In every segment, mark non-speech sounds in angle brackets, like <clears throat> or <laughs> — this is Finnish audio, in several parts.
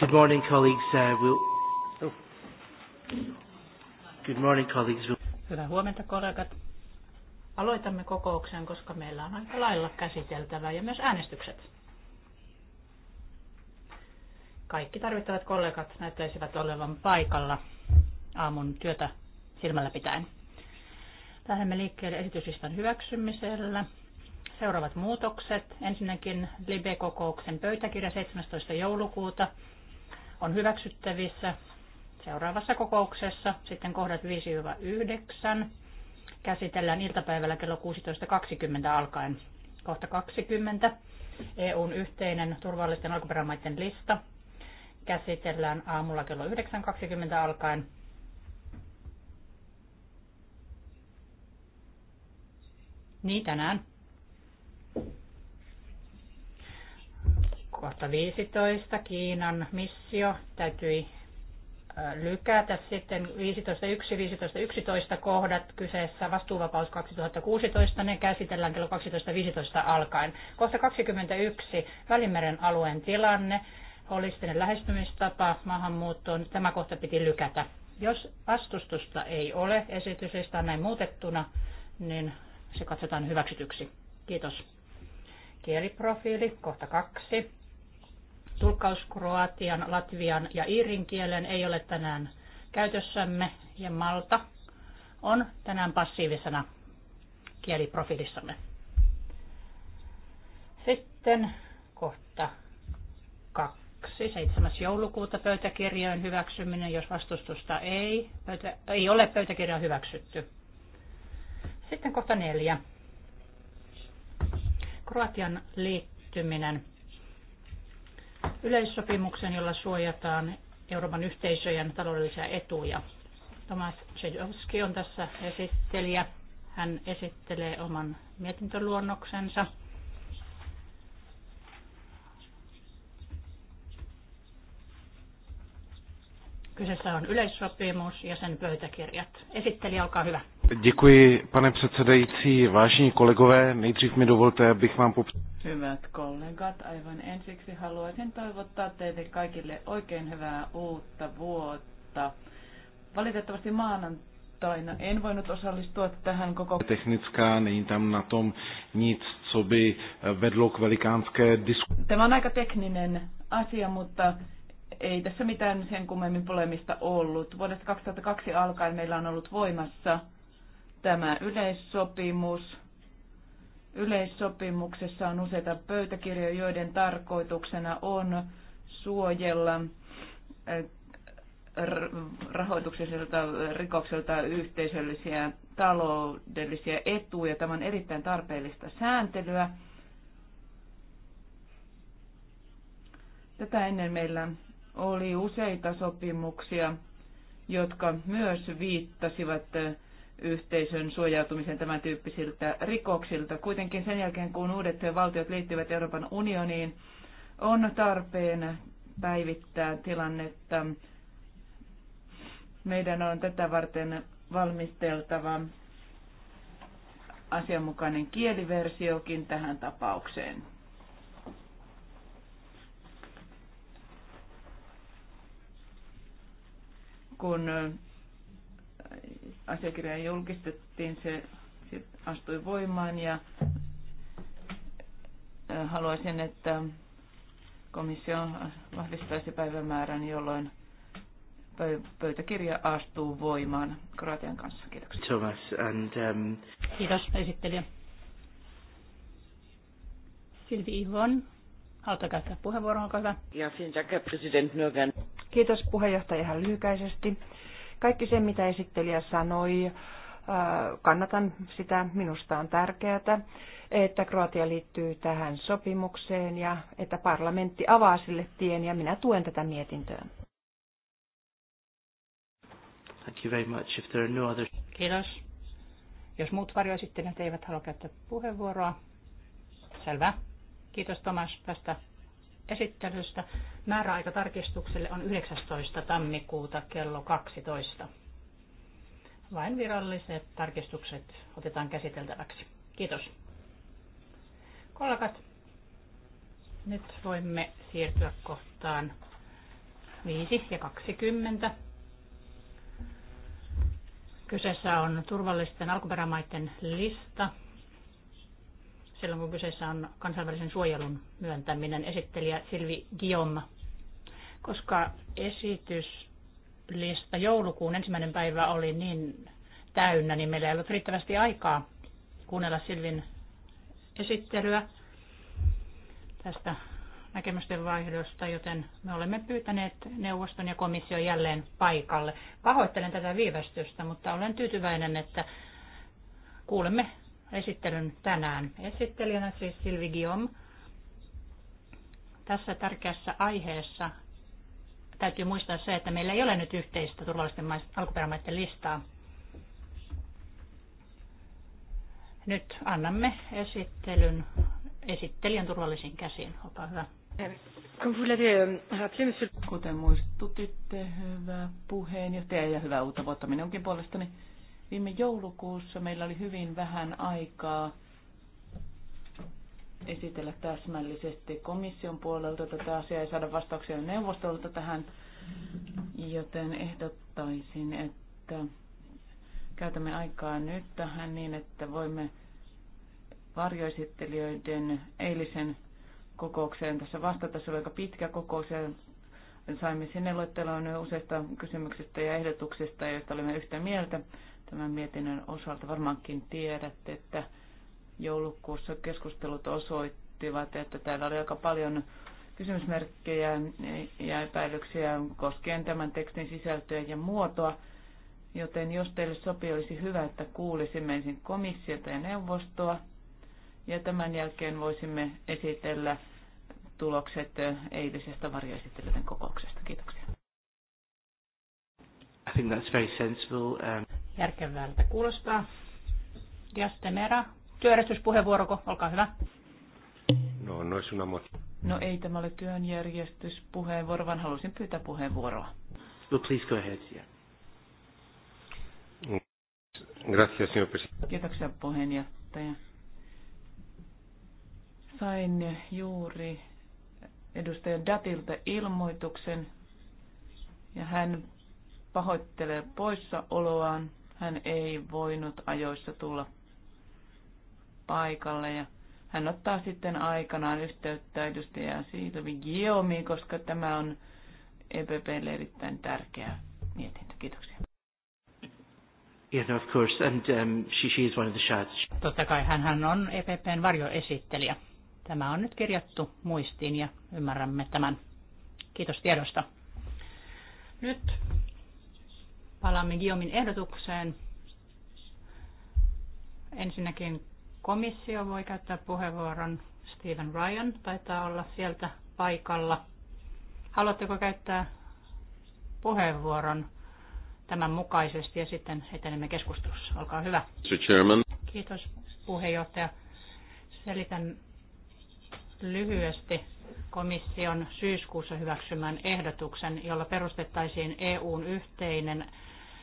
Good morning, colleagues. Uh, we'll... Oh. Good morning, colleagues. We'll... Hyvää huomenta, kollegat. Aloitamme kokouksen, koska meillä on aika lailla käsiteltävää ja myös äänestykset. Kaikki tarvittavat kollegat näyttäisivät olevan paikalla aamun työtä silmällä pitäen. Lähdemme liikkeelle esityslistan hyväksymisellä seuraavat muutokset. Ensinnäkin Libe-kokouksen pöytäkirja 17. joulukuuta on hyväksyttävissä seuraavassa kokouksessa. Sitten kohdat 5-9 käsitellään iltapäivällä kello 16.20 alkaen. Kohta 20. EUn yhteinen turvallisten alkuperämaiden lista käsitellään aamulla kello 9.20 alkaen. Niin tänään. Kohta 15 Kiinan missio täytyi lykätä sitten 15, 11 kohdat kyseessä vastuuvapaus 2016, ne käsitellään kello 12.15 alkaen. Kohta 21, Välimeren alueen tilanne, holistinen lähestymistapa maahanmuuttoon, tämä kohta piti lykätä. Jos vastustusta ei ole esityslistaan näin muutettuna, niin se katsotaan hyväksytyksi. Kiitos. Kieliprofiili, kohta kaksi. Tulkkaus kroatian, latvian ja iirin kielen ei ole tänään käytössämme ja malta on tänään passiivisena kieliprofiilissamme. Sitten kohta 2. 7. joulukuuta pöytäkirjojen hyväksyminen, jos vastustusta ei, pöytä, ei ole pöytäkirja hyväksytty. Sitten kohta 4. Kroatian liittyminen yleissopimuksen, jolla suojataan Euroopan yhteisöjen taloudellisia etuja. Tomas Sejowski on tässä esittelijä. Hän esittelee oman mietintöluonnoksensa. Kyseessä on yleissopimus ja sen pöytäkirjat. Esitteli, olkaa hyvä. Děkuji, pane předsedající, vážení kolegové. Nejdřív mi dovolte, abych vám pop... Hyvät kollegat, aivan ensiksi haluaisin toivottaa teille kaikille oikein hyvää uutta vuotta. Valitettavasti maanantaina en voinut osallistua tähän koko... Technická, není tam na tom nic, co by vedlo k velikánské disku... Tämä on aika tekninen asia, mutta ei tässä mitään sen kummemmin polemista ollut. Vuodesta 2002 alkaen meillä on ollut voimassa tämä yleissopimus. Yleissopimuksessa on useita pöytäkirjoja, joiden tarkoituksena on suojella eh, rahoituksesta rikokselta yhteisöllisiä taloudellisia etuja. Tämä on erittäin tarpeellista sääntelyä. Tätä ennen meillä oli useita sopimuksia, jotka myös viittasivat eh, yhteisön suojautumiseen tämän tyyppisiltä rikoksilta. Kuitenkin sen jälkeen, kun uudet valtiot liittyvät Euroopan unioniin, on tarpeen päivittää tilannetta. Meidän on tätä varten valmisteltava asianmukainen kieliversiokin tähän tapaukseen. kun asiakirja julkistettiin, se, astui voimaan ja haluaisin, että komissio vahvistaisi päivämäärän, jolloin pöytäkirja astuu voimaan Kroatian kanssa. Kiitoksia. Thomas and, um... Kiitos esittelijä. Silvi Ivon, haluatko käyttää puheenvuoron, olkaa hyvä. Ja, vielen Dank, Herr Nürgen. Kiitos puheenjohtaja ihan lyhykäisesti. Kaikki se, mitä esittelijä sanoi, äh, kannatan sitä. Minusta on tärkeää, että Kroatia liittyy tähän sopimukseen ja että parlamentti avaa sille tien ja minä tuen tätä mietintöä. Thank you very much. If there are no other... Kiitos. Jos muut varjoesittelijät eivät halua käyttää puheenvuoroa. Selvä. Kiitos Tomas tästä esittelystä. Määräaika tarkistukselle on 19. tammikuuta kello 12. Vain viralliset tarkistukset otetaan käsiteltäväksi. Kiitos. Kollegat, nyt voimme siirtyä kohtaan 5 ja 20. Kyseessä on turvallisten alkuperämaiden lista, silloin kun kyseessä on kansainvälisen suojelun myöntäminen, esittelijä Silvi Guillaume, koska esityslista joulukuun ensimmäinen päivä oli niin täynnä, niin meillä ei ollut riittävästi aikaa kuunnella Silvin esittelyä tästä näkemysten vaihdosta, joten me olemme pyytäneet neuvoston ja komission jälleen paikalle. Pahoittelen tätä viivästystä, mutta olen tyytyväinen, että kuulemme esittelyn tänään. Esittelijänä siis Silvi Giom. Tässä tärkeässä aiheessa täytyy muistaa se, että meillä ei ole nyt yhteistä turvallisten alkuperämaiden listaa. Nyt annamme esittelyn esittelijän turvallisiin käsiin. Olkaa hyvä. Euh, Kuten muistutitte, hyvä puheenjohtaja ja hyvää uutta vuotta minunkin puolestani. Viime joulukuussa meillä oli hyvin vähän aikaa esitellä täsmällisesti komission puolelta tätä asiaa ja saada vastauksia neuvostolta tähän, joten ehdottaisin, että käytämme aikaa nyt tähän niin, että voimme varjoesittelijöiden eilisen kokoukseen tässä vastata. Se oli aika pitkä kokous ja saimme sinne luetteloon useista kysymyksistä ja ehdotuksista, joista olemme yhtä mieltä tämän mietinnön osalta. Varmaankin tiedätte, että joulukuussa keskustelut osoittivat, että täällä oli aika paljon kysymysmerkkejä ja epäilyksiä koskien tämän tekstin sisältöä ja muotoa. Joten jos teille sopii, olisi hyvä, että kuulisimme ensin komissiota ja neuvostoa. Ja tämän jälkeen voisimme esitellä tulokset eilisestä varjoesittelyiden kokouksesta. Kiitoksia. I think that's very sensible. Um... Järkevältä kuulostaa. Jastemera, työjärjestyspuheenvuoroko, olkaa hyvä. No, no, sun ammat. No ei tämä ole työnjärjestyspuheenvuoro, vaan halusin pyytää puheenvuoroa. No, please go ahead, yeah. Gracias, señor presidente. Kiitoksia puheenjohtaja. Sain juuri edustaja Datilta ilmoituksen ja hän pahoittelee poissaoloaan hän ei voinut ajoissa tulla paikalle ja hän ottaa sitten aikanaan yhteyttä edustaja Siitovi Giomiin, koska tämä on EPPlle erittäin tärkeä mietintö. Kiitoksia. No, of course, and um, she, she is one of the Totta kai hän on EPPn varjoesittelijä. Tämä on nyt kirjattu muistiin ja ymmärrämme tämän. Kiitos tiedosta. Nyt Palaamme Guillaumin ehdotukseen. Ensinnäkin komissio voi käyttää puheenvuoron. Stephen Ryan taitaa olla sieltä paikalla. Haluatteko käyttää puheenvuoron tämän mukaisesti ja sitten etenemme keskustelussa. Olkaa hyvä. Chairman. Kiitos puheenjohtaja. Selitän lyhyesti komission syyskuussa hyväksymän ehdotuksen, jolla perustettaisiin EUn yhteinen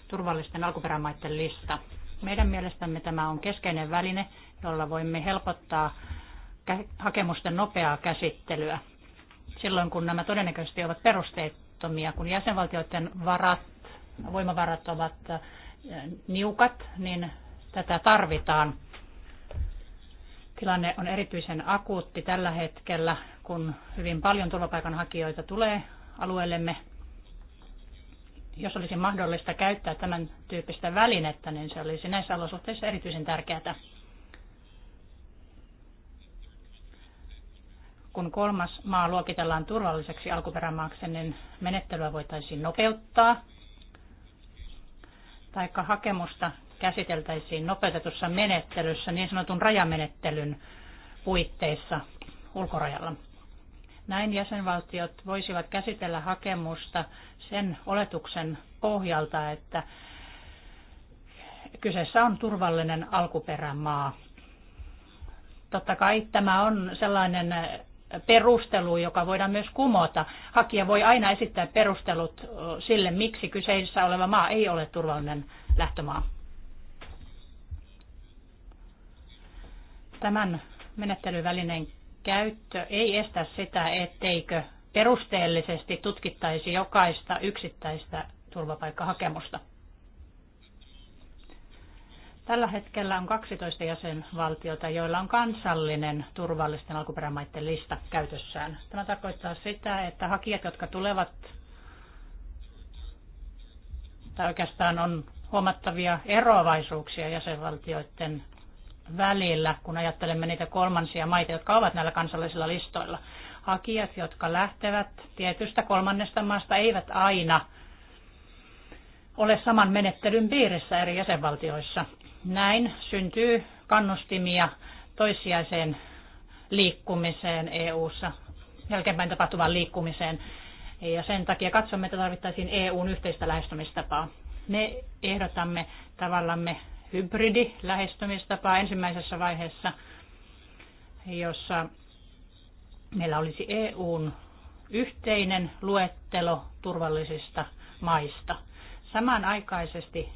turvallisten alkuperämaiden lista. Meidän mielestämme tämä on keskeinen väline, jolla voimme helpottaa hakemusten nopeaa käsittelyä silloin, kun nämä todennäköisesti ovat perusteettomia. Kun jäsenvaltioiden varat, voimavarat ovat äh, niukat, niin tätä tarvitaan. Tilanne on erityisen akuutti tällä hetkellä, kun hyvin paljon turvapaikanhakijoita tulee alueellemme jos olisi mahdollista käyttää tämän tyyppistä välinettä, niin se olisi näissä olosuhteissa erityisen tärkeää. Kun kolmas maa luokitellaan turvalliseksi alkuperämaaksi, niin menettelyä voitaisiin nopeuttaa, taikka hakemusta käsiteltäisiin nopeutetussa menettelyssä niin sanotun rajamenettelyn puitteissa ulkorajalla. Näin jäsenvaltiot voisivat käsitellä hakemusta sen oletuksen pohjalta, että kyseessä on turvallinen alkuperämaa. Totta kai tämä on sellainen perustelu, joka voidaan myös kumota. Hakija voi aina esittää perustelut sille, miksi kyseessä oleva maa ei ole turvallinen lähtömaa. Tämän menettelyvälineen käyttö ei estä sitä, etteikö perusteellisesti tutkittaisi jokaista yksittäistä turvapaikkahakemusta. Tällä hetkellä on 12 jäsenvaltiota, joilla on kansallinen turvallisten alkuperämaiden lista käytössään. Tämä tarkoittaa sitä, että hakijat, jotka tulevat, tai oikeastaan on huomattavia eroavaisuuksia jäsenvaltioiden välillä, kun ajattelemme niitä kolmansia maita, jotka ovat näillä kansallisilla listoilla. Hakijat, jotka lähtevät tietystä kolmannesta maasta, eivät aina ole saman menettelyn piirissä eri jäsenvaltioissa. Näin syntyy kannustimia toissijaiseen liikkumiseen EU-ssa, jälkeenpäin tapahtuvaan liikkumiseen. Ja sen takia katsomme, että tarvittaisiin EUn yhteistä lähestymistapaa. Me ehdotamme tavallamme Typpredi-lähestymistapa ensimmäisessä vaiheessa, jossa meillä olisi EUn yhteinen luettelo turvallisista maista. Samanaikaisesti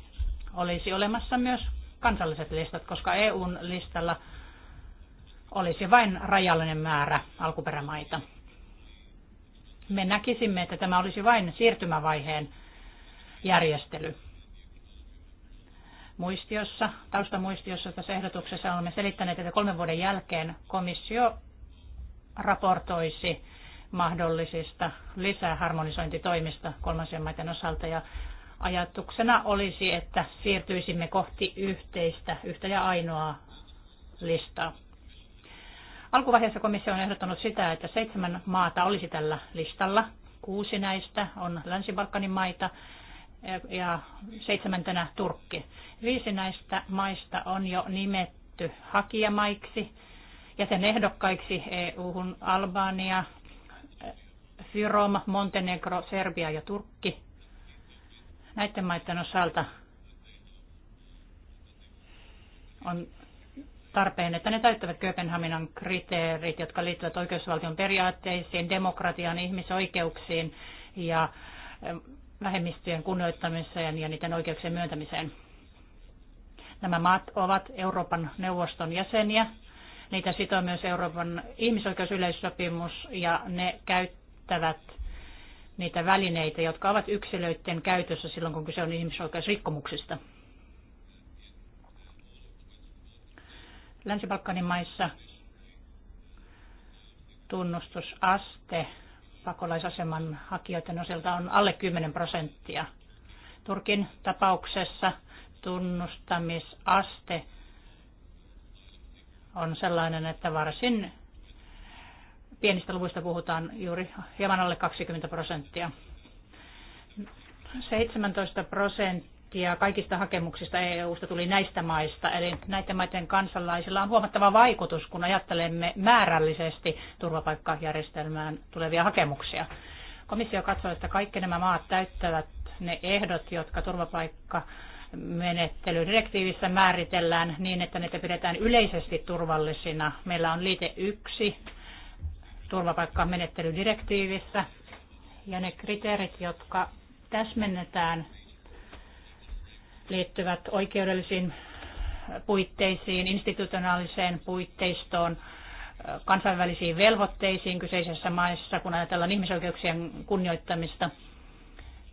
olisi olemassa myös kansalliset listat, koska EUn listalla olisi vain rajallinen määrä alkuperämaita. Me näkisimme, että tämä olisi vain siirtymävaiheen järjestely muistiossa, taustamuistiossa tässä ehdotuksessa olemme selittäneet, että kolmen vuoden jälkeen komissio raportoisi mahdollisista lisäharmonisointitoimista kolmansien maiden osalta ja ajatuksena olisi, että siirtyisimme kohti yhteistä, yhtä ja ainoaa listaa. Alkuvaiheessa komissio on ehdottanut sitä, että seitsemän maata olisi tällä listalla. Kuusi näistä on Länsi-Balkanin maita ja seitsemäntenä Turkki. Viisi näistä maista on jo nimetty hakijamaiksi ja sen ehdokkaiksi EU-hun Albania, Fyrom, Montenegro, Serbia ja Turkki. Näiden maiden osalta on tarpeen, että ne täyttävät Kööpenhaminan kriteerit, jotka liittyvät oikeusvaltion periaatteisiin, demokratian ihmisoikeuksiin ja vähemmistöjen kunnioittamiseen ja niiden oikeuksien myöntämiseen. Nämä maat ovat Euroopan neuvoston jäseniä. Niitä sitoo myös Euroopan ihmisoikeusyleissopimus ja ne käyttävät niitä välineitä, jotka ovat yksilöiden käytössä silloin, kun kyse on ihmisoikeusrikkomuksista. Länsi-Balkanin maissa tunnustusaste pakolaisaseman hakijoiden osalta on alle 10 prosenttia. Turkin tapauksessa tunnustamisaste on sellainen, että varsin pienistä luvuista puhutaan juuri hieman alle 20 prosenttia. 17 prosenttia prosenttia kaikista hakemuksista EU-sta tuli näistä maista, eli näiden maiden kansalaisilla on huomattava vaikutus, kun ajattelemme määrällisesti turvapaikkajärjestelmään tulevia hakemuksia. Komissio katsoo, että kaikki nämä maat täyttävät ne ehdot, jotka turvapaikka menettelydirektiivissä määritellään niin, että niitä pidetään yleisesti turvallisina. Meillä on liite turvapaikka turvapaikkamenettelydirektiivissä ja ne kriteerit, jotka täsmennetään liittyvät oikeudellisiin puitteisiin, institutionaaliseen puitteistoon, kansainvälisiin velvoitteisiin kyseisessä maissa, kun ajatellaan ihmisoikeuksien kunnioittamista.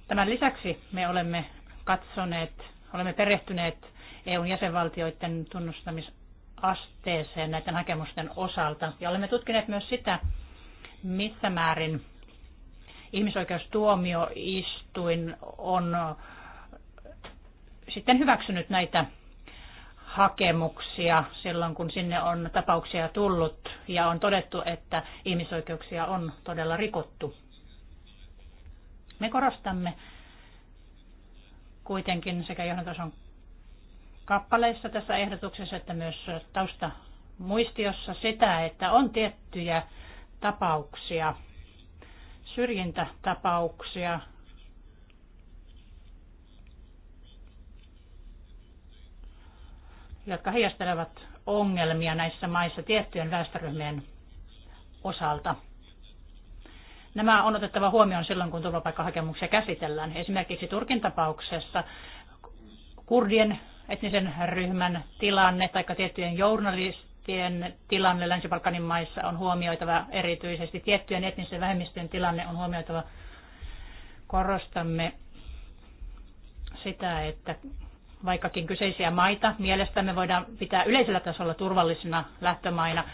Tämän lisäksi me olemme katsoneet, olemme perehtyneet EUn jäsenvaltioiden tunnustamisasteeseen näiden hakemusten osalta ja olemme tutkineet myös sitä, missä määrin ihmisoikeustuomioistuin on sitten hyväksynyt näitä hakemuksia silloin, kun sinne on tapauksia tullut ja on todettu, että ihmisoikeuksia on todella rikottu. Me korostamme kuitenkin sekä johdantason kappaleissa tässä ehdotuksessa että myös tausta muistiossa sitä, että on tiettyjä tapauksia, syrjintätapauksia, jotka heijastelevat ongelmia näissä maissa tiettyjen väestöryhmien osalta. Nämä on otettava huomioon silloin, kun turvapaikkahakemuksia käsitellään. Esimerkiksi Turkin tapauksessa kurdien etnisen ryhmän tilanne tai tiettyjen journalistien tilanne Länsi-Balkanin maissa on huomioitava erityisesti. Tiettyjen etnisten vähemmistöjen tilanne on huomioitava. Korostamme sitä, että vaikkakin kyseisiä maita mielestämme voidaan pitää yleisellä tasolla turvallisina lähtömaina.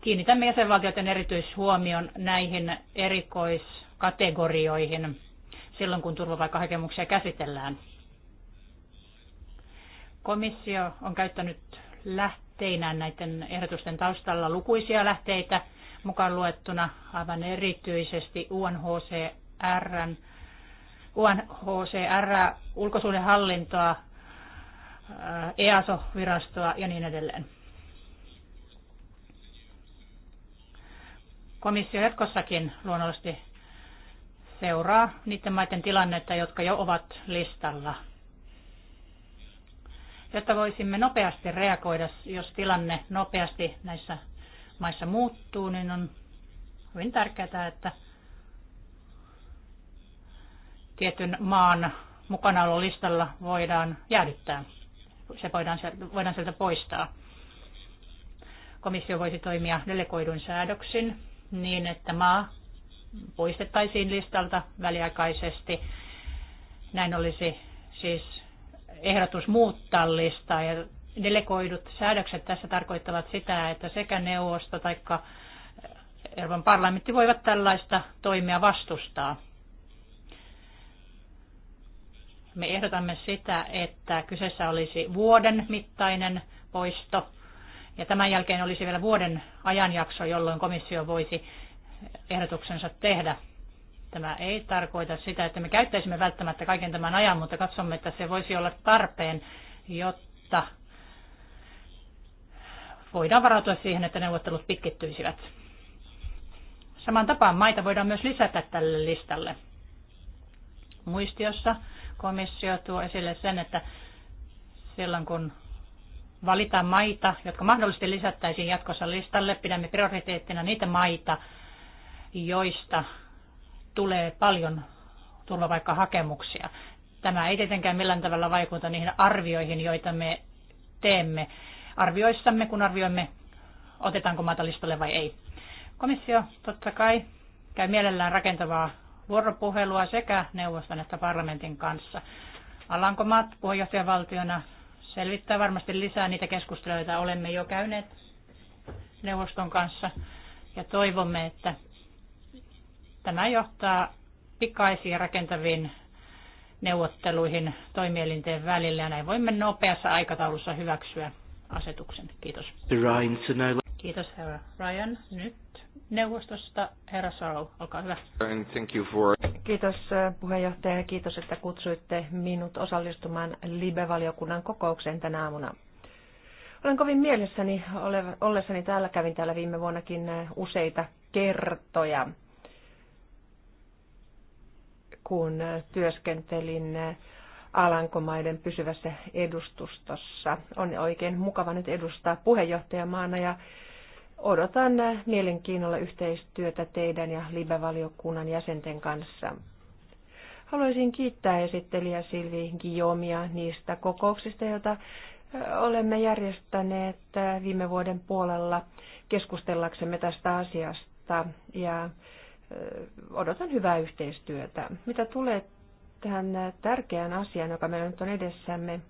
Kiinnitämme jäsenvaltioiden erityishuomion näihin erikoiskategorioihin silloin, kun turvapaikkahakemuksia käsitellään. Komissio on käyttänyt lähteinään näiden ehdotusten taustalla lukuisia lähteitä, mukaan luettuna aivan erityisesti UNHCRn UNHCR, hallintoa EASO-virastoa ja niin edelleen. Komissio jatkossakin luonnollisesti seuraa niiden maiden tilannetta, jotka jo ovat listalla. Jotta voisimme nopeasti reagoida, jos tilanne nopeasti näissä maissa muuttuu, niin on hyvin tärkeää, että tietyn maan mukanaololistalla voidaan jäädyttää se voidaan, voidaan sieltä poistaa. Komissio voisi toimia delegoidun säädöksin niin, että maa poistettaisiin listalta väliaikaisesti. Näin olisi siis ehdotus muuttaa listaa ja delegoidut säädökset tässä tarkoittavat sitä, että sekä neuvosto tai Euroopan parlamentti voivat tällaista toimia vastustaa. Me ehdotamme sitä, että kyseessä olisi vuoden mittainen poisto ja tämän jälkeen olisi vielä vuoden ajanjakso, jolloin komissio voisi ehdotuksensa tehdä. Tämä ei tarkoita sitä, että me käyttäisimme välttämättä kaiken tämän ajan, mutta katsomme, että se voisi olla tarpeen, jotta voidaan varautua siihen, että neuvottelut pitkittyisivät. Saman tapaan maita voidaan myös lisätä tälle listalle. Muistiossa Komissio tuo esille sen, että silloin kun valitaan maita, jotka mahdollisesti lisättäisiin jatkossa listalle, pidämme prioriteettina niitä maita, joista tulee paljon turvapaikkahakemuksia. Tämä ei tietenkään millään tavalla vaikuta niihin arvioihin, joita me teemme arvioissamme, kun arvioimme, otetaanko maata listalle vai ei. Komissio totta kai käy mielellään rakentavaa vuoropuhelua sekä neuvoston että parlamentin kanssa. Alankomaat puheenjohtajavaltiona selvittää varmasti lisää niitä keskusteluja, joita olemme jo käyneet neuvoston kanssa. Ja toivomme, että tämä johtaa pikaisiin rakentaviin neuvotteluihin toimielinten välillä ja näin voimme nopeassa aikataulussa hyväksyä asetuksen. Kiitos. Ryan, so Kiitos herra Ryan. Nyt neuvostosta herra Sorrow, olkaa hyvä. thank you for... Kiitos eh, puheenjohtaja ja kiitos, että kutsuitte minut osallistumaan Libe-valiokunnan kokoukseen tänä aamuna. Olen kovin mielessäni ollessani täällä, kävin täällä viime vuonnakin eh, useita kertoja, kun eh, työskentelin Alankomaiden pysyvässä edustustossa. On oikein mukava nyt edustaa puheenjohtajamaana ja odotan mielenkiinnolla yhteistyötä teidän ja Libe-valiokunnan jäsenten kanssa. Haluaisin kiittää esittelijä Silvi Giomia niistä kokouksista, joita olemme järjestäneet viime vuoden puolella keskustellaksemme tästä asiasta ja odotan hyvää yhteistyötä. Mitä tulee tähän tärkeään asiaan, joka meillä nyt on edessämme.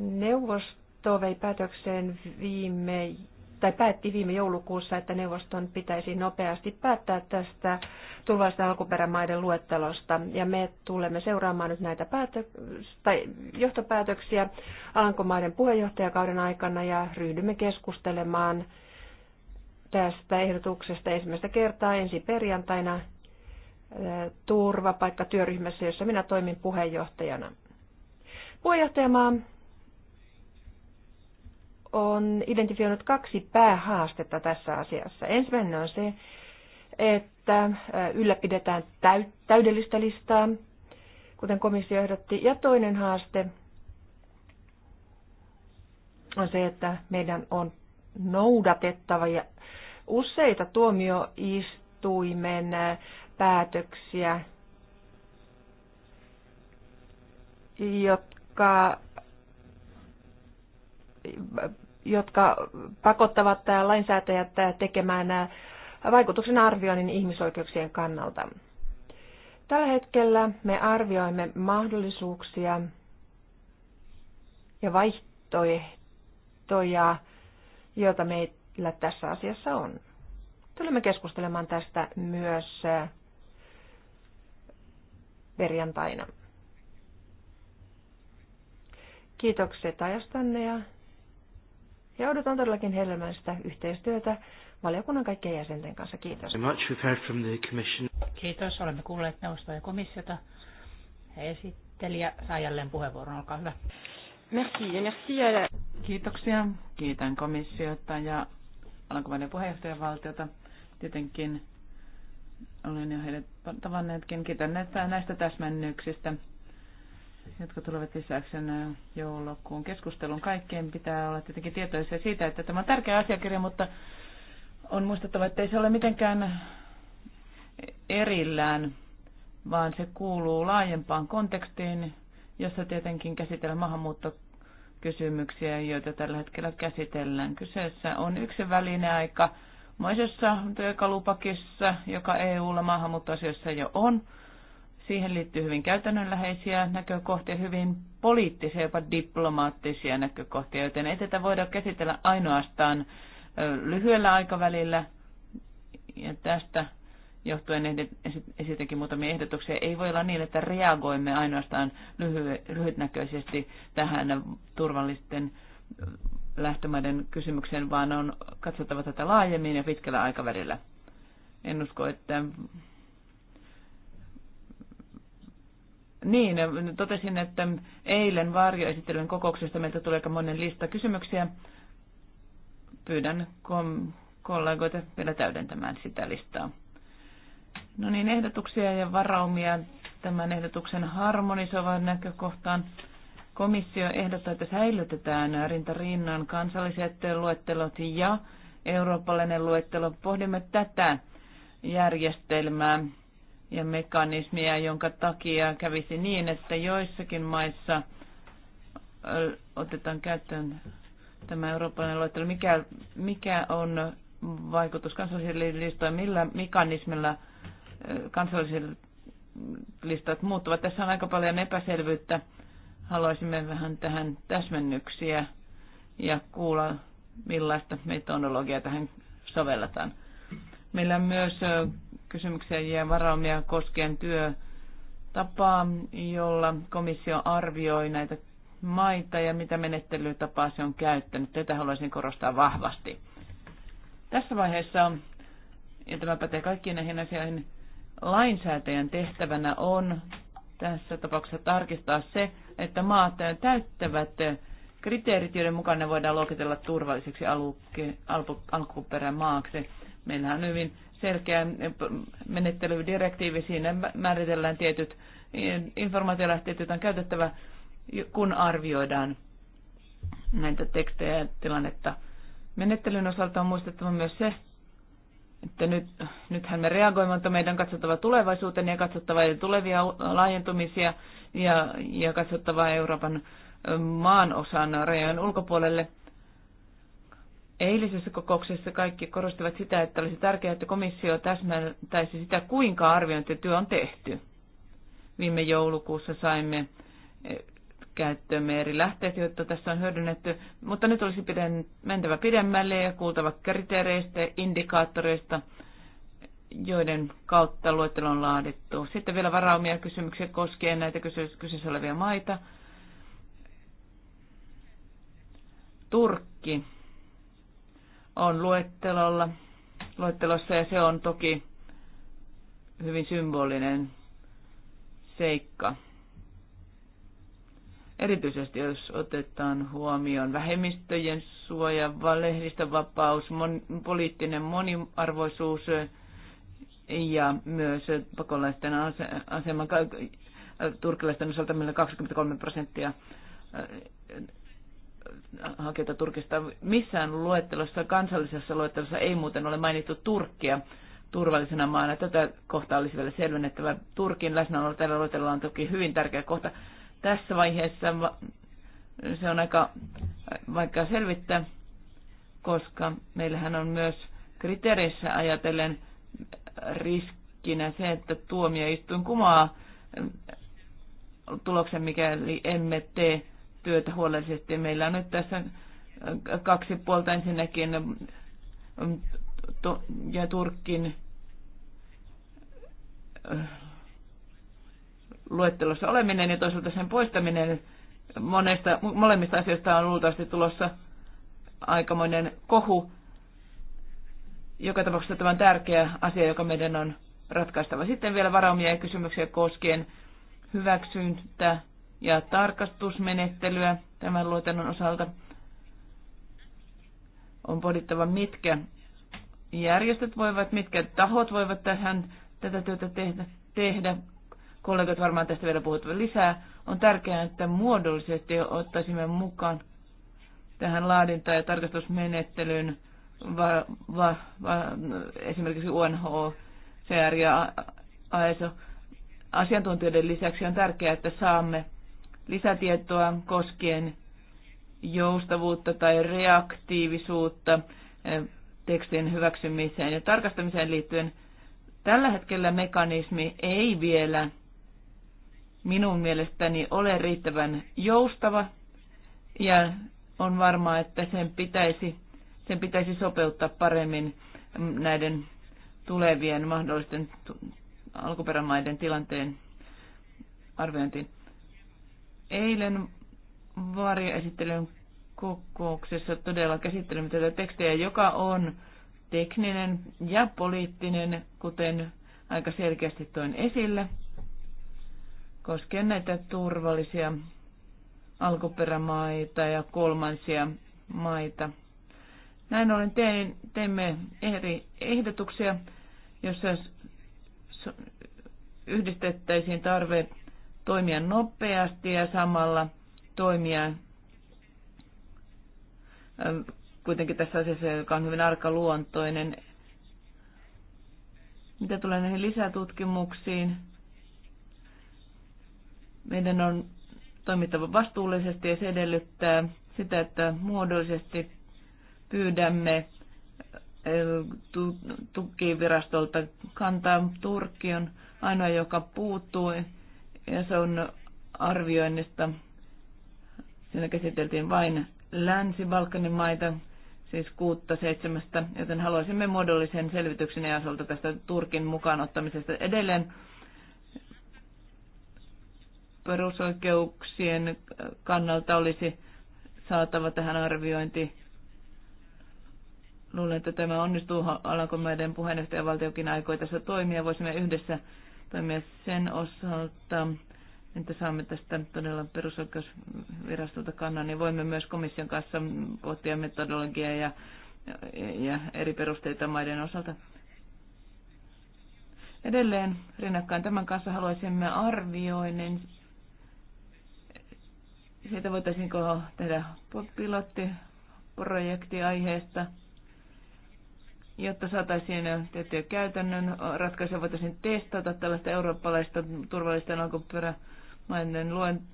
Neuvosto vei päätökseen viime, tai päätti viime joulukuussa, että neuvoston pitäisi nopeasti päättää tästä turvallisten alkuperämaiden luettelosta. Ja me tulemme seuraamaan nyt näitä päätö- tai johtopäätöksiä Alankomaiden puheenjohtajakauden aikana ja ryhdymme keskustelemaan tästä ehdotuksesta ensimmäistä kertaa ensi perjantaina turvapaikkatyöryhmässä, jossa minä toimin puheenjohtajana. Puheenjohtajamaa on identifioinut kaksi päähaastetta tässä asiassa. Ensimmäinen on se, että ylläpidetään täydellistä listaa, kuten komissio ehdotti. Ja toinen haaste on se, että meidän on noudatettava ja useita tuomioistuimen päätöksiä, jotka, jotka pakottavat lainsäätäjät tekemään vaikutuksen arvioinnin ihmisoikeuksien kannalta. Tällä hetkellä me arvioimme mahdollisuuksia ja vaihtoehtoja, joita meillä tässä asiassa on. Tulemme keskustelemaan tästä myös perjantaina. Kiitokset ajastanne ja, ja odotan todellakin sitä yhteistyötä valiokunnan kaikkien jäsenten kanssa. Kiitos. Kiitos. Olemme kuulleet neuvostoa ja komissiota. Esittelijä saa jälleen puheenvuoron. Olkaa hyvä. Merci, merci. Kiitoksia. Kiitän komissiota ja alankuvainen puheenjohtajavaltiota. Tietenkin olen jo heidät tavanneetkin. Kiitän näistä, näistä täsmennyksistä, jotka tulevat lisäksi joulukuun keskustelun. Kaikkien pitää olla tietenkin tietoisia siitä, että tämä on tärkeä asiakirja, mutta on muistettava, että ei se ole mitenkään erillään, vaan se kuuluu laajempaan kontekstiin, jossa tietenkin käsitellään kysymyksiä, joita tällä hetkellä käsitellään. Kyseessä on yksi välineaika, aika maisessa työkalupakissa, joka EUlla maahanmuuttoasioissa jo on. Siihen liittyy hyvin käytännönläheisiä näkökohtia, hyvin poliittisia, jopa diplomaattisia näkökohtia, joten ei tätä voida käsitellä ainoastaan lyhyellä aikavälillä. Ja tästä johtuen esitänkin muutamia ehdotuksia. Ei voi olla niin, että reagoimme ainoastaan lyhy- lyhytnäköisesti tähän turvallisten lähtömaiden kysymykseen, vaan on katsottava tätä laajemmin ja pitkällä aikavälillä. En usko, että... Niin, totesin, että eilen varjoesittelyn kokouksesta meiltä tulee aika monen lista kysymyksiä. Pyydän kom- kollegoita vielä täydentämään sitä listaa. No niin, ehdotuksia ja varaumia tämän ehdotuksen harmonisovan näkökohtaan. Komissio ehdottaa, että säilytetään rinta rinnan kansalliset luettelot ja eurooppalainen luettelo. Pohdimme tätä järjestelmää ja mekanismia, jonka takia kävisi niin, että joissakin maissa otetaan käyttöön tämä eurooppalainen luettelo. Mikä, mikä on vaikutus kansallisille listoille, millä mekanismilla kansalliset listat muuttuvat? Tässä on aika paljon epäselvyyttä Haluaisimme vähän tähän täsmennyksiä ja kuulla, millaista metodologiaa tähän sovelletaan. Meillä on myös kysymyksiä ja varaumia koskien työtapaa, jolla komissio arvioi näitä maita ja mitä menettelytapaa se on käyttänyt. Tätä haluaisin korostaa vahvasti. Tässä vaiheessa, ja tämä pätee kaikkiin näihin asioihin, lainsäätäjän tehtävänä on tässä tapauksessa tarkistaa se, että maat täyttävät kriteerit, joiden mukaan ne voidaan luokitella turvalliseksi alkuperämaaksi. Meillähän on hyvin selkeä menettelydirektiivi. Siinä määritellään tietyt informaatiolähteet, joita on käytettävä, kun arvioidaan näitä tekstejä ja tilannetta. Menettelyn osalta on muistettava myös se, että nyt, nythän me reagoimme, että meidän katsottava tulevaisuuteen ja katsottava tulevia laajentumisia ja, ja katsottavaa Euroopan maanosan rajojen ulkopuolelle. Eilisessä kokouksessa kaikki korostivat sitä, että olisi tärkeää, että komissio täsmätäisi sitä, kuinka arviointityö on tehty. Viime joulukuussa saimme e, käyttöömme eri lähteet, joita tässä on hyödynnetty, mutta nyt olisi piden, mentävä pidemmälle ja kuultava kriteereistä, indikaattoreista – joiden kautta luettelo on laadittu. Sitten vielä varaumia kysymyksiä koskien näitä kyseessä olevia maita. Turkki on luettelolla, luettelossa ja se on toki hyvin symbolinen seikka. Erityisesti jos otetaan huomioon vähemmistöjen suoja, lehdistön vapaus, mon, poliittinen moniarvoisuus, ja myös pakolaisten asema turkilaisten osalta meillä 23 prosenttia äh, äh, hakijoita Turkista. Missään luettelossa, kansallisessa luettelossa ei muuten ole mainittu Turkkia turvallisena maana. Tätä kohtaa olisi vielä selvennettävä. Turkin läsnäolo tällä luettelolla on toki hyvin tärkeä kohta. Tässä vaiheessa se on aika vaikea selvittää, koska meillähän on myös kriteerissä ajatellen – riskinä se, että tuomioistuin kumaa tuloksen, mikäli emme tee työtä huolellisesti. Meillä on nyt tässä kaksi puolta ensinnäkin mm, ja Turkin äh, luettelossa oleminen ja toisaalta sen poistaminen monesta, molemmista asioista on luultavasti tulossa aikamoinen kohu. Joka tapauksessa tämä on tärkeä asia, joka meidän on ratkaistava. Sitten vielä varaumia ja kysymyksiä koskien hyväksyntä ja tarkastusmenettelyä tämän luotannon osalta. On pohdittava, mitkä järjestöt voivat, mitkä tahot voivat tähän tätä työtä tehdä. tehdä. Kollegat varmaan tästä vielä puhuvat lisää. On tärkeää, että muodollisesti ottaisimme mukaan tähän laadinta- ja tarkastusmenettelyyn va, va, va, esimerkiksi UNHCR ja AESO asiantuntijoiden lisäksi on tärkeää, että saamme lisätietoa koskien joustavuutta tai reaktiivisuutta eh, tekstin hyväksymiseen ja tarkastamiseen liittyen. Tällä hetkellä mekanismi ei vielä minun mielestäni ole riittävän joustava ja on varmaa, että sen pitäisi sen pitäisi sopeuttaa paremmin näiden tulevien mahdollisten alkuperämaiden tilanteen arviointiin. Eilen varjoesittelyn kokouksessa todella käsittelimme tätä tekstiä, joka on tekninen ja poliittinen, kuten aika selkeästi toin esille, koskien näitä turvallisia alkuperämaita ja kolmansia maita. Näin ollen tein, teimme eri ehdotuksia, joissa yhdistettäisiin tarve toimia nopeasti ja samalla toimia kuitenkin tässä asiassa, joka on hyvin arkaluontoinen. Mitä tulee näihin lisätutkimuksiin, meidän on toimittava vastuullisesti ja se edellyttää sitä, että muodollisesti pyydämme tukivirastolta kantaa. Turkki on ainoa, joka puuttuu ja se on arvioinnista. Siinä käsiteltiin vain Länsi-Balkanin maita, siis kuutta seitsemästä, joten haluaisimme muodollisen selvityksen EASolta tästä Turkin mukaanottamisesta edelleen perusoikeuksien kannalta olisi saatava tähän arviointi Luulen, että tämä onnistuu. Alankomaiden puheenjohtajavaltiokin aikoi tässä toimia. Voisimme yhdessä toimia sen osalta, että saamme tästä todella perusoikeusvirastolta kannan, niin voimme myös komission kanssa pohtia metodologiaa ja, ja eri perusteita maiden osalta. Edelleen rinnakkain tämän kanssa haluaisimme arvioinnin siitä voitaisiinko tehdä pilottiprojekti aiheesta jotta saataisiin tiettyjä käytännön ratkaisuja, voitaisiin testata tällaista eurooppalaista turvallisten alkuperämaiden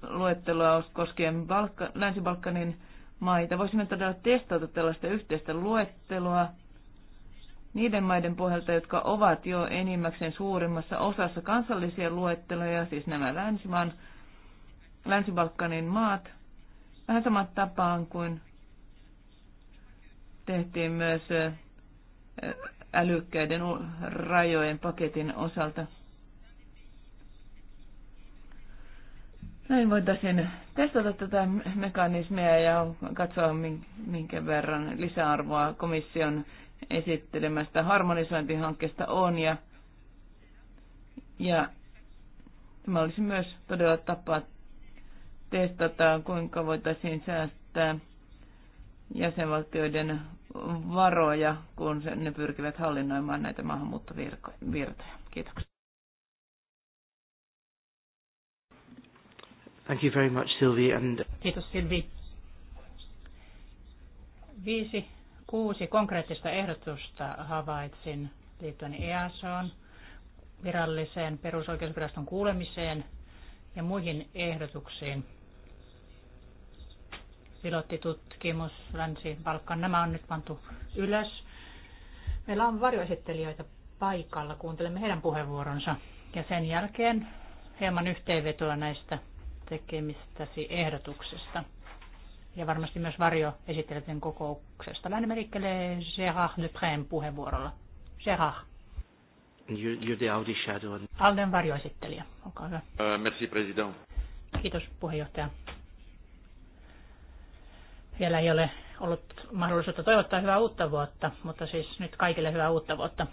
luettelua koskien Balka, Länsi-Balkanin maita. Voisimme todella testata tällaista yhteistä luettelua niiden maiden pohjalta, jotka ovat jo enimmäkseen suurimmassa osassa kansallisia luetteloja, siis nämä Länsimaan, Länsi-Balkanin maat, vähän samat tapaan kuin tehtiin myös älykkäiden rajojen paketin osalta. Näin voitaisiin testata tätä mekanismia ja katsoa, minkä verran lisäarvoa komission esittelemästä harmonisointihankkeesta on. Ja, ja tämä olisi myös todella tapa testata, kuinka voitaisiin säästää jäsenvaltioiden varoja, kun ne pyrkivät hallinnoimaan näitä maahanmuuttovirtoja. Kiitoksia. Thank you very much, Sylvie. And... Kiitos, Silvi. Viisi, kuusi konkreettista ehdotusta havaitsin liittyen EASOon, viralliseen perusoikeusviraston kuulemiseen ja muihin ehdotuksiin pilottitutkimus, Länsi-Balkan, nämä on nyt pantu ylös. Meillä on varjoesittelijöitä paikalla, kuuntelemme heidän puheenvuoronsa. Ja sen jälkeen hieman yhteenvetoa näistä tekemistäsi ehdotuksista. Ja varmasti myös varjo kokouksesta. Lähdemme liikkeelle Gérard Duprén puheenvuorolla. Gérard. Alden varjoesittelijä, olkaa hyvä. Uh, merci, president. Kiitos puheenjohtaja. Vielä ei ole ollut mahdollisuutta toivottaa hyvää uutta vuotta, mutta siis nyt kaikille hyvää uutta vuotta.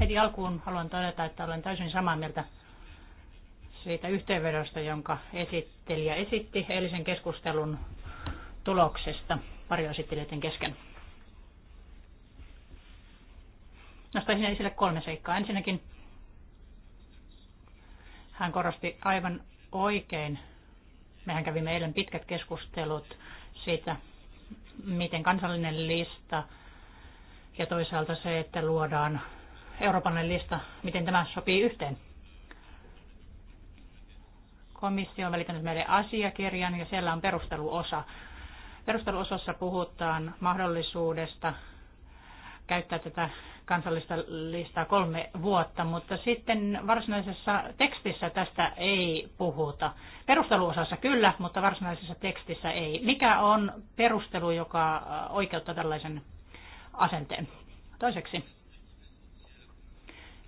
Heti alkuun haluan todeta, että olen täysin samaa mieltä siitä yhteenvedosta, jonka esittelijä esitti eilisen keskustelun tuloksesta varjoesittelijöiden kesken. Nostaisin esille kolme seikkaa. Ensinnäkin hän korosti aivan oikein Mehän kävimme eilen pitkät keskustelut siitä, miten kansallinen lista ja toisaalta se, että luodaan Euroopan lista, miten tämä sopii yhteen. Komissio on välittänyt meille asiakirjan ja siellä on perusteluosa. Perusteluosassa puhutaan mahdollisuudesta käyttää tätä kansallista listaa kolme vuotta, mutta sitten varsinaisessa tekstissä tästä ei puhuta. Perusteluosassa kyllä, mutta varsinaisessa tekstissä ei. Mikä on perustelu, joka äh, oikeuttaa tällaisen asenteen? Toiseksi,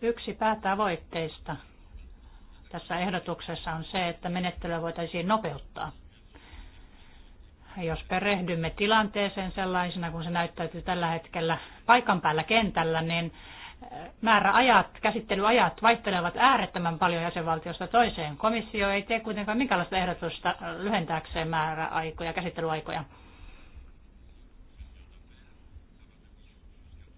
yksi päätavoitteista tässä ehdotuksessa on se, että menettelyä voitaisiin nopeuttaa – jos perehdymme tilanteeseen sellaisena, kun se näyttäytyy tällä hetkellä paikan päällä kentällä, niin eh, määräajat, käsittelyajat vaihtelevat äärettömän paljon jäsenvaltiosta toiseen. Komissio ei tee kuitenkaan minkälaista ehdotusta eh, lyhentääkseen määräaikoja, käsittelyaikoja.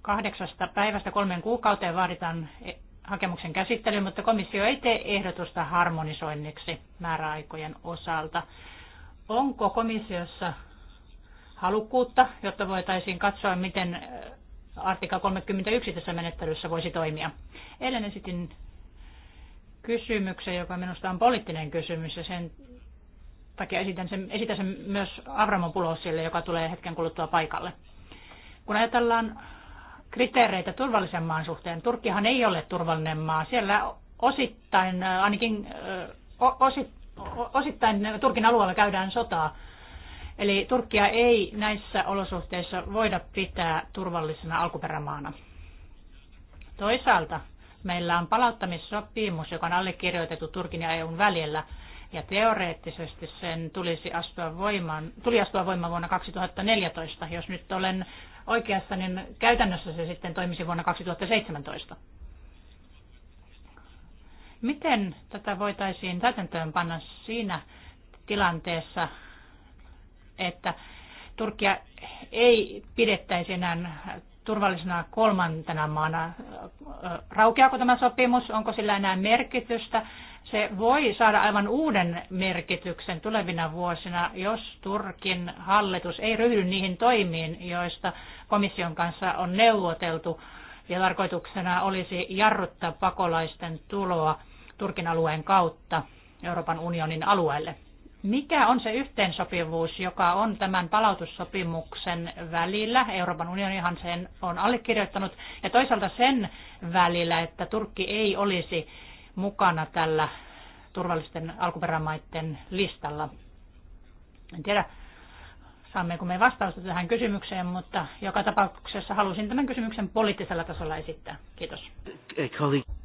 Kahdeksasta päivästä kolmen kuukauteen vaaditaan eh, hakemuksen käsittelyyn, mutta komissio ei tee ehdotusta harmonisoinniksi määräaikojen osalta. Onko komissiossa halukkuutta, jotta voitaisiin katsoa, miten äh, artikla 31 tässä menettelyssä voisi toimia? Eilen esitin kysymyksen, joka minusta on poliittinen kysymys ja sen takia esitän sen, esitän sen myös Avramopulosille, joka tulee hetken kuluttua paikalle. Kun ajatellaan kriteereitä turvallisen maan suhteen, Turkkihan ei ole turvallinen maa. Siellä osittain, äh, ainakin äh, osittain, osittain Turkin alueella käydään sotaa. Eli Turkkia ei näissä olosuhteissa voida pitää turvallisena alkuperämaana. Toisaalta meillä on palauttamissopimus, joka on allekirjoitettu Turkin ja EUn välillä, ja teoreettisesti sen tulisi astua voimaan, tuli astua voimaan vuonna 2014. Jos nyt olen oikeassa, niin käytännössä se sitten toimisi vuonna 2017. Miten tätä voitaisiin täytäntöön panna siinä tilanteessa, että Turkia ei pidettäisi enää turvallisena kolmantena maana. Raukeako tämä sopimus? Onko sillä enää merkitystä? Se voi saada aivan uuden merkityksen tulevina vuosina, jos Turkin hallitus ei ryhdy niihin toimiin, joista komission kanssa on neuvoteltu ja tarkoituksena olisi jarruttaa pakolaisten tuloa Turkin alueen kautta Euroopan unionin alueelle. Mikä on se yhteensopivuus, joka on tämän palautussopimuksen välillä, Euroopan unionihan sen on allekirjoittanut, ja toisaalta sen välillä, että Turkki ei olisi mukana tällä turvallisten alkuperämaiden listalla? En tiedä, saammeko me vastausta tähän kysymykseen, mutta joka tapauksessa halusin tämän kysymyksen poliittisella tasolla esittää. Kiitos.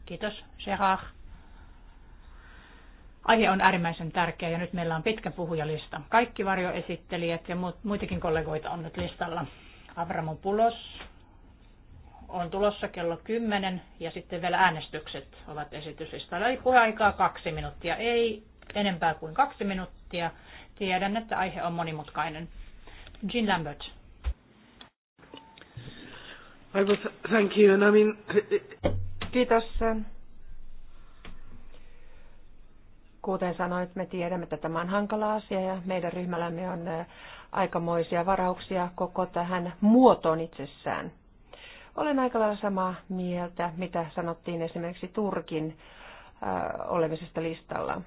Kiitos, Gerard. Aihe on äärimmäisen tärkeä ja nyt meillä on pitkä puhujalista. Kaikki varjoesittelijät ja muitakin kollegoita on nyt listalla. pulos on tulossa kello 10 ja sitten vielä äänestykset ovat esityslistalla. Eli puheaikaa kaksi minuuttia, ei enempää kuin kaksi minuuttia. Tiedän, että aihe on monimutkainen. Jean Lambert. thank you. And I mean... Kiitos. Kuten sanoin, me tiedämme, että tämä on hankala asia ja meidän ryhmällämme on aikamoisia varauksia koko tähän muotoon itsessään. Olen aika lailla samaa mieltä, mitä sanottiin esimerkiksi Turkin olemisesta listalla.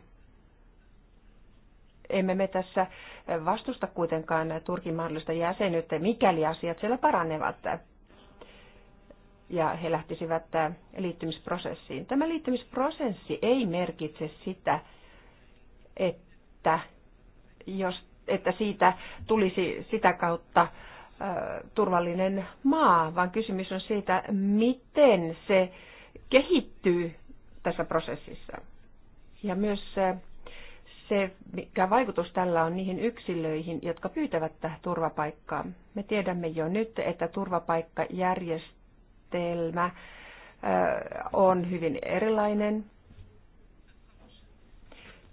Emme me tässä vastusta kuitenkaan Turkin mahdollista jäsenyyttä, mikäli asiat siellä paranevat ja he lähtisivät liittymisprosessiin. Tämä liittymisprosessi ei merkitse sitä, että, jos, että siitä tulisi sitä kautta turvallinen maa, vaan kysymys on siitä, miten se kehittyy tässä prosessissa. Ja myös se, mikä vaikutus tällä on niihin yksilöihin, jotka pyytävät turvapaikkaa. Me tiedämme jo nyt, että turvapaikkajärjestelmä on hyvin erilainen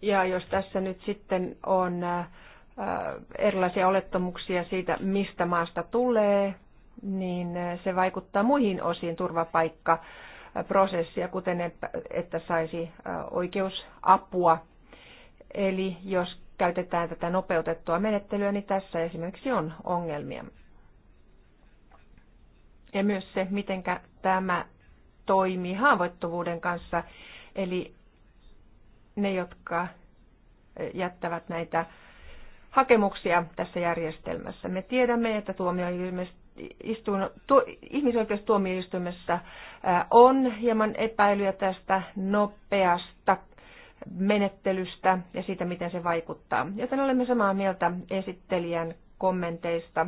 ja jos tässä nyt sitten on äh, äh, erilaisia olettamuksia siitä, mistä maasta tulee, niin äh, se vaikuttaa muihin osiin turvapaikkaprosessia, kuten että saisi oikeusapua. Eli jos käytetään tätä nopeutettua menettelyä, niin tässä esimerkiksi on ongelmia. Ja myös se, miten tämä toimii haavoittuvuuden kanssa, eli ne, jotka e, jättävät näitä hakemuksia tässä järjestelmässä. Me tiedämme, että istuun, tu, ihmisoikeustuomioistuimessa e, on hieman epäilyä tästä nopeasta menettelystä ja siitä, miten se vaikuttaa. Joten olemme samaa mieltä esittelijän kommenteista,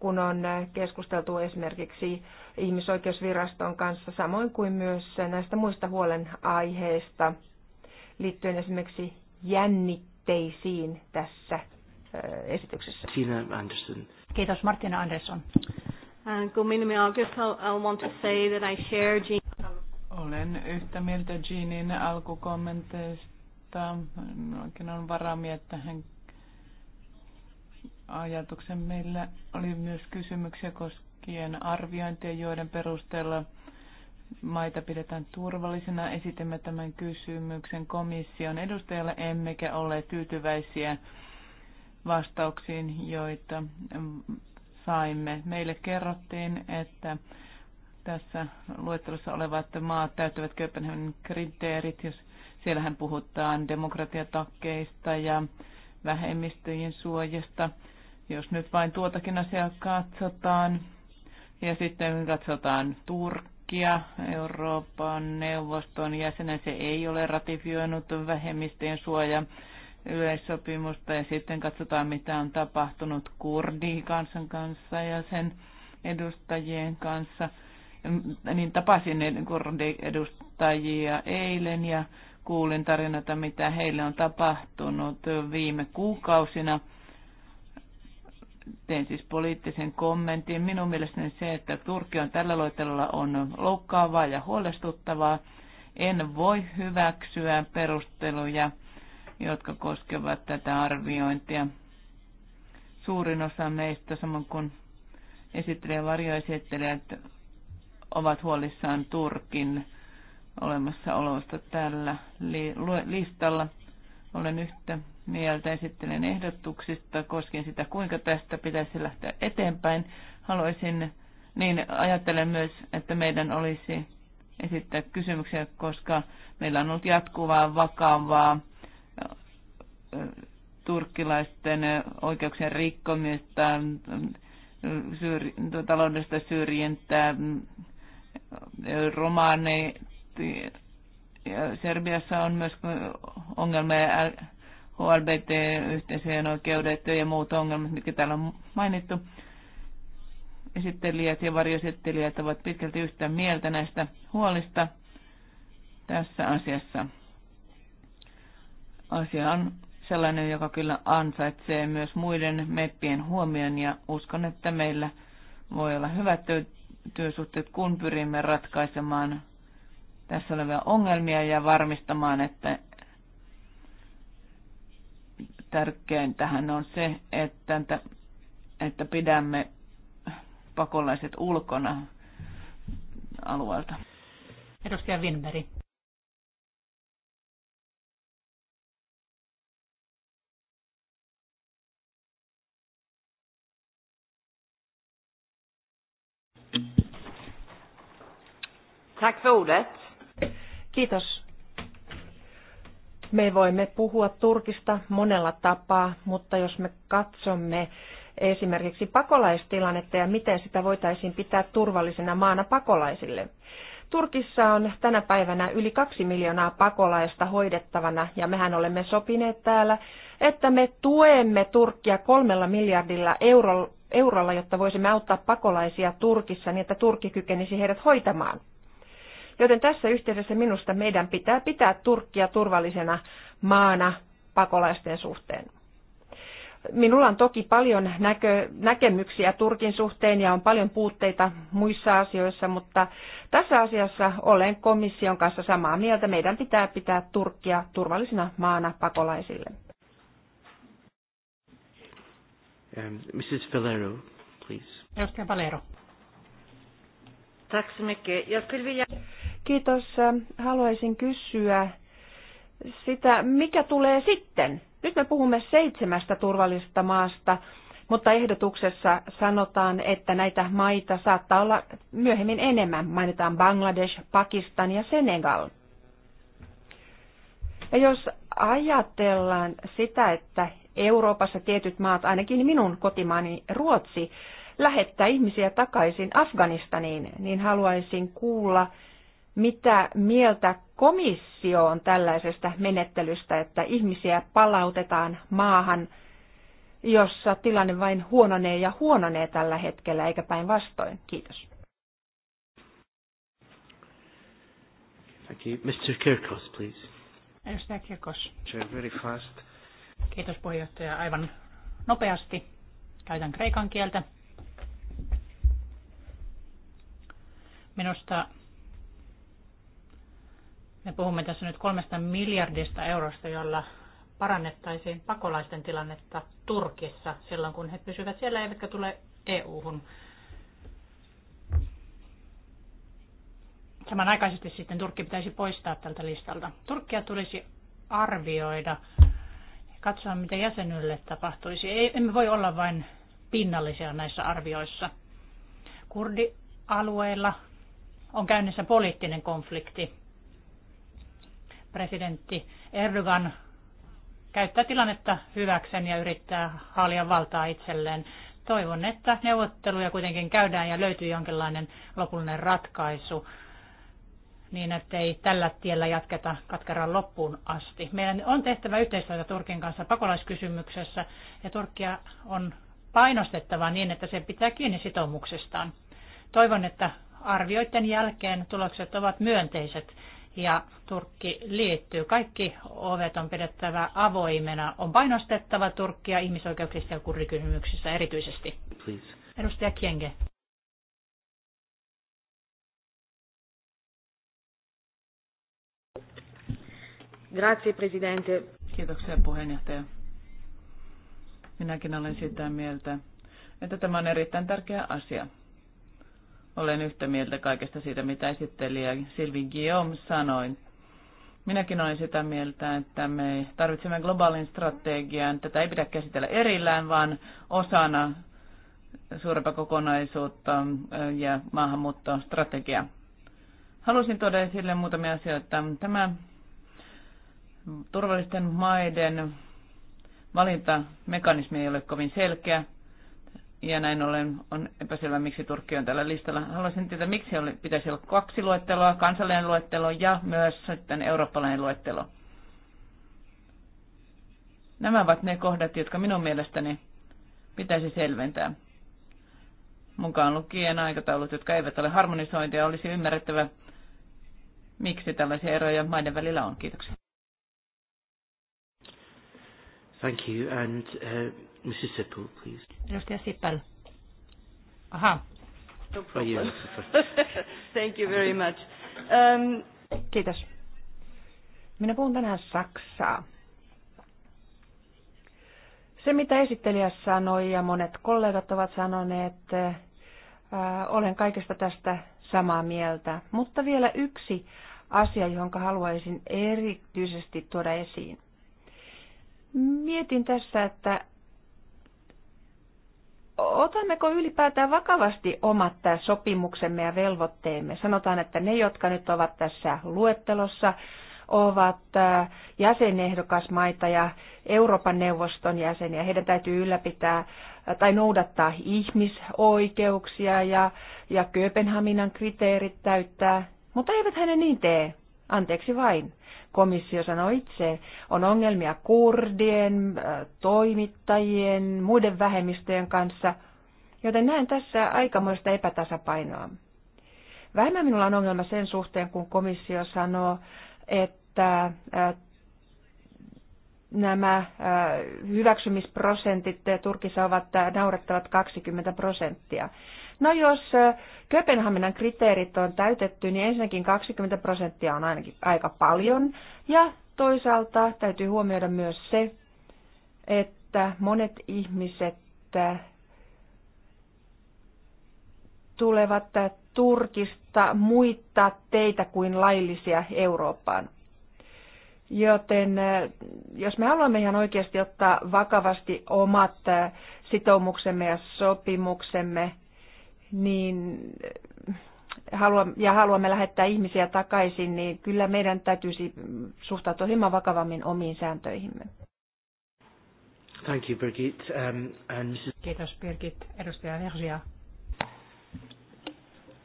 kun on keskusteltu esimerkiksi ihmisoikeusviraston kanssa, samoin kuin myös näistä muista huolenaiheista, liittyen esimerkiksi jännitteisiin tässä esityksessä. Tina Anderson. Kiitos Martina Andersson. Olen yhtä mieltä Jeanin alkukommenteista. Minullakin on varaa miettiä hän ajatuksen. Meillä oli myös kysymyksiä koskien arviointia, joiden perusteella – maita pidetään turvallisena. Esitimme tämän kysymyksen komission edustajalle, emmekä ole tyytyväisiä vastauksiin, joita saimme. Meille kerrottiin, että tässä luettelossa olevat maat täyttävät Kööpenhaminan kriteerit, jos siellähän puhutaan demokratiatakkeista ja vähemmistöjen suojasta. Jos nyt vain tuotakin asiaa katsotaan ja sitten katsotaan Turkki. Turkkia Euroopan neuvoston jäsenä. Se ei ole ratifioinut vähemmistöjen suoja yleissopimusta ja sitten katsotaan, mitä on tapahtunut kansan kanssa ja sen edustajien kanssa. Niin tapasin edustajia eilen ja kuulin tarinata, mitä heille on tapahtunut viime kuukausina – teen siis poliittisen kommentin. Minun mielestäni se, että Turkki on tällä loittelulla on loukkaavaa ja huolestuttavaa. En voi hyväksyä perusteluja, jotka koskevat tätä arviointia. Suurin osa meistä, samoin kuin esittelijä varjoesittelijät, ovat huolissaan Turkin olemassaolosta tällä listalla. Olen yhtä mieltä esittelen ehdotuksista koskien sitä, kuinka tästä pitäisi lähteä eteenpäin. Haluaisin, niin ajattelen myös, että meidän olisi esittää kysymyksiä, koska meillä on ollut jatkuvaa, vakavaa turkkilaisten oikeuksien rikkomista, syrj, taloudellista syrjintää, romaaneja. Serbiassa on myös ongelmia HLBT-yhteisöjen oikeudet ja muut ongelmat, mitkä täällä on mainittu. Esittelijät ja varjoesittelijät ovat pitkälti yhtä mieltä näistä huolista tässä asiassa. Asia on sellainen, joka kyllä ansaitsee myös muiden meppien huomion ja uskon, että meillä voi olla hyvät työsuhteet, kun pyrimme ratkaisemaan tässä olevia ongelmia ja varmistamaan, että Tärkeintähän on se, että, että pidämme pakolaiset ulkona alueelta. Edustaja Winberg. Tack för ordet. Kiitos. Me voimme puhua Turkista monella tapaa, mutta jos me katsomme esimerkiksi pakolaistilannetta ja miten sitä voitaisiin pitää turvallisena maana pakolaisille. Turkissa on tänä päivänä yli kaksi miljoonaa pakolaista hoidettavana ja mehän olemme sopineet täällä, että me tuemme Turkkia kolmella miljardilla eurolla, jotta voisimme auttaa pakolaisia Turkissa niin, että Turkki kykenisi heidät hoitamaan. Joten tässä yhteydessä minusta meidän pitää pitää Turkkia turvallisena maana pakolaisten suhteen. Minulla on toki paljon näkö, näkemyksiä Turkin suhteen ja on paljon puutteita muissa asioissa, mutta tässä asiassa olen komission kanssa samaa mieltä. Meidän pitää pitää Turkkia turvallisena maana pakolaisille. Um, Mrs. Valero, please. Edustaja Valero. Tack så mycket. Jag skulle vilja... Kiitos. Haluaisin kysyä sitä, mikä tulee sitten? Nyt me puhumme seitsemästä turvallisesta maasta, mutta ehdotuksessa sanotaan, että näitä maita saattaa olla myöhemmin enemmän. Mainitaan Bangladesh, Pakistan ja Senegal. Ja jos ajatellaan sitä, että Euroopassa tietyt maat, ainakin minun kotimaani Ruotsi, lähettää ihmisiä takaisin Afganistaniin, niin haluaisin kuulla, mitä mieltä komissio on tällaisesta menettelystä, että ihmisiä palautetaan maahan, jossa tilanne vain huononee ja huononee tällä hetkellä, eikä päinvastoin. Kiitos. Thank you. Mr. Kirkos, please. Edustaja Kirkos. Very fast. Kiitos puheenjohtaja. Aivan nopeasti. Käytän kreikan kieltä. Minusta me puhumme tässä nyt kolmesta miljardista eurosta, jolla parannettaisiin pakolaisten tilannetta Turkissa silloin, kun he pysyvät siellä eivätkä tule EU-hun. Samanaikaisesti sitten Turkki pitäisi poistaa tältä listalta. Turkkia tulisi arvioida ja katsoa, mitä jäsenylle tapahtuisi. Ei, emme voi olla vain pinnallisia näissä arvioissa. Kurdialueilla on käynnissä poliittinen konflikti presidentti Erdogan käyttää tilannetta hyväkseen ja yrittää haalia valtaa itselleen. Toivon, että neuvotteluja kuitenkin käydään ja löytyy jonkinlainen lopullinen ratkaisu niin, että ei tällä tiellä jatketa katkeran loppuun asti. Meidän on tehtävä yhteistyötä Turkin kanssa pakolaiskysymyksessä ja Turkia on painostettava niin, että se pitää kiinni sitoumuksestaan. Toivon, että arvioiden jälkeen tulokset ovat myönteiset ja Turkki liittyy. Kaikki ovet on pidettävä avoimena. On painostettava Turkkia ihmisoikeuksista ja kurikysymyksissä erityisesti. Please. Edustaja Kienge. Grazie, presidente. Kiitoksia puheenjohtaja. Minäkin olen sitä mieltä, että tämä on erittäin tärkeä asia. Olen yhtä mieltä kaikesta siitä, mitä esittelijä Silvi Guillaume sanoi. Minäkin olen sitä mieltä, että me tarvitsemme globaalin strategian. Tätä ei pidä käsitellä erillään, vaan osana suurempaa kokonaisuutta ja maahanmuuttostrategiaa. Halusin tuoda esille muutamia asioita. Tämä turvallisten maiden valintamekanismi ei ole kovin selkeä. Ja näin ollen on epäselvä, miksi Turkki on tällä listalla. Haluaisin tietää, miksi oli, pitäisi olla kaksi luetteloa, kansallinen luettelo ja myös sitten eurooppalainen luettelo. Nämä ovat ne kohdat, jotka minun mielestäni pitäisi selventää. Mukaan lukien aikataulut, jotka eivät ole harmonisointia, olisi ymmärrettävä, miksi tällaisia eroja maiden välillä on. Kiitoksia. Thank you. And uh, Mrs. Sippel, please. Mr. Sippel. Aha. No oh, problem. <laughs> Thank you very much. Um, Kiitos. Minä puhun tänään Saksaa. Se, mitä esittelijä sanoi ja monet kollegat ovat sanoneet, että äh, olen kaikesta tästä samaa mieltä. Mutta vielä yksi asia, johon haluaisin erityisesti tuoda esiin. Mietin tässä, että otammeko ylipäätään vakavasti omat sopimuksemme ja velvoitteemme. Sanotaan, että ne, jotka nyt ovat tässä luettelossa, ovat jäsenehdokasmaita ja Euroopan neuvoston jäseniä. Heidän täytyy ylläpitää tai noudattaa ihmisoikeuksia ja, ja Kööpenhaminan kriteerit täyttää, mutta eivät hänen niin tee. Anteeksi vain. Komissio sanoi itse, on ongelmia kurdien, äh, toimittajien, muiden vähemmistöjen kanssa, joten näen tässä aikamoista epätasapainoa. Vähemmän minulla on ongelma sen suhteen, kun komissio sanoo, että äh, nämä äh, hyväksymisprosentit Turkissa ovat naurettavat 20 prosenttia. No jos Kööpenhaminan kriteerit on täytetty, niin ensinnäkin 20 prosenttia on ainakin aika paljon. Ja toisaalta täytyy huomioida myös se, että monet ihmiset tulevat Turkista muita teitä kuin laillisia Eurooppaan. Joten jos me haluamme ihan oikeasti ottaa vakavasti omat sitoumuksemme ja sopimuksemme niin ja haluamme lähettää ihmisiä takaisin, niin kyllä meidän täytyisi suhtautua hieman vakavammin omiin sääntöihimme. Thank you, Birgit. Um, and Mrs. Kiitos Birgit. Edustaja Vergia.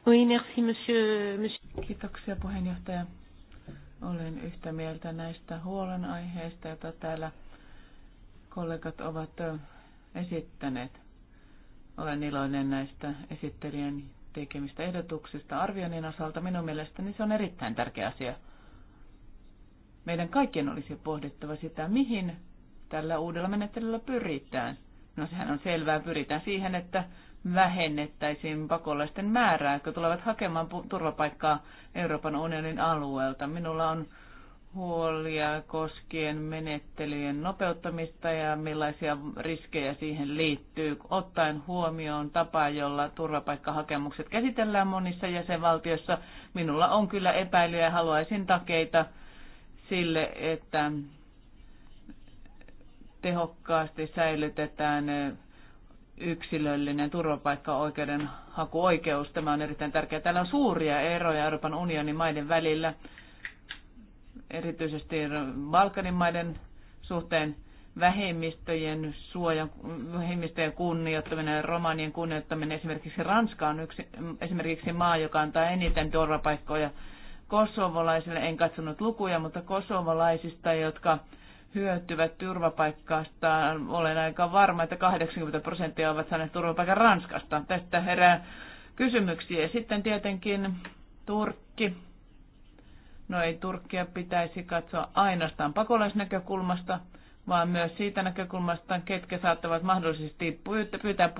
Oui, merci, monsieur, monsieur. Kiitoksia puheenjohtaja. Olen yhtä mieltä näistä huolenaiheista, joita täällä kollegat ovat esittäneet. Olen iloinen näistä esittelijän tekemistä ehdotuksista arvioinnin osalta. Minun mielestäni se on erittäin tärkeä asia. Meidän kaikkien olisi pohdittava sitä, mihin tällä uudella menettelyllä pyritään. No sehän on selvää, pyritään siihen, että vähennettäisiin pakolaisten määrää, jotka tulevat hakemaan turvapaikkaa Euroopan unionin alueelta. Minulla on huolia koskien menettelyjen nopeuttamista ja millaisia riskejä siihen liittyy, ottaen huomioon tapa, jolla turvapaikkahakemukset käsitellään monissa jäsenvaltioissa. Minulla on kyllä epäilyjä ja haluaisin takeita sille, että tehokkaasti säilytetään yksilöllinen turvapaikkaoikeuden hakuoikeus. Tämä on erittäin tärkeää. Täällä on suuria eroja Euroopan unionin maiden välillä erityisesti Balkanin maiden suhteen vähemmistöjen suojan, vähemmistöjen kunnioittaminen ja romanien kunnioittaminen. Esimerkiksi Ranska on yksi, esimerkiksi maa, joka antaa eniten turvapaikkoja kosovolaisille. En katsonut lukuja, mutta kosovolaisista, jotka hyötyvät turvapaikkaasta, olen aika varma, että 80 prosenttia ovat saaneet turvapaikan Ranskasta. Tästä herää kysymyksiä. Sitten tietenkin Turkki No ei Turkkia pitäisi katsoa ainoastaan pakolaisnäkökulmasta, vaan myös siitä näkökulmasta, ketkä saattavat mahdollisesti pyytää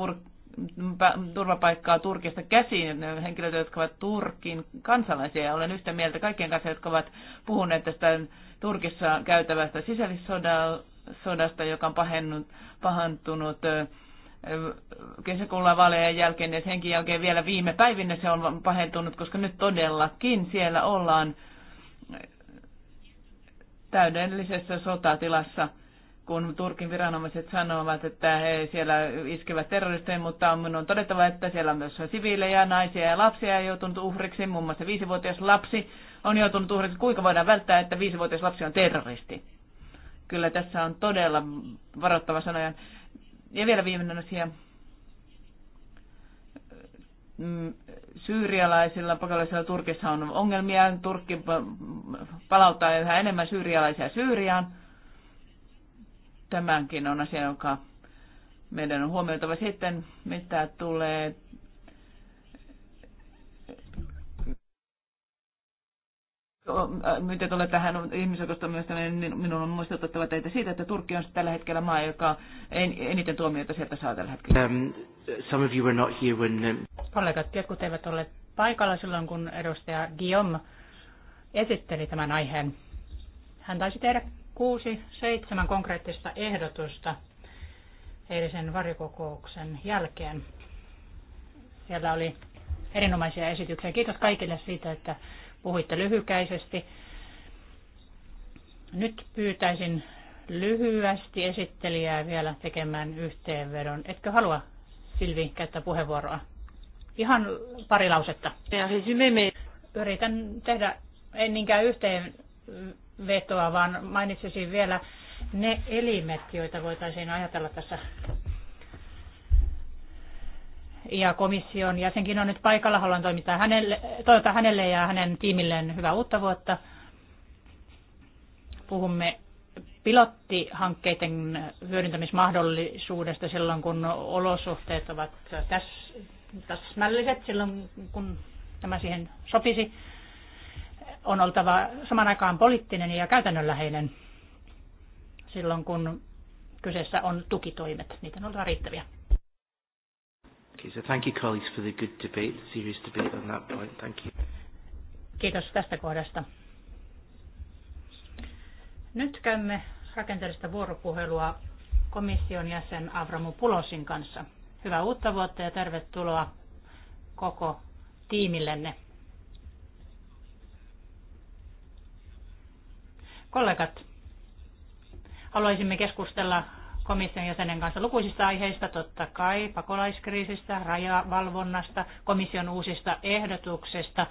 turvapaikkaa Turkista käsiin, Henkilöt, jotka ovat Turkin kansalaisia. Ja olen yhtä mieltä kaikkien kanssa, jotka ovat puhuneet tästä Turkissa käytävästä sisällissodasta, joka on pahennut, pahantunut kesäkuulla vaalejen jälkeen ja senkin jälkeen vielä viime päivinä se on pahentunut, koska nyt todellakin siellä ollaan täydellisessä sotatilassa, kun Turkin viranomaiset sanovat, että he siellä iskevät terroristeja, mutta minun on todettava, että siellä on myös siviilejä, naisia ja lapsia joutunut uhriksi, muun muassa viisivuotias lapsi on joutunut uhriksi. Kuinka voidaan välttää, että viisivuotias lapsi on terroristi? Kyllä tässä on todella varoittava sanoja. Ja vielä viimeinen asia. Mm, syyrialaisilla pakolaisilla Turkissa on ongelmia. Turkki palauttaa yhä enemmän syyrialaisia Syyriaan. Tämänkin on asia, joka meidän on huomioitava sitten, mitä tulee oh, mitä tulee tähän ihmisoikeustoimijoista, niin minun on muistutettava teitä siitä, että Turkki on tällä hetkellä maa, joka eniten tuomioita sieltä saa tällä hetkellä. Um, some of you were not here when... Um, Kollegat, jotkut eivät ole paikalla silloin, kun edustaja Guillaume esitteli tämän aiheen. Hän taisi tehdä kuusi, seitsemän konkreettista ehdotusta eilisen varjokokouksen jälkeen. Siellä oli erinomaisia esityksiä. Kiitos kaikille siitä, että puhuitte lyhykäisesti. Nyt pyytäisin lyhyesti esittelijää vielä tekemään yhteenvedon. Etkö halua, Silvi, käyttää puheenvuoroa? Ihan pari lausetta. Yritän tehdä en niinkään yhteen vetoa, vaan mainitsisin vielä ne elimet, joita voitaisiin ajatella tässä. Ja komission jäsenkin on nyt paikalla. Haluan toimittaa hänelle, toivottaa hänelle ja hänen tiimilleen hyvää uutta vuotta. Puhumme pilottihankkeiden hyödyntämismahdollisuudesta silloin, kun olosuhteet ovat täsmälliset, silloin kun tämä siihen sopisi on oltava saman aikaan poliittinen ja käytännönläheinen silloin, kun kyseessä on tukitoimet. Niitä on oltava riittäviä. Okay, so thank you colleagues for the good debate, serious debate on that point. Thank you. Kiitos tästä kohdasta. Nyt käymme rakenteellista vuoropuhelua komission jäsen Avramu Pulosin kanssa. Hyvää uutta vuotta ja tervetuloa koko tiimillenne. Kollegat, haluaisimme keskustella komission jäsenen kanssa lukuisista aiheista, totta kai pakolaiskriisistä, rajavalvonnasta, komission uusista ehdotuksista,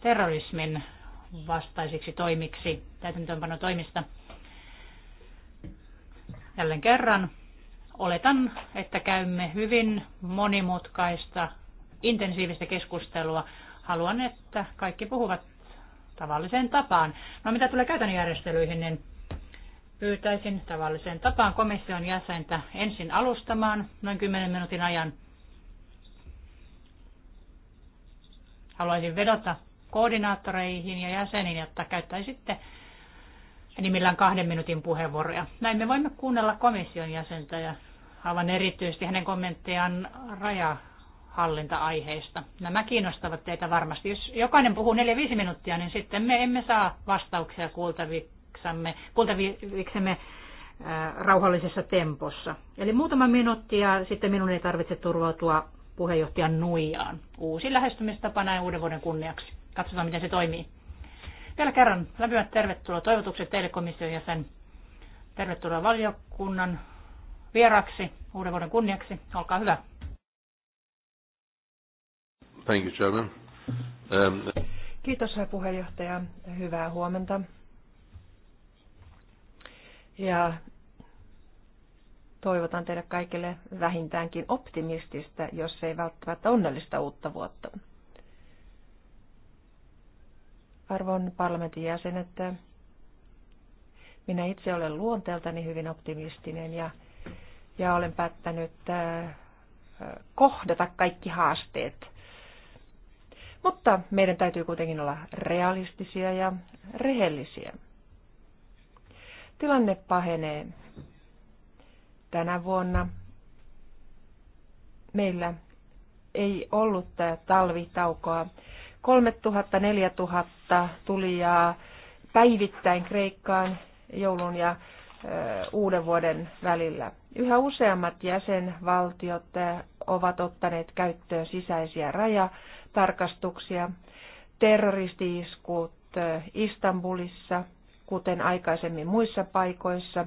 terrorismin vastaisiksi toimiksi, täytäntöönpano toimista. Jälleen kerran oletan, että käymme hyvin monimutkaista, intensiivistä keskustelua. Haluan, että kaikki puhuvat tavalliseen tapaan. No mitä tulee käytännön järjestelyihin, niin pyytäisin tavalliseen tapaan komission jäsentä ensin alustamaan noin 10 minuutin ajan. Haluaisin vedota koordinaattoreihin ja jäseniin, jotta käyttäisitte enimmillään kahden minuutin puheenvuoroja. Näin me voimme kuunnella komission jäsentä ja aivan erityisesti hänen kommenttejaan raja hallinta-aiheista. Nämä kiinnostavat teitä varmasti. Jos jokainen puhuu 4-5 minuuttia, niin sitten me emme saa vastauksia kuultaviksemme, kuultaviksemme äh, rauhallisessa tempossa. Eli muutama minuutti ja sitten minun ei tarvitse turvautua puheenjohtajan nuijaan. Uusi lähestymistapa näin uuden vuoden kunniaksi. Katsotaan, miten se toimii. Vielä kerran lämpimät tervetuloa toivotukset teille komission jäsen. Tervetuloa valiokunnan vieraksi uuden vuoden kunniaksi. Olkaa hyvä. Thank you, Chairman. Um... Kiitos puheenjohtaja. Hyvää huomenta. Ja toivotan teille kaikille vähintäänkin optimistista, jos ei välttämättä onnellista uutta vuotta. Arvon parlamentin jäsenet, minä itse olen luonteeltani hyvin optimistinen ja, ja olen päättänyt äh, kohdata kaikki haasteet – mutta meidän täytyy kuitenkin olla realistisia ja rehellisiä. Tilanne pahenee. Tänä vuonna meillä ei ollut talvitaukoa. 3000-4000 tulijaa päivittäin Kreikkaan joulun ja uuden vuoden välillä. Yhä useammat jäsenvaltiot ovat ottaneet käyttöön sisäisiä raja- tarkastuksia, terroristiiskut eh, Istanbulissa, kuten aikaisemmin muissa paikoissa,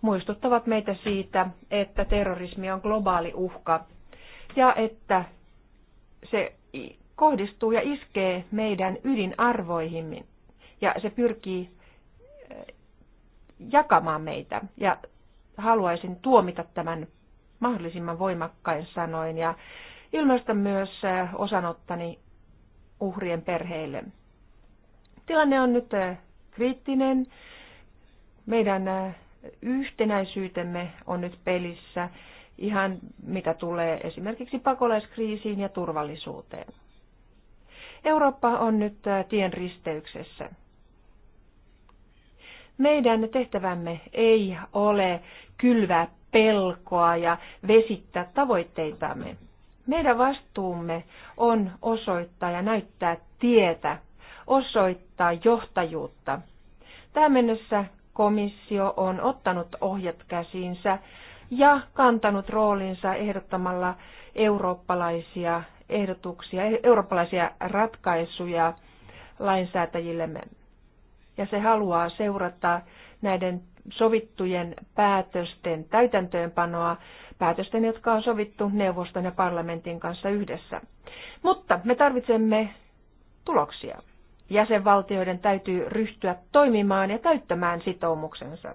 muistuttavat meitä siitä, että terrorismi on globaali uhka ja että se kohdistuu ja iskee meidän ydinarvoihimme ja se pyrkii eh, jakamaan meitä. Ja haluaisin tuomita tämän mahdollisimman voimakkain sanoin ja ilmaista myös osanottani uhrien perheille. Tilanne on nyt kriittinen. Meidän yhtenäisyytemme on nyt pelissä ihan mitä tulee esimerkiksi pakolaiskriisiin ja turvallisuuteen. Eurooppa on nyt tien risteyksessä. Meidän tehtävämme ei ole kylvää pelkoa ja vesittää tavoitteitamme. Meidän vastuumme on osoittaa ja näyttää tietä, osoittaa johtajuutta. Tähän mennessä komissio on ottanut ohjat käsiinsä ja kantanut roolinsa ehdottamalla eurooppalaisia ehdotuksia, eurooppalaisia ratkaisuja lainsäätäjillemme. Ja se haluaa seurata näiden sovittujen päätösten täytäntöönpanoa päätösten, jotka on sovittu neuvoston ja parlamentin kanssa yhdessä. Mutta me tarvitsemme tuloksia. Jäsenvaltioiden täytyy ryhtyä toimimaan ja täyttämään sitoumuksensa.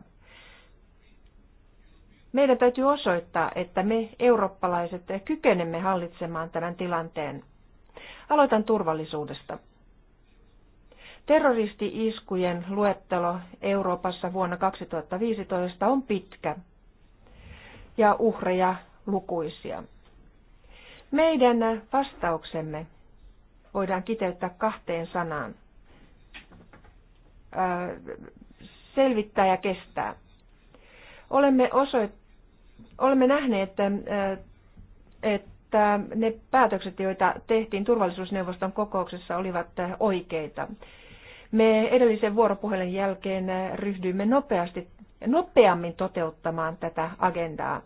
Meidän täytyy osoittaa, että me eurooppalaiset kykenemme hallitsemaan tämän tilanteen. Aloitan turvallisuudesta. Terroristi-iskujen luettelo Euroopassa vuonna 2015 on pitkä ja uhreja lukuisia. Meidän vastauksemme voidaan kiteyttää kahteen sanaan. Selvittää ja kestää. Olemme, osoit, olemme nähneet, että, että ne päätökset, joita tehtiin turvallisuusneuvoston kokouksessa, olivat oikeita. Me edellisen vuoropuhelun jälkeen ryhdyimme nopeasti nopeammin toteuttamaan tätä agendaa.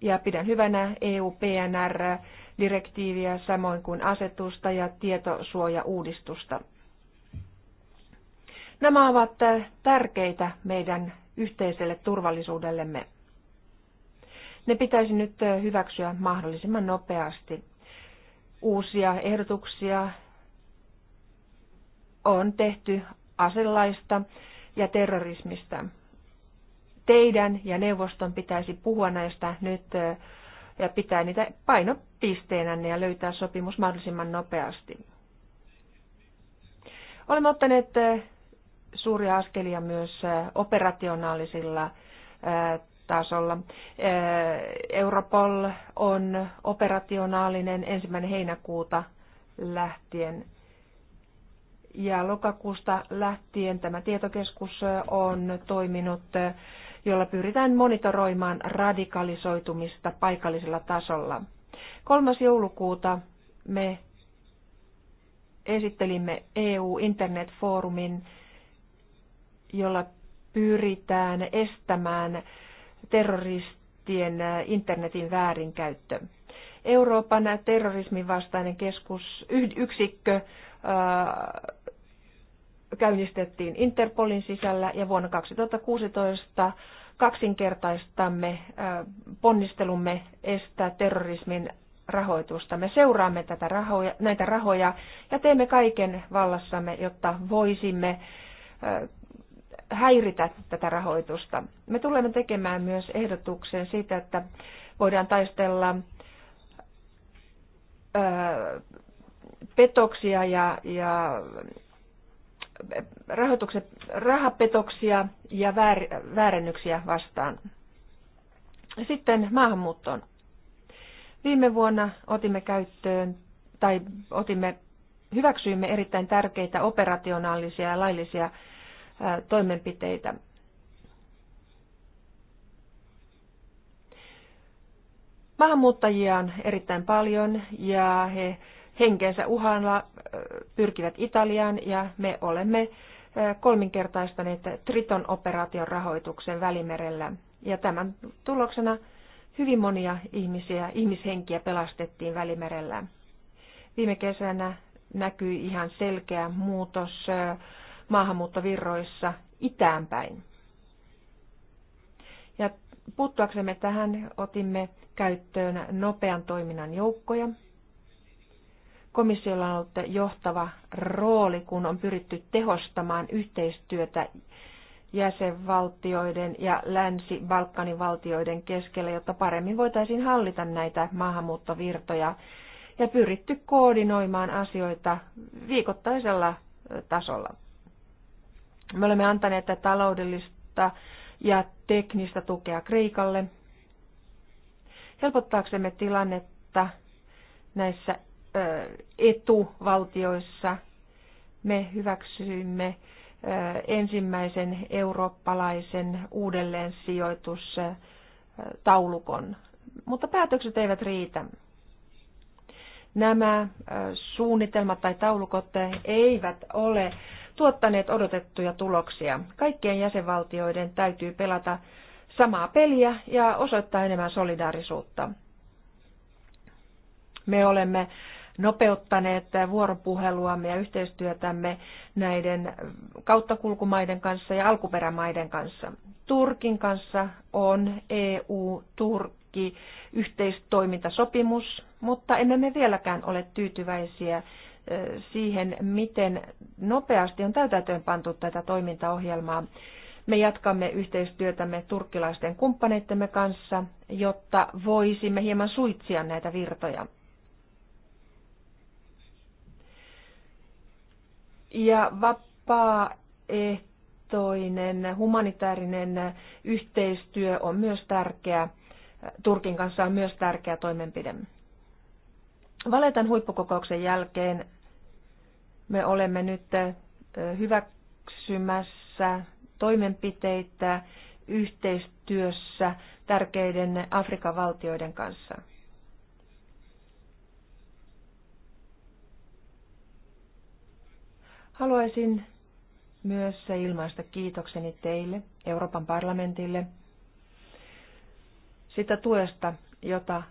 Ja pidän hyvänä EU-PNR-direktiiviä samoin kuin asetusta ja tietosuojauudistusta. Nämä ovat tärkeitä meidän yhteiselle turvallisuudellemme. Ne pitäisi nyt hyväksyä mahdollisimman nopeasti. Uusia ehdotuksia on tehty aselaista ja terrorismista. Teidän ja neuvoston pitäisi puhua näistä nyt ja pitää niitä painopisteenänne ja löytää sopimus mahdollisimman nopeasti. Olemme ottaneet suuria askelia myös operationaalisilla tasolla. Europol on operationaalinen ensimmäinen heinäkuuta lähtien. Ja lokakuusta lähtien tämä tietokeskus on toiminut, jolla pyritään monitoroimaan radikalisoitumista paikallisella tasolla. 3. joulukuuta me esittelimme eu Forumin, jolla pyritään estämään terroristien internetin väärinkäyttö. Euroopan terrorismin vastainen keskus, yksikkö käynnistettiin Interpolin sisällä ja vuonna 2016 kaksinkertaistamme ponnistelumme estää terrorismin rahoitusta. Me seuraamme tätä rahoja, näitä rahoja ja teemme kaiken vallassamme, jotta voisimme häiritä tätä rahoitusta. Me tulemme tekemään myös ehdotuksen siitä, että voidaan taistella petoksia ja, ja rahoitukset, rahapetoksia ja väär, väärennyksiä vastaan. Sitten maahanmuuttoon. Viime vuonna otimme käyttöön tai otimme, hyväksyimme erittäin tärkeitä operationaalisia ja laillisia toimenpiteitä. Maahanmuuttajia on erittäin paljon ja he henkeensä uhalla pyrkivät Italiaan ja me olemme kolminkertaistaneet Triton operaation rahoituksen välimerellä. Ja tämän tuloksena hyvin monia ihmisiä, ihmishenkiä pelastettiin välimerellä. Viime kesänä näkyi ihan selkeä muutos maahanmuuttovirroissa itäänpäin. Ja puuttuaksemme tähän otimme käyttöön nopean toiminnan joukkoja, Komissiolla on ollut johtava rooli, kun on pyritty tehostamaan yhteistyötä jäsenvaltioiden ja Länsi-Balkanin valtioiden keskellä, jotta paremmin voitaisiin hallita näitä maahanmuuttovirtoja ja pyritty koordinoimaan asioita viikoittaisella tasolla. Me olemme antaneet taloudellista ja teknistä tukea Kreikalle helpottaaksemme tilannetta näissä Etuvaltioissa Me hyväksyimme ensimmäisen eurooppalaisen uudelleen sijoitustaulukon, mutta päätökset eivät riitä. Nämä suunnitelmat tai taulukot eivät ole tuottaneet odotettuja tuloksia. Kaikkien jäsenvaltioiden täytyy pelata samaa peliä ja osoittaa enemmän solidaarisuutta. Me olemme nopeuttaneet vuoropuheluamme ja yhteistyötämme näiden kauttakulkumaiden kanssa ja alkuperämaiden kanssa. Turkin kanssa on EU-Turkki yhteistoimintasopimus, mutta emme me vieläkään ole tyytyväisiä eh, siihen, miten nopeasti on täytäntöön pantu tätä toimintaohjelmaa. Me jatkamme yhteistyötämme turkkilaisten kumppaneittemme kanssa, jotta voisimme hieman suitsia näitä virtoja. Ja vapaaehtoinen humanitaarinen yhteistyö on myös tärkeä, Turkin kanssa on myös tärkeä toimenpide. Valetan huippukokouksen jälkeen me olemme nyt hyväksymässä toimenpiteitä yhteistyössä tärkeiden Afrikan valtioiden kanssa. Haluaisin myös ilmaista kiitokseni teille, Euroopan parlamentille, sitä tuesta, jota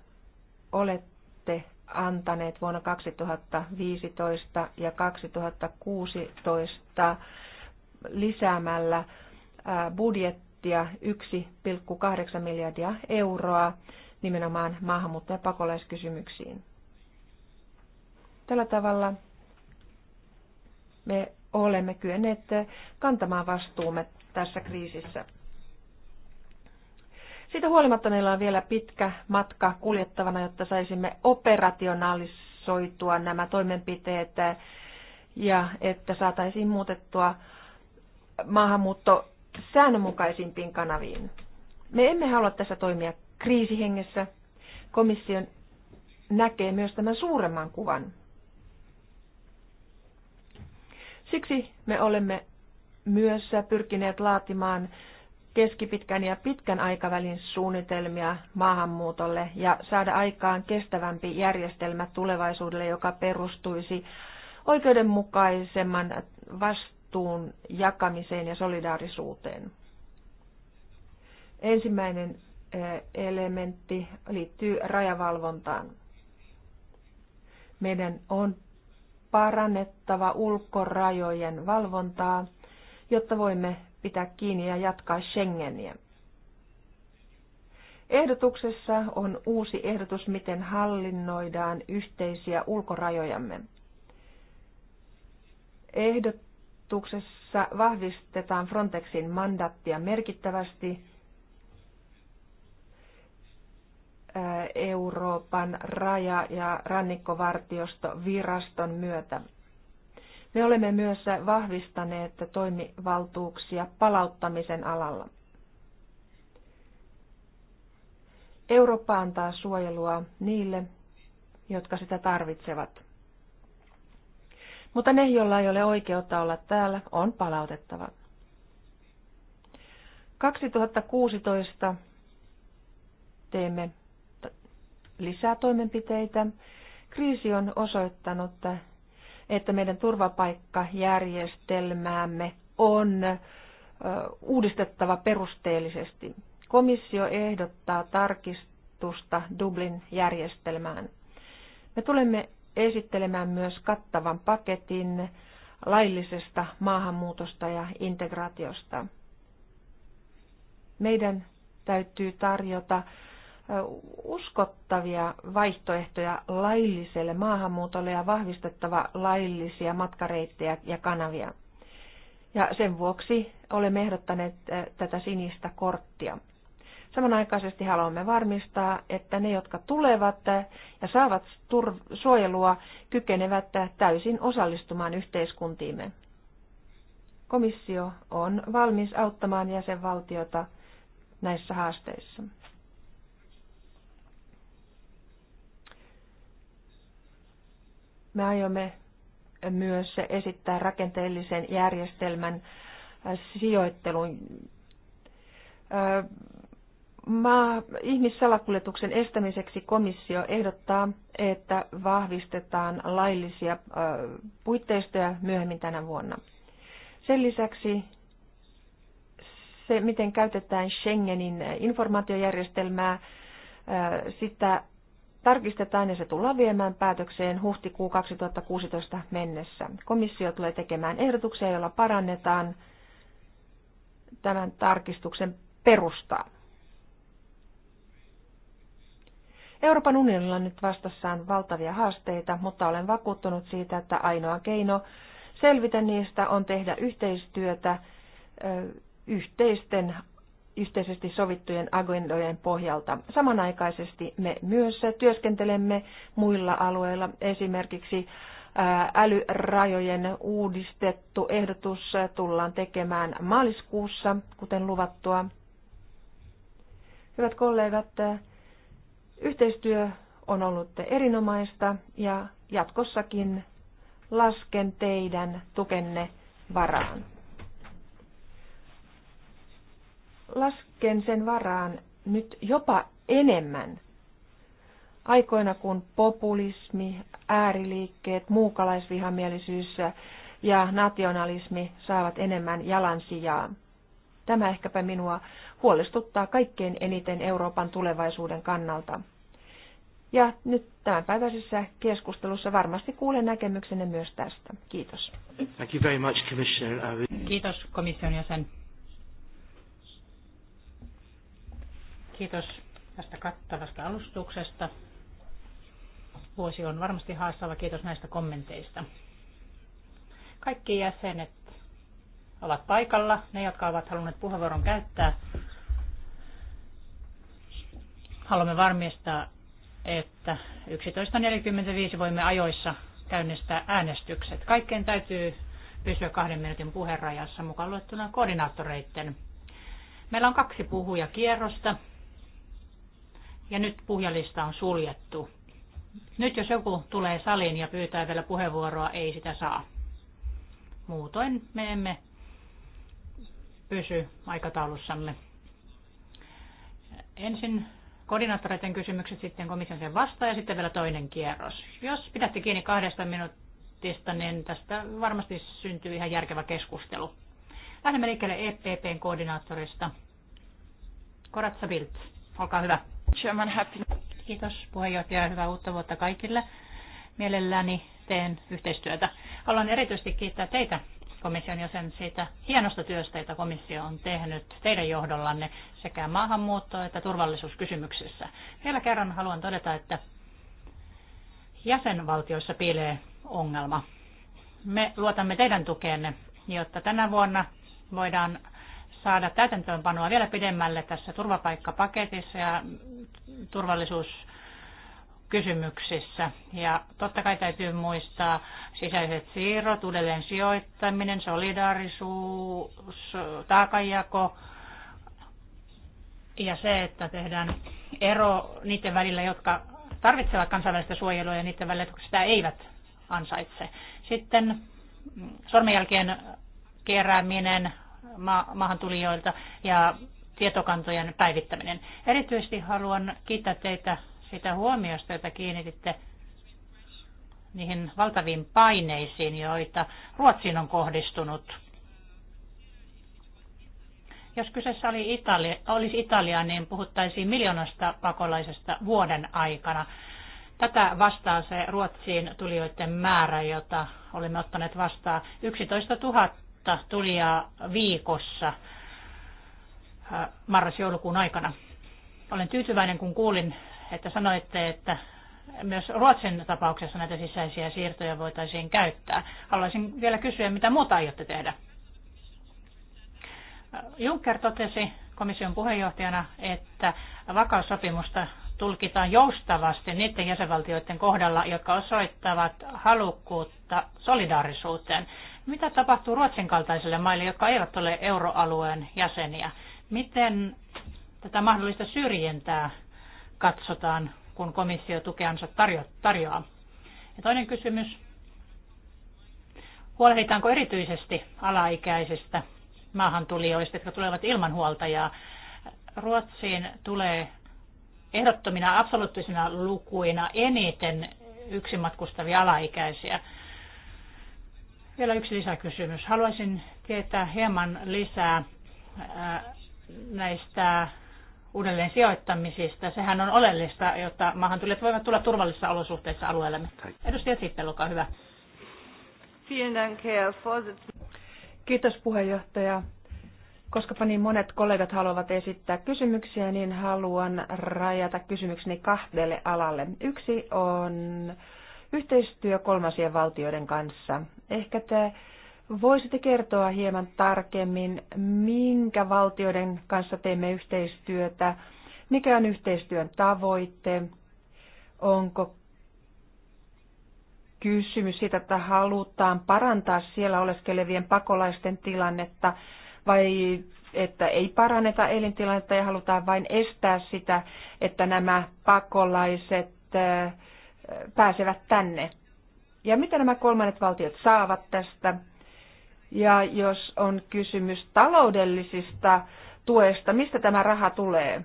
olette antaneet vuonna 2015 ja 2016 lisäämällä budjettia 1,8 miljardia euroa nimenomaan maahanmuutto- ja pakolaiskysymyksiin. Tällä tavalla me olemme kyenneet kantamaan vastuumme tässä kriisissä. Siitä huolimatta meillä on vielä pitkä matka kuljettavana, jotta saisimme operationalisoitua nämä toimenpiteet ja että saataisiin muutettua maahanmuutto säännönmukaisimpiin kanaviin. Me emme halua tässä toimia kriisihengessä. Komission näkee myös tämän suuremman kuvan. Siksi me olemme myös pyrkineet laatimaan keskipitkän ja pitkän aikavälin suunnitelmia maahanmuutolle ja saada aikaan kestävämpi järjestelmä tulevaisuudelle, joka perustuisi oikeudenmukaisemman vastuun jakamiseen ja solidaarisuuteen. Ensimmäinen eh, elementti liittyy rajavalvontaan. Meidän on parannettava ulkorajojen valvontaa, jotta voimme pitää kiinni ja jatkaa Schengeniä. Ehdotuksessa on uusi ehdotus, miten hallinnoidaan yhteisiä ulkorajojamme. Ehdotuksessa vahvistetaan Frontexin mandaattia merkittävästi Euroopan raja- ja rannikkovartiostoviraston myötä. Me olemme myös vahvistaneet toimivaltuuksia palauttamisen alalla. Eurooppa antaa suojelua niille, jotka sitä tarvitsevat. Mutta ne, joilla ei ole oikeutta olla täällä, on palautettava. 2016 teemme lisää toimenpiteitä. Kriisi on osoittanut, että meidän turvapaikkajärjestelmäämme on uudistettava perusteellisesti. Komissio ehdottaa tarkistusta Dublin järjestelmään. Me tulemme esittelemään myös kattavan paketin laillisesta maahanmuutosta ja integraatiosta. Meidän täytyy tarjota uskottavia vaihtoehtoja lailliselle maahanmuutolle ja vahvistettava laillisia matkareittejä ja kanavia. Ja sen vuoksi olemme ehdottaneet tätä sinistä korttia. Samanaikaisesti haluamme varmistaa, että ne, jotka tulevat ja saavat suojelua, kykenevät täysin osallistumaan yhteiskuntiimme. Komissio on valmis auttamaan jäsenvaltiota näissä haasteissa. Me aiomme myös esittää rakenteellisen järjestelmän äh, sijoittelun äh, Maa, ihmissalakuljetuksen estämiseksi komissio ehdottaa, että vahvistetaan laillisia äh, puitteistoja myöhemmin tänä vuonna. Sen lisäksi se, miten käytetään Schengenin informaatiojärjestelmää, sitä tarkistetaan ja se tullaan viemään päätökseen huhtikuu 2016 mennessä. Komissio tulee tekemään ehdotuksia, joilla parannetaan tämän tarkistuksen perustaa. Euroopan unionilla on nyt vastassaan valtavia haasteita, mutta olen vakuuttunut siitä, että ainoa keino selvitä niistä on tehdä yhteistyötä yhteisten yhteisesti sovittujen agendojen pohjalta. Samanaikaisesti me myös työskentelemme muilla alueilla, esimerkiksi älyrajojen uudistettu ehdotus tullaan tekemään maaliskuussa, kuten luvattua. Hyvät kollegat, yhteistyö on ollut erinomaista ja jatkossakin lasken teidän tukenne varaan. lasken sen varaan nyt jopa enemmän aikoina, kun populismi, ääriliikkeet, muukalaisvihamielisyys ja nationalismi saavat enemmän jalansijaa. Tämä ehkäpä minua huolestuttaa kaikkein eniten Euroopan tulevaisuuden kannalta. Ja nyt tämänpäiväisessä keskustelussa varmasti kuulen näkemyksenne myös tästä. Kiitos. Thank you very much, Commissioner. Kiitos komission jäsen. Kiitos tästä kattavasta alustuksesta. Vuosi on varmasti haastava. Kiitos näistä kommenteista. Kaikki jäsenet ovat paikalla, ne jotka ovat halunneet puheenvuoron käyttää. Haluamme varmistaa, että 11.45 voimme ajoissa käynnistää äänestykset. Kaikkeen täytyy pysyä kahden minuutin puheenrajassa mukaan luettuna koordinaattoreiden. Meillä on kaksi puhuja kierrosta. Ja nyt puhjalista on suljettu. Nyt jos joku tulee saliin ja pyytää vielä puheenvuoroa, ei sitä saa. Muutoin me emme pysy aikataulussamme. Ensin koordinaattoreiden kysymykset, sitten komission sen vastaa ja sitten vielä toinen kierros. Jos pidätte kiinni kahdesta minuutista, niin tästä varmasti syntyy ihan järkevä keskustelu. Lähdemme liikkeelle EPPn koordinaattorista. Koratsa Bildt, olkaa hyvä. Chairman happy. Kiitos puheenjohtaja. Hyvää uutta vuotta kaikille. Mielelläni teen yhteistyötä. Haluan erityisesti kiittää teitä komission jäsen siitä hienosta työstä, jota komissio on tehnyt teidän johdollanne sekä maahanmuutto- että turvallisuuskysymyksissä. Vielä kerran haluan todeta, että jäsenvaltioissa piilee ongelma. Me luotamme teidän tukeenne, jotta tänä vuonna voidaan saada täytäntöönpanoa vielä pidemmälle tässä turvapaikkapaketissa ja turvallisuuskysymyksissä. Ja totta kai täytyy muistaa sisäiset siirrot, uudelleen sijoittaminen, solidaarisuus, taakajako ja se, että tehdään ero niiden välillä, jotka tarvitsevat kansainvälistä suojelua ja niiden välillä, jotka sitä eivät ansaitse. Sitten sormenjälkien kerääminen, ma- maahantulijoilta ja tietokantojen päivittäminen. Erityisesti haluan kiittää teitä sitä huomiosta, jota kiinnititte niihin valtaviin paineisiin, joita Ruotsiin on kohdistunut. Jos kyseessä oli Italia, olisi Italia, niin puhuttaisiin miljoonasta pakolaisesta vuoden aikana. Tätä vastaa se Ruotsiin tulijoiden määrä, jota olemme ottaneet vastaan. 11 000 000 tulijaa viikossa marras-joulukuun aikana. Olen tyytyväinen, kun kuulin, että sanoitte, että myös Ruotsin tapauksessa näitä sisäisiä siirtoja voitaisiin käyttää. Haluaisin vielä kysyä, mitä muuta aiotte tehdä? Juncker totesi komission puheenjohtajana, että vakaussopimusta tulkitaan joustavasti niiden jäsenvaltioiden kohdalla, jotka osoittavat halukkuutta solidaarisuuteen. Mitä tapahtuu Ruotsin kaltaisille maille, jotka eivät ole euroalueen jäseniä? Miten tätä mahdollista syrjintää katsotaan, kun komissio tukeansa tarjo- tarjoaa? Ja toinen kysymys. Huolehditaanko erityisesti alaikäisistä maahantulijoista, jotka tulevat ilman huoltajaa? Ruotsiin tulee ehdottomina absoluuttisina lukuina eniten yksin matkustavia alaikäisiä. Vielä yksi lisäkysymys. Haluaisin tietää hieman lisää äh, näistä uudelleen sijoittamisista. Sehän on oleellista, jotta maahantulijat voivat tulla turvallisissa olosuhteissa alueellemme. Edustaja Sippel, olkaa hyvä. Kiitos puheenjohtaja. Koska niin monet kollegat haluavat esittää kysymyksiä, niin haluan rajata kysymykseni kahdelle alalle. Yksi on Yhteistyö kolmansien valtioiden kanssa. Ehkä te voisitte kertoa hieman tarkemmin, minkä valtioiden kanssa teemme yhteistyötä, mikä on yhteistyön tavoitte, onko kysymys siitä, että halutaan parantaa siellä oleskelevien pakolaisten tilannetta vai että ei paranneta elintilannetta ja halutaan vain estää sitä, että nämä pakolaiset pääsevät tänne. Ja mitä nämä kolmannet valtiot saavat tästä? Ja jos on kysymys taloudellisista tuesta, mistä tämä raha tulee?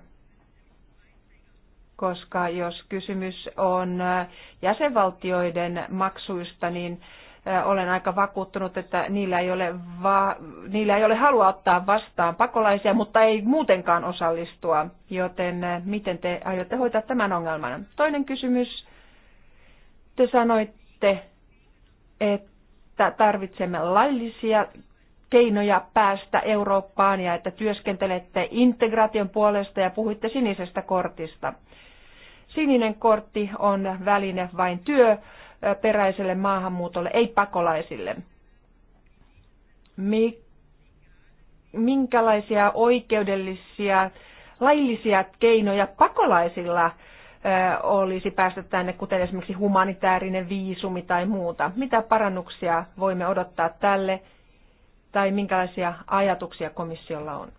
Koska jos kysymys on äh, jäsenvaltioiden maksuista, niin äh, olen aika vakuuttunut, että niillä ei, ole va- niillä ei ole halua ottaa vastaan pakolaisia, mutta ei muutenkaan osallistua. Joten äh, miten te aiotte hoitaa tämän ongelman? Toinen kysymys te sanoitte, että tarvitsemme laillisia keinoja päästä Eurooppaan ja että työskentelette integraation puolesta ja puhuitte sinisestä kortista. Sininen kortti on väline vain työperäiselle maahanmuutolle, ei pakolaisille. Minkälaisia oikeudellisia, laillisia keinoja pakolaisilla olisi päästä tänne, kuten esimerkiksi humanitaarinen viisumi tai muuta. Mitä parannuksia voimme odottaa tälle tai minkälaisia ajatuksia komissiolla on?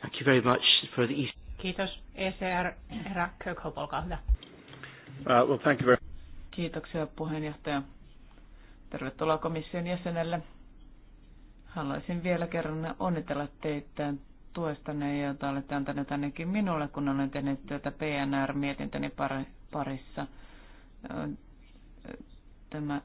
Thank you very much for the Kiitos. ECR, herra Kirkhope, olkaa hyvä. Uh, well, thank you very Kiitoksia puheenjohtaja. Tervetuloa komission jäsenelle. Haluaisin vielä kerran onnitella teitä tuestanne, jota olette antaneet ainakin minulle, kun olen tehnyt tätä PNR-mietintäni parissa. Tämä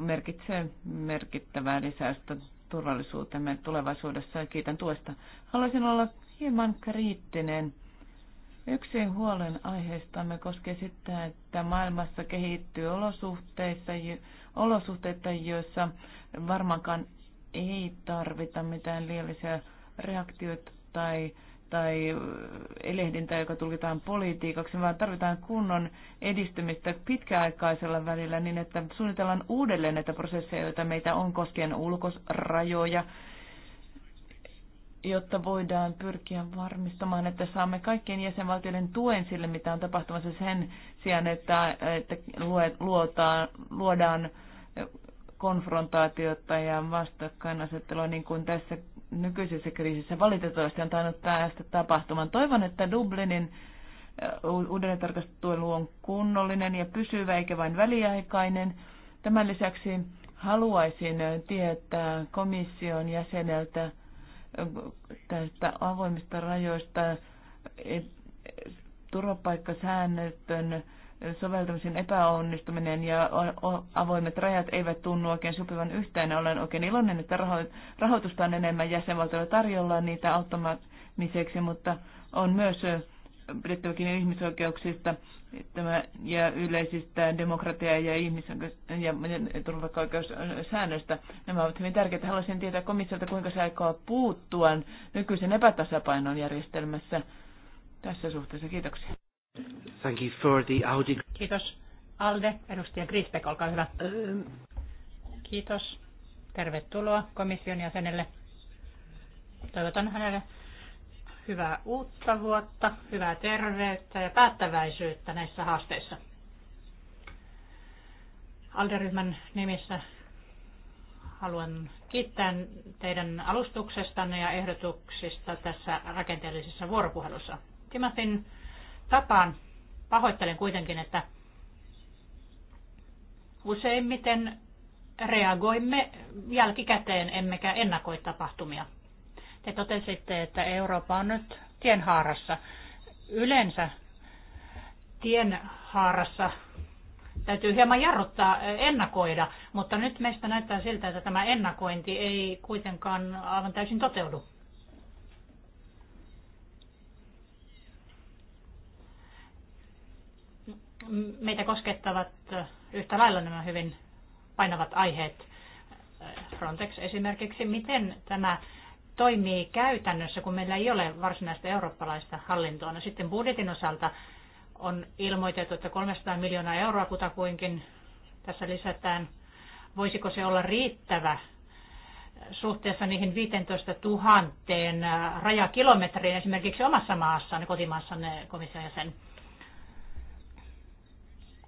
merkitsee merkittävää lisäystä turvallisuutemme tulevaisuudessa ja kiitän tuesta. Haluaisin olla hieman kriittinen. Yksi huolen aiheistamme koskee sitä, että maailmassa kehittyy olosuhteissa, olosuhteita, joissa varmaankaan ei tarvita mitään liiallisia reaktioita tai, tai elehdintä, joka tulkitaan politiikaksi, vaan tarvitaan kunnon edistymistä pitkäaikaisella välillä niin, että suunnitellaan uudelleen näitä prosesseja, joita meitä on koskien ulkorajoja, jotta voidaan pyrkiä varmistamaan, että saamme kaikkien jäsenvaltioiden tuen sille, mitä on tapahtumassa sen sijaan, että, että luotaan, luodaan konfrontaatiota ja vastakkainasettelua, niin kuin tässä nykyisessä kriisissä valitettavasti on tainnut päästä tapahtumaan. Toivon, että Dublinin uudelleen tarkastelu on kunnollinen ja pysyvä eikä vain väliaikainen. Tämän lisäksi haluaisin tietää komission jäseneltä tästä avoimista rajoista turvapaikkasäännöstön soveltamisen epäonnistuminen ja avoimet rajat eivät tunnu oikein sopivan yhteen. Olen oikein iloinen, että rahoitusta on enemmän jäsenvaltioilla tarjolla niitä auttamiseksi, mutta on myös pidettäväkin ihmisoikeuksista tämä, ja yleisistä demokratia- ja ihmisoikeus- ja säännöstä. Nämä ovat hyvin tärkeitä. Haluaisin tietää komissiolta, kuinka se aikoo puuttua nykyisen epätasapainon järjestelmässä tässä suhteessa. Kiitoksia. Thank you for the Audi. Kiitos. Alde, edustaja Grisbeck, olkaa hyvä. Kiitos. Tervetuloa komission jäsenelle. Toivotan hänelle hyvää uutta vuotta, hyvää terveyttä ja päättäväisyyttä näissä haasteissa. Alderyhmän nimissä haluan kiittää teidän alustuksestanne ja ehdotuksista tässä rakenteellisessa vuoropuhelussa. Timatin tapaan. Pahoittelen kuitenkin, että useimmiten reagoimme jälkikäteen emmekä ennakoi tapahtumia. Te totesitte, että Eurooppa on nyt tienhaarassa. Yleensä tienhaarassa täytyy hieman jarruttaa, eh, ennakoida, mutta nyt meistä näyttää siltä, että tämä ennakointi ei kuitenkaan aivan täysin toteudu. meitä koskettavat äh, yhtä lailla nämä hyvin painavat aiheet. Äh, Frontex esimerkiksi, miten tämä toimii käytännössä, kun meillä ei ole varsinaista eurooppalaista hallintoa. No sitten budjetin osalta on ilmoitettu, että 300 miljoonaa euroa kutakuinkin tässä lisätään. Voisiko se olla riittävä suhteessa niihin 15 000 äh, rajakilometriin esimerkiksi omassa maassaan, kotimaassanne komission jäsen?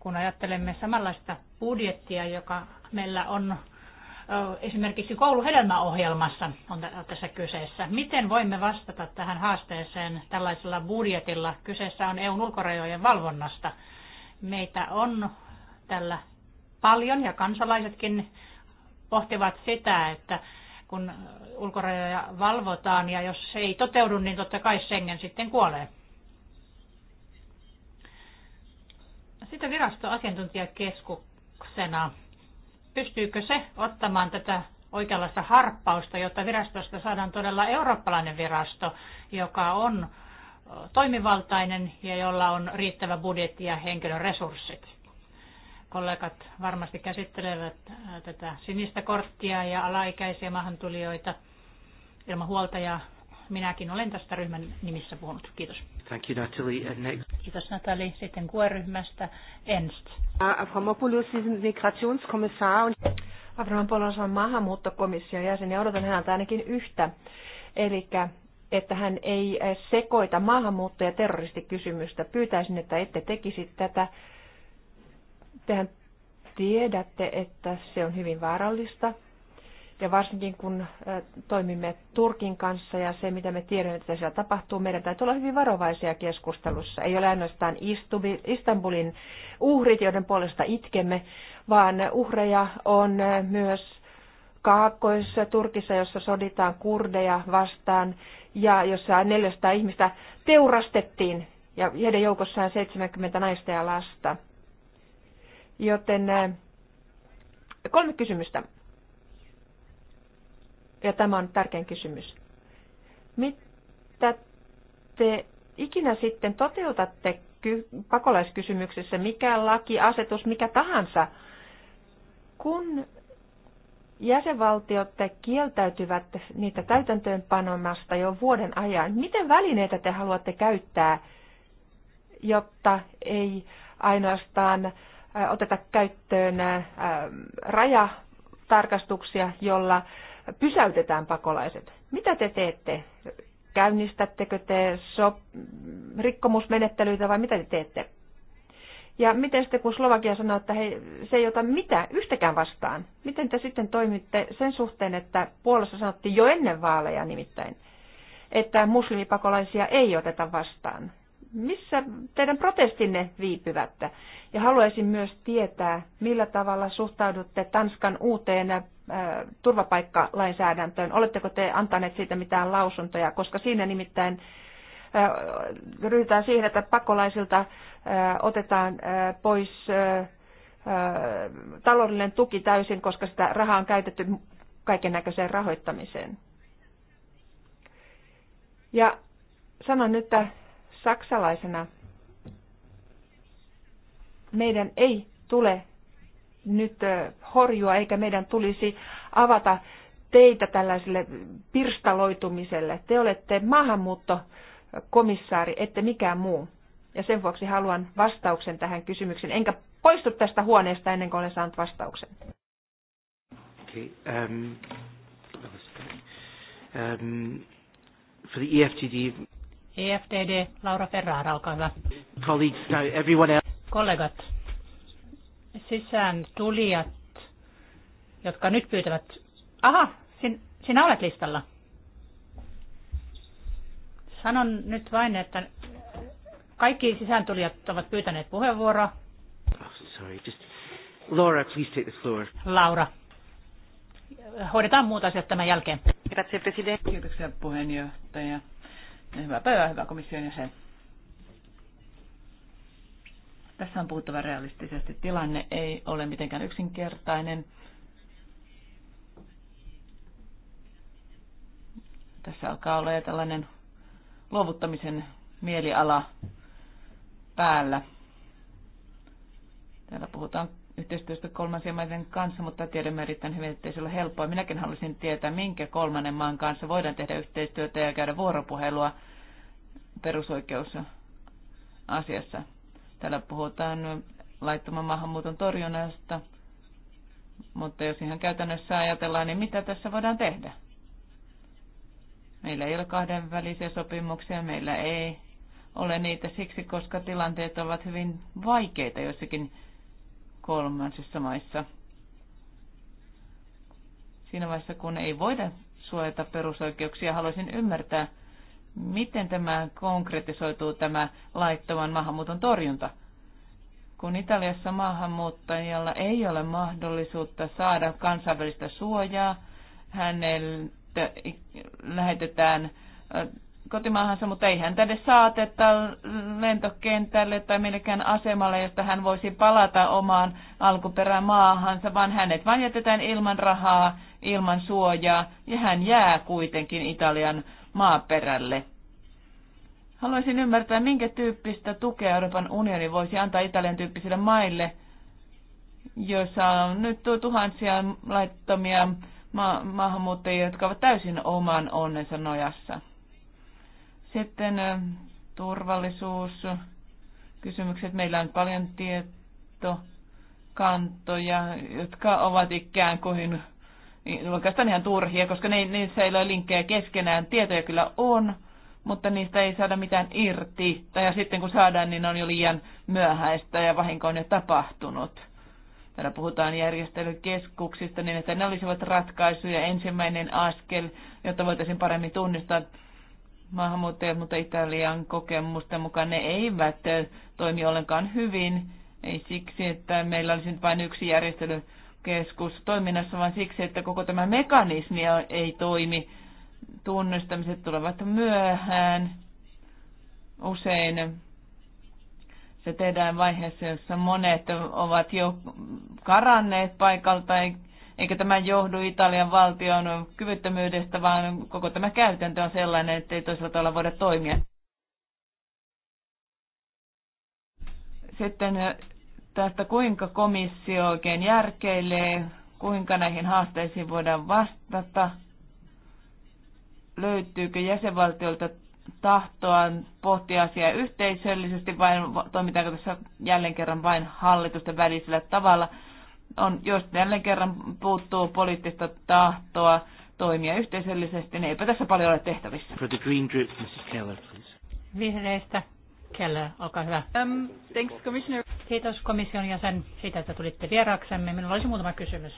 kun ajattelemme samanlaista budjettia, joka meillä on esimerkiksi kouluhedelmäohjelmassa on tässä kyseessä. Miten voimme vastata tähän haasteeseen tällaisella budjetilla? Kyseessä on EUn ulkorajojen valvonnasta. Meitä on tällä paljon ja kansalaisetkin pohtivat sitä, että kun ulkorajoja valvotaan ja jos se ei toteudu, niin totta kai Schengen sitten kuolee. Sitten virasto asiantuntijakeskuksena, pystyykö se ottamaan tätä oikeanlaista harppausta, jotta virastosta saadaan todella eurooppalainen virasto, joka on toimivaltainen ja jolla on riittävä budjetti ja henkilöresurssit. Kollegat varmasti käsittelevät tätä sinistä korttia ja alaikäisiä maahantulijoita ilman huoltajaa Minäkin olen tästä ryhmän nimissä puhunut. Kiitos. Thank you, Natalie. And uh, next. Kiitos Natali. Sitten qr ryhmästä Ernst. Uh, Avramopoulos is migrationskommissar. Avramopoulos on maahanmuuttokomission jäsen ja odotan häneltä ainakin yhtä. Eli että hän ei eh, sekoita maahanmuutto- ja terroristikysymystä. Pyytäisin, että ette tekisi tätä. Tehän tiedätte, että se on hyvin vaarallista ja varsinkin kun äh, toimimme Turkin kanssa ja se, mitä me tiedämme, että siellä tapahtuu, meidän täytyy olla hyvin varovaisia keskustelussa. Ei ole ainoastaan Istanbulin uhrit, joiden puolesta itkemme, vaan uhreja on äh, myös Kaakkois-Turkissa, jossa soditaan kurdeja vastaan ja jossa 400 ihmistä teurastettiin ja heidän joukossaan 70 naista ja lasta. Joten äh, kolme kysymystä ja tämä on tärkein kysymys. Mitä te ikinä sitten toteutatte pakolaiskysymyksessä, mikä laki, asetus, mikä tahansa, kun jäsenvaltiot kieltäytyvät niitä täytäntöönpanomasta jo vuoden ajan, miten välineitä te haluatte käyttää, jotta ei ainoastaan oteta käyttöön rajatarkastuksia, jolla pysäytetään pakolaiset. Mitä te teette? Käynnistättekö te sop- rikkomusmenettelyitä vai mitä te teette? Ja miten sitten kun Slovakia sanoo, että he, se ei ota mitään yhtäkään vastaan, miten te sitten toimitte sen suhteen, että Puolassa sanottiin jo ennen vaaleja nimittäin, että muslimipakolaisia ei oteta vastaan missä teidän protestinne viipyvät? Ja haluaisin myös tietää, millä tavalla suhtaudutte Tanskan uuteen äh, turvapaikkalainsäädäntöön. Oletteko te antaneet siitä mitään lausuntoja, koska siinä nimittäin äh, ryhdytään siihen, että pakolaisilta äh, otetaan pois taloudellinen tuki täysin, koska sitä rahaa on käytetty kaiken näköiseen rahoittamiseen. Ja sanon nyt että saksalaisena meidän ei tule nyt horjua eikä meidän tulisi avata teitä tällaiselle pirstaloitumiselle. Te olette maahanmuuttokomissaari, ette mikään muu. Ja sen vuoksi haluan vastauksen tähän kysymykseen. Enkä poistu tästä huoneesta ennen kuin olen saanut vastauksen. Okay, um, um, for the EFTD... EFDD, Laura Ferrara, olkaa hyvä. Colleagues, everyone else. Kollegat, sisään tulijat, jotka nyt pyytävät... Aha, sin, sinä olet listalla. Sanon nyt vain, että kaikki sisään tulijat ovat pyytäneet puheenvuoroa. Oh, sorry, just... Laura, please take the floor. Laura, hoidetaan muut asiat tämän jälkeen. Grazie, Presidente. Kiitoksia puheenjohtaja. Hyvää päivää, hyvä komission jäsen. Tässä on puhuttava realistisesti. Tilanne ei ole mitenkään yksinkertainen. Tässä alkaa olla jo tällainen luovuttamisen mieliala päällä. Täällä puhutaan yhteistyöstä kolmansien maiden kanssa, mutta tiedämme erittäin hyvin, että ei se ole helppoa. Minäkin haluaisin tietää, minkä kolmannen maan kanssa voidaan tehdä yhteistyötä ja käydä vuoropuhelua perusoikeusasiassa. Täällä puhutaan laittoman maahanmuuton torjunnasta, mutta jos ihan käytännössä ajatellaan, niin mitä tässä voidaan tehdä? Meillä ei ole kahdenvälisiä sopimuksia, meillä ei ole niitä siksi, koska tilanteet ovat hyvin vaikeita joissakin kolmansissa maissa. Siinä vaiheessa, kun ei voida suojata perusoikeuksia, haluaisin ymmärtää, miten tämä konkretisoituu tämä laittoman maahanmuuton torjunta. Kun Italiassa maahanmuuttajalla ei ole mahdollisuutta saada kansainvälistä suojaa, hänelle lähetetään kotimaahansa, mutta ei häntä edes saatetta lentokentälle tai millekään asemalle, josta hän voisi palata omaan alkuperämaahansa, vaan hänet vain jätetään ilman rahaa, ilman suojaa ja hän jää kuitenkin Italian maaperälle. Haluaisin ymmärtää, minkä tyyppistä tukea Euroopan unioni voisi antaa Italian tyyppisille maille, joissa on nyt tuhansia laittomia ma- maahanmuuttajia, jotka ovat täysin oman onnensa nojassa. Sitten turvallisuuskysymykset. Meillä on paljon tietokantoja, jotka ovat ikään kuin oikeastaan ihan turhia, koska ne, niissä ei ole linkkejä keskenään. Tietoja kyllä on, mutta niistä ei saada mitään irti. Tai sitten kun saadaan, niin on jo liian myöhäistä ja vahinko on jo tapahtunut. Täällä puhutaan järjestelykeskuksista niin, että ne olisivat ratkaisuja ensimmäinen askel, jotta voitaisiin paremmin tunnistaa maahanmuuttajat, mutta Italian kokemusten mukaan ne eivät toimi ollenkaan hyvin. Ei siksi, että meillä olisi nyt vain yksi järjestelykeskus toiminnassa, vaan siksi, että koko tämä mekanismi ei toimi. Tunnustamiset tulevat myöhään usein. Se tehdään vaiheessa, jossa monet ovat jo karanneet paikalta eikä tämä johdu Italian valtion kyvyttömyydestä, vaan koko tämä käytäntö on sellainen, että ei toisella tavalla voida toimia. Sitten tästä, kuinka komissio oikein järkeilee, kuinka näihin haasteisiin voidaan vastata, löytyykö jäsenvaltiolta tahtoa pohtia asiaa yhteisöllisesti vai toimitaanko tässä jälleen kerran vain hallitusten välisellä tavalla – on, jos jälleen kerran puuttuu poliittista tahtoa toimia yhteisöllisesti, niin eipä tässä paljon ole tehtävissä. For the green group, Mrs. Keller, please. Vihreistä. Keller, olkaa hyvä. Um, thanks, Commissioner. Kiitos komission jäsen siitä, että tulitte vieraaksemme. Minulla olisi muutama kysymys.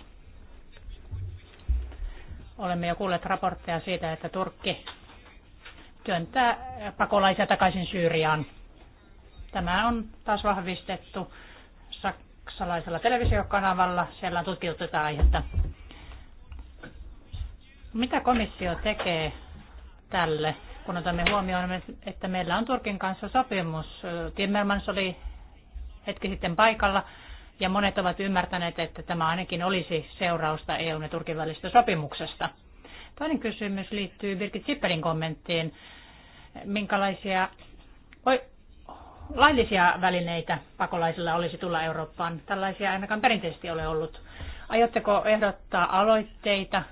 Olemme jo kuulleet raportteja siitä, että Turkki työntää pakolaisia takaisin Syyriaan. Tämä on taas vahvistettu salaisella televisiokanavalla. Siellä on tutkittu tätä aihetta. Mitä komissio tekee tälle, kun otamme huomioon, että meillä on Turkin kanssa sopimus? Timmermans oli hetki sitten paikalla ja monet ovat ymmärtäneet, että tämä ainakin olisi seurausta EUn ja Turkin välisestä sopimuksesta. Toinen kysymys liittyy Birgit Zipperin kommenttiin. Minkälaisia laillisia välineitä pakolaisilla olisi tulla Eurooppaan. Tällaisia ainakaan perinteisesti ole ollut. Aiotteko ehdottaa aloitteita,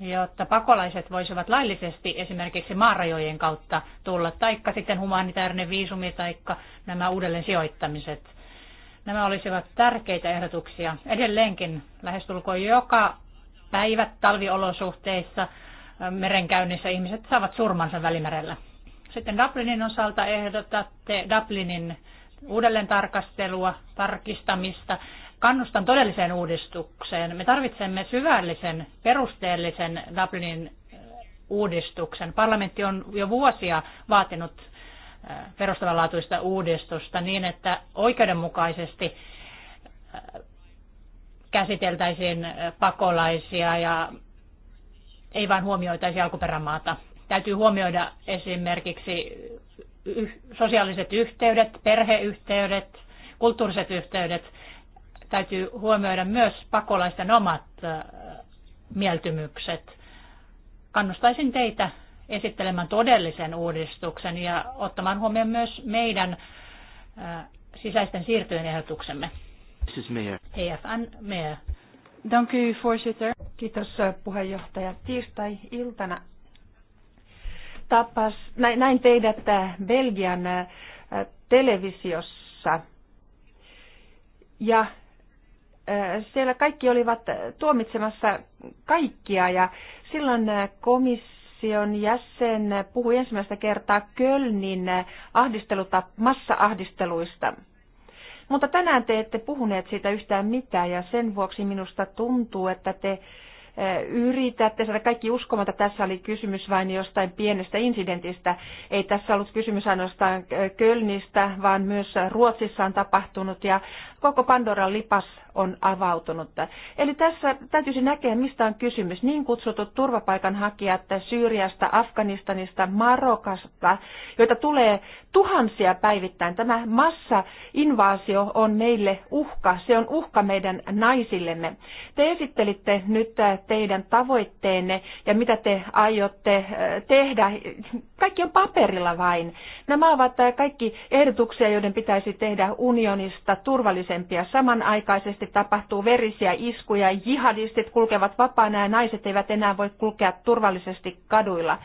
jotta pakolaiset voisivat laillisesti esimerkiksi maarajojen kautta tulla, taikka sitten humanitaarinen viisumi, taikka nämä uudelleen sijoittamiset? Nämä olisivat tärkeitä ehdotuksia. Edelleenkin lähestulkoon joka päivä talviolosuhteissa merenkäynnissä ihmiset saavat surmansa välimerellä. Sitten Dublinin osalta ehdotatte Dublinin uudelleen tarkastelua, tarkistamista. Kannustan todelliseen uudistukseen. Me tarvitsemme syvällisen, perusteellisen Dublinin eh, uudistuksen. Parlamentti on jo vuosia vaatinut eh, perustavanlaatuista uudistusta niin, että oikeudenmukaisesti eh, käsiteltäisiin pakolaisia ja ei vain huomioitaisi alkuperämaata. Täytyy huomioida esimerkiksi sosiaaliset yhteydet, perheyhteydet, kulttuuriset yhteydet. Täytyy huomioida myös pakolaisten omat mieltymykset. Kannustaisin teitä esittelemään todellisen uudistuksen ja ottamaan huomioon myös meidän sisäisten siirtojen ehdotuksemme. Mrs. Mayor. EFN Mayor. Dank u, Kiitos puheenjohtaja. Tiistai-iltana tapas, näin teidät äh, Belgian äh, televisiossa. Ja äh, siellä kaikki olivat tuomitsemassa kaikkia ja silloin komission jäsen puhui ensimmäistä kertaa Kölnin ahdisteluta, massa-ahdisteluista. Mutta tänään te ette puhuneet siitä yhtään mitään ja sen vuoksi minusta tuntuu, että te yritätte saada kaikki uskomaan, että tässä oli kysymys vain jostain pienestä insidentistä. Ei tässä ollut kysymys ainoastaan Kölnistä, vaan myös Ruotsissa on tapahtunut ja koko Pandoran lipas on avautunut. Eli tässä täytyisi näkeä, mistä on kysymys. Niin kutsutut turvapaikanhakijat Syyriasta, Afganistanista, Marokasta, joita tulee tuhansia päivittäin. Tämä massainvaasio on meille uhka. Se on uhka meidän naisillemme. Te esittelitte nyt teidän tavoitteenne ja mitä te aiotte äh, tehdä. Kaikki on paperilla vain. Nämä ovat kaikki ehdotuksia, joiden pitäisi tehdä unionista turvallisuus aktiivisempia. Samanaikaisesti tapahtuu verisiä iskuja, jihadistit kulkevat vapaana ja naiset eivät enää voi kulkea turvallisesti kaduilla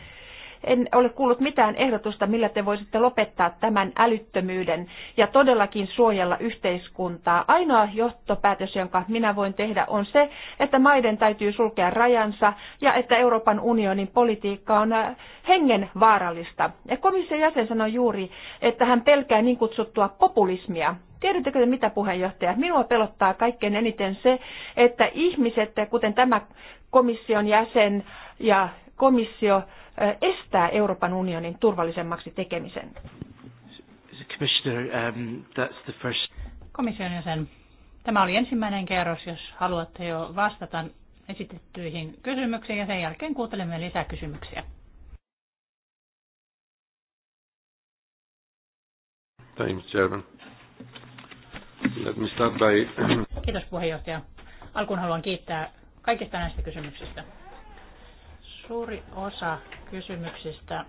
en ole kuullut mitään ehdotusta, millä te voisitte lopettaa tämän älyttömyyden ja todellakin suojella yhteiskuntaa. Ainoa johtopäätös, jonka minä voin tehdä, on se, että maiden täytyy sulkea rajansa ja että Euroopan unionin politiikka on äh, hengen vaarallista. Ja komission jäsen sanoi juuri, että hän pelkää niin kutsuttua populismia. Tiedättekö te mitä puheenjohtaja? Minua pelottaa kaikkein eniten se, että ihmiset, kuten tämä komission jäsen ja komissio estää Euroopan unionin turvallisemmaksi tekemisen? Um, Komission jäsen, tämä oli ensimmäinen kerros, jos haluatte jo vastata esitettyihin kysymyksiin ja sen jälkeen kuuntelemme lisää kysymyksiä. Kiitos puheenjohtaja. Alkuun haluan kiittää kaikista näistä kysymyksistä. Suuri osa kysymyksistä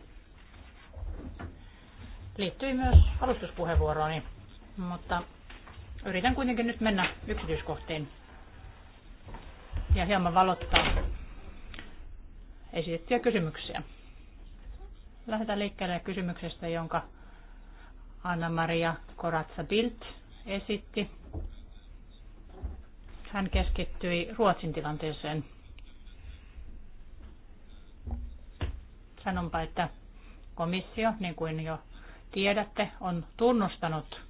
liittyi myös alustuspuheenvuorooni, mutta yritän kuitenkin nyt mennä yksityiskohtiin ja hieman valottaa esitettyjä kysymyksiä. Lähdetään liikkeelle kysymyksestä, jonka Anna-Maria Koratsa-Bilt esitti. Hän keskittyi Ruotsin tilanteeseen. Sanonpa, että komissio, niin kuin jo tiedätte, on tunnustanut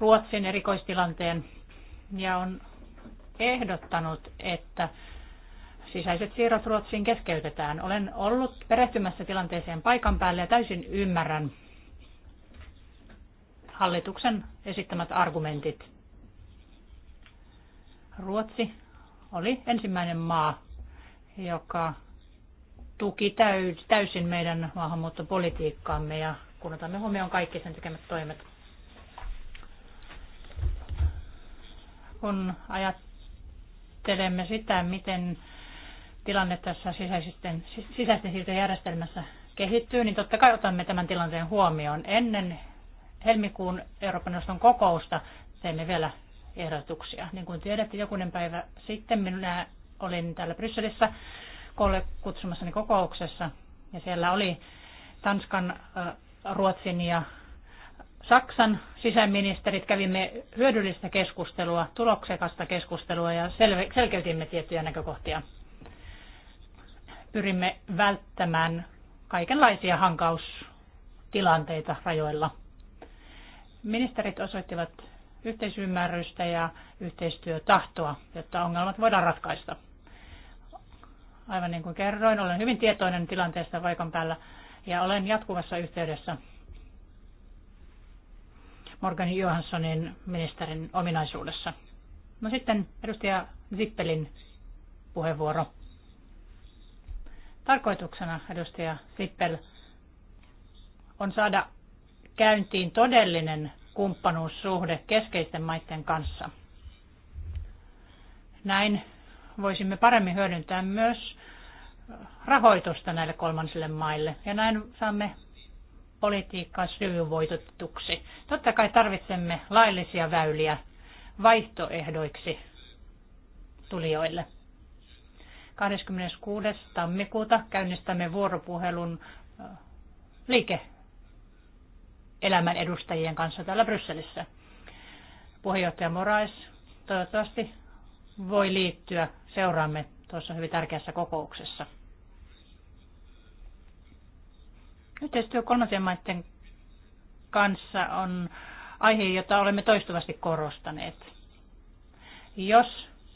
Ruotsin erikoistilanteen ja on ehdottanut, että sisäiset siirrot Ruotsiin keskeytetään. Olen ollut perehtymässä tilanteeseen paikan päälle ja täysin ymmärrän hallituksen esittämät argumentit. Ruotsi oli ensimmäinen maa, joka tuki täysin meidän maahanmuuttopolitiikkaamme ja kun otamme huomioon kaikki sen tekemät toimet. Kun ajattelemme sitä, miten tilanne tässä sisäisten, sisäisten siirtojärjestelmässä kehittyy, niin totta kai otamme tämän tilanteen huomioon. Ennen helmikuun Euroopan neuvoston kokousta teemme vielä ehdotuksia. Niin kuin tiedätte, jokunen päivä sitten minä olin täällä Brysselissä Stockholmille kutsumassani kokouksessa ja siellä oli Tanskan, Ruotsin ja Saksan sisäministerit kävimme hyödyllistä keskustelua, tuloksekasta keskustelua ja sel- selkeytimme tiettyjä näkökohtia. Pyrimme välttämään kaikenlaisia hankaustilanteita rajoilla. Ministerit osoittivat yhteisymmärrystä ja yhteistyötahtoa, jotta ongelmat voidaan ratkaista. Aivan niin kuin kerroin, olen hyvin tietoinen tilanteesta paikan päällä ja olen jatkuvassa yhteydessä Morgan Johanssonin ministerin ominaisuudessa. No sitten edustaja Zippelin puheenvuoro. Tarkoituksena edustaja Zippel on saada käyntiin todellinen kumppanuussuhde keskeisten maiden kanssa. Näin voisimme paremmin hyödyntää myös rahoitusta näille kolmansille maille. Ja näin saamme politiikkaa syvyvoitetuksi. Totta kai tarvitsemme laillisia väyliä vaihtoehdoiksi tulijoille. 26. tammikuuta käynnistämme vuoropuhelun liike-elämän edustajien kanssa täällä Brysselissä. Puheenjohtaja Morais toivottavasti voi liittyä seuraamme tuossa hyvin tärkeässä kokouksessa. Yhteistyö kolmansien maiden kanssa on aihe, jota olemme toistuvasti korostaneet. Jos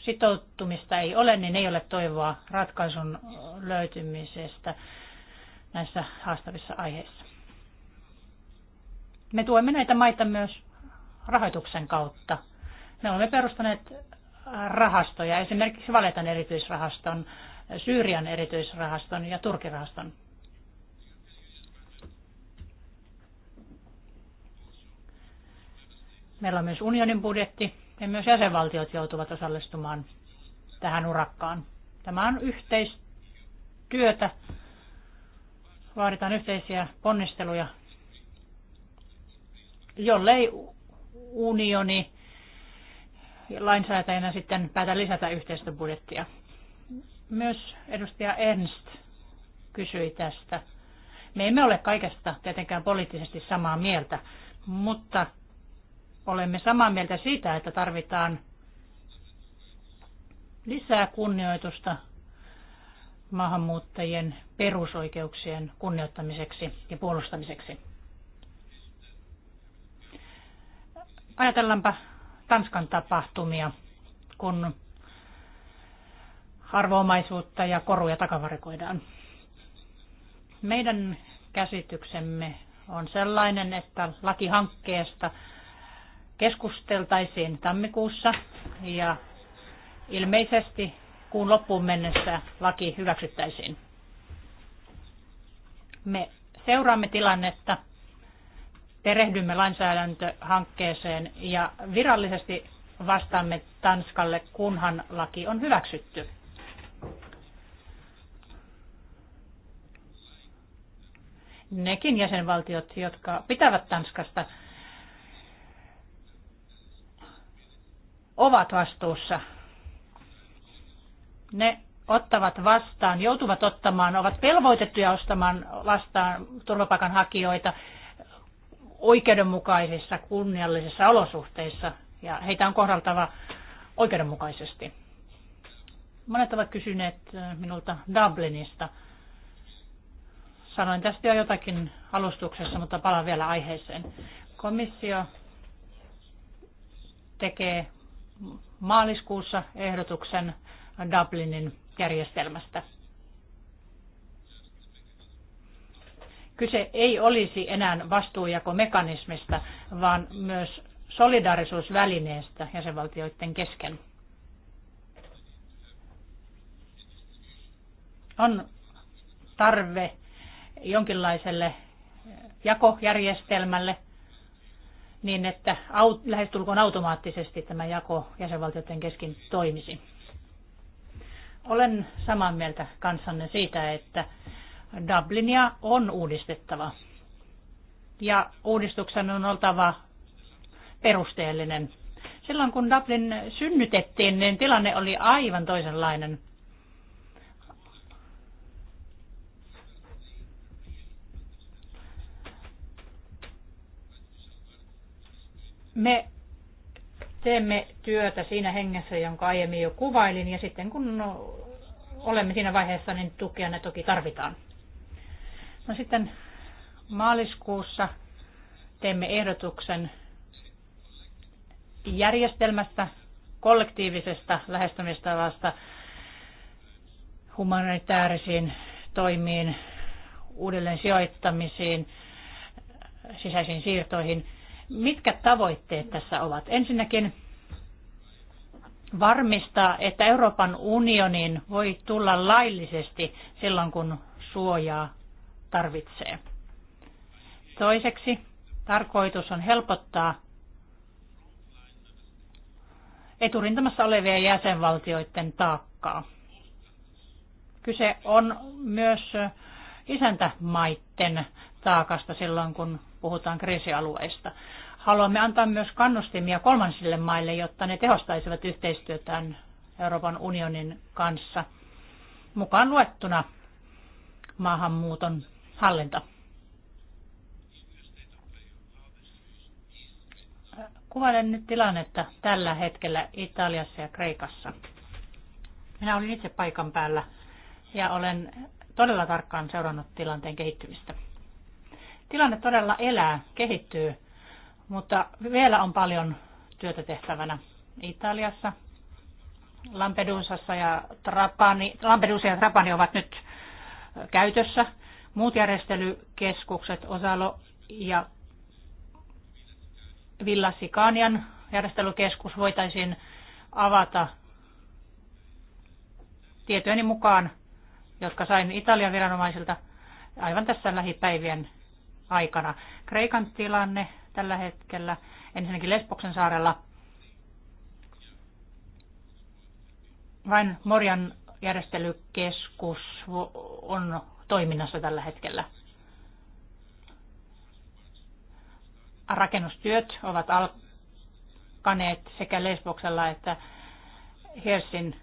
sitoutumista ei ole, niin ei ole toivoa ratkaisun löytymisestä näissä haastavissa aiheissa. Me tuemme näitä maita myös rahoituksen kautta. Me olemme perustaneet rahastoja, esimerkiksi Valetan erityisrahaston, Syyrian erityisrahaston ja Turkirahaston. Meillä on myös unionin budjetti ja myös jäsenvaltiot joutuvat osallistumaan tähän urakkaan. Tämä on yhteistyötä. Vaaditaan yhteisiä ponnisteluja, jollei unioni lainsäätäjänä sitten päätä lisätä yhteistyöbudjettia. Myös edustaja Ernst kysyi tästä. Me emme ole kaikesta tietenkään poliittisesti samaa mieltä, mutta olemme samaa mieltä siitä, että tarvitaan lisää kunnioitusta maahanmuuttajien perusoikeuksien kunnioittamiseksi ja puolustamiseksi. Ajatellaanpa Tanskan tapahtumia, kun arvoomaisuutta ja koruja takavarikoidaan. Meidän käsityksemme on sellainen, että lakihankkeesta keskusteltaisiin tammikuussa ja ilmeisesti kuun loppuun mennessä laki hyväksyttäisiin. Me seuraamme tilannetta perehdymme lainsäädäntöhankkeeseen ja virallisesti vastaamme Tanskalle, kunhan laki on hyväksytty. Nekin jäsenvaltiot, jotka pitävät Tanskasta, ovat vastuussa. Ne ottavat vastaan, joutuvat ottamaan, ovat velvoitettuja ostamaan vastaan turvapaikanhakijoita oikeudenmukaisissa, kunniallisissa olosuhteissa ja heitä on kohdaltava oikeudenmukaisesti. Monet ovat kysyneet minulta Dublinista. Sanoin tästä jo jotakin alustuksessa, mutta palaan vielä aiheeseen. Komissio tekee maaliskuussa ehdotuksen Dublinin järjestelmästä. Kyse ei olisi enää vastuujakomekanismista, vaan myös solidaarisuusvälineestä jäsenvaltioiden kesken. On tarve jonkinlaiselle jakojärjestelmälle niin, että aut, lähestulkoon automaattisesti tämä jako jäsenvaltioiden kesken toimisi. Olen samaa mieltä kanssanne siitä, että Dublinia on uudistettava. Ja uudistuksen on oltava perusteellinen. Silloin kun Dublin synnytettiin, niin tilanne oli aivan toisenlainen. Me teemme työtä siinä hengessä, jonka aiemmin jo kuvailin, ja sitten kun olemme siinä vaiheessa, niin tukea ne toki tarvitaan. No sitten maaliskuussa teemme ehdotuksen järjestelmästä, kollektiivisesta lähestymistavasta humanitaarisiin toimiin, uudelleen sijoittamisiin, sisäisiin siirtoihin. Mitkä tavoitteet tässä ovat? Ensinnäkin varmistaa, että Euroopan unionin voi tulla laillisesti silloin, kun suojaa tarvitsee. Toiseksi tarkoitus on helpottaa eturintamassa olevien jäsenvaltioiden taakkaa. Kyse on myös isäntämaiden taakasta silloin, kun puhutaan kriisialueista. Haluamme antaa myös kannustimia kolmansille maille, jotta ne tehostaisivat yhteistyötään Euroopan unionin kanssa, mukaan luettuna maahanmuuton hallinta. Kuvailen nyt tilannetta tällä hetkellä Italiassa ja Kreikassa. Minä olin itse paikan päällä ja olen todella tarkkaan seurannut tilanteen kehittymistä. Tilanne todella elää, kehittyy, mutta vielä on paljon työtä tehtävänä Italiassa. Lampedusassa ja Trapani, Lampedusa ja Trapani ovat nyt käytössä. Muut järjestelykeskukset, Osalo ja Villa Sikanian järjestelykeskus voitaisiin avata tietojeni mukaan, jotka sain Italian viranomaisilta aivan tässä lähipäivien aikana. Kreikan tilanne tällä hetkellä, ensinnäkin Lesboksen saarella, vain Morjan järjestelykeskus on toiminnassa tällä hetkellä. Rakennustyöt ovat alkaneet sekä Lesboksella että Hersin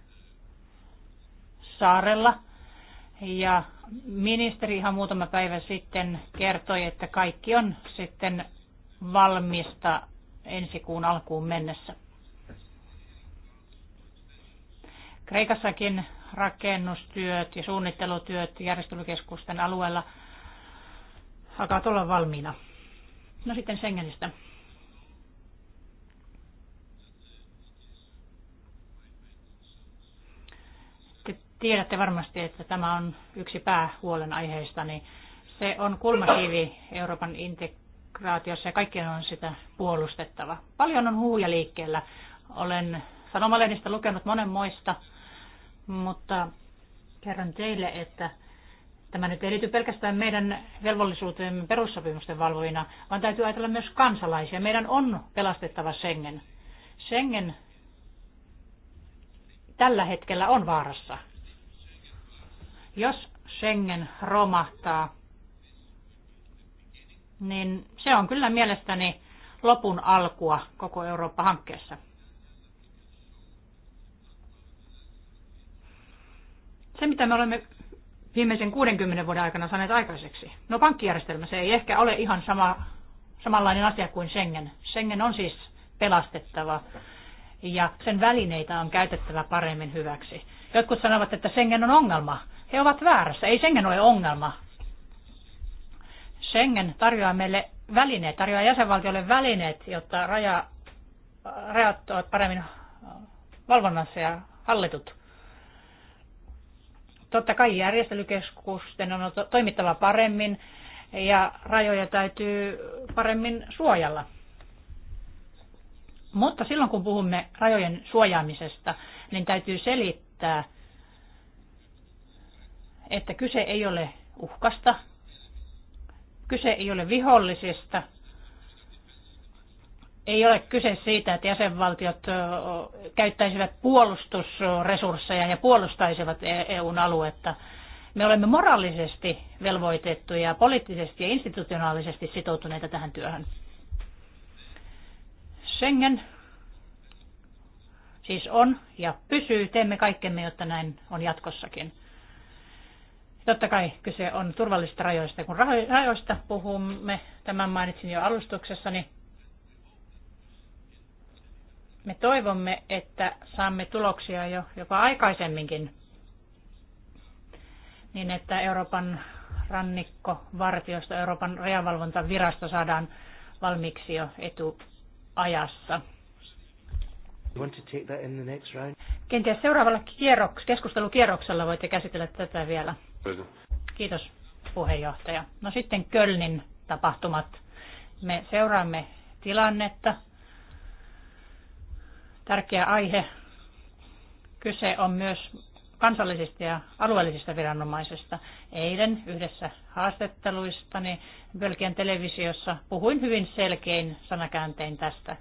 saarella. Ja ministeri ihan muutama päivä sitten kertoi, että kaikki on sitten valmista ensi kuun alkuun mennessä. Kreikassakin rakennustyöt ja suunnittelutyöt järjestelykeskusten alueella alkaa olla valmiina. No sitten Schengenistä. Te tiedätte varmasti, että tämä on yksi aiheista, niin se on kulmakivi Euroopan integraatiossa ja kaikkien on sitä puolustettava. Paljon on huuja liikkeellä. Olen sanomalehdistä lukenut monenmoista mutta kerron teille, että tämä nyt ei liity pelkästään meidän velvollisuuteemme perussopimusten valvojina, vaan täytyy ajatella myös kansalaisia. Meidän on pelastettava Schengen. Schengen tällä hetkellä on vaarassa. Jos Schengen romahtaa, niin se on kyllä mielestäni lopun alkua koko Eurooppa-hankkeessa. Se, mitä me olemme viimeisen 60 vuoden aikana saaneet aikaiseksi. No pankkijärjestelmä, se ei ehkä ole ihan sama, samanlainen asia kuin Schengen. Schengen on siis pelastettava ja sen välineitä on käytettävä paremmin hyväksi. Jotkut sanovat, että Schengen on ongelma. He ovat väärässä. Ei Schengen ole ongelma. Schengen tarjoaa meille välineet, tarjoaa jäsenvaltiolle välineet, jotta raja, rajat ovat paremmin valvonnassa ja hallitut. Totta kai järjestelykeskusten on toimittava paremmin ja rajoja täytyy paremmin suojella. Mutta silloin kun puhumme rajojen suojaamisesta, niin täytyy selittää, että kyse ei ole uhkasta, kyse ei ole vihollisista, ei ole kyse siitä, että jäsenvaltiot käyttäisivät puolustusresursseja ja puolustaisivat EUn e aluetta. Me olemme moraalisesti velvoitettuja, poliittisesti ja institutionaalisesti sitoutuneita tähän työhön. Schengen siis on ja pysyy. Teemme kaikkemme, jotta näin on jatkossakin. Totta kai kyse on turvallisista rajoista. Kun rajoista puhumme, tämän mainitsin jo alustuksessani, me toivomme, että saamme tuloksia jo jopa aikaisemminkin, niin että Euroopan rannikkovartiosta, Euroopan rajavalvontavirasto saadaan valmiiksi jo etuajassa. Kenties seuraavalla kierroks, keskustelukierroksella voitte käsitellä tätä vielä. Kiitos puheenjohtaja. No sitten Kölnin tapahtumat. Me seuraamme tilannetta tärkeä aihe. Kyse on myös kansallisista ja alueellisista viranomaisista. Eilen yhdessä haastatteluistani Belgian televisiossa puhuin hyvin selkein sanakääntein tästä.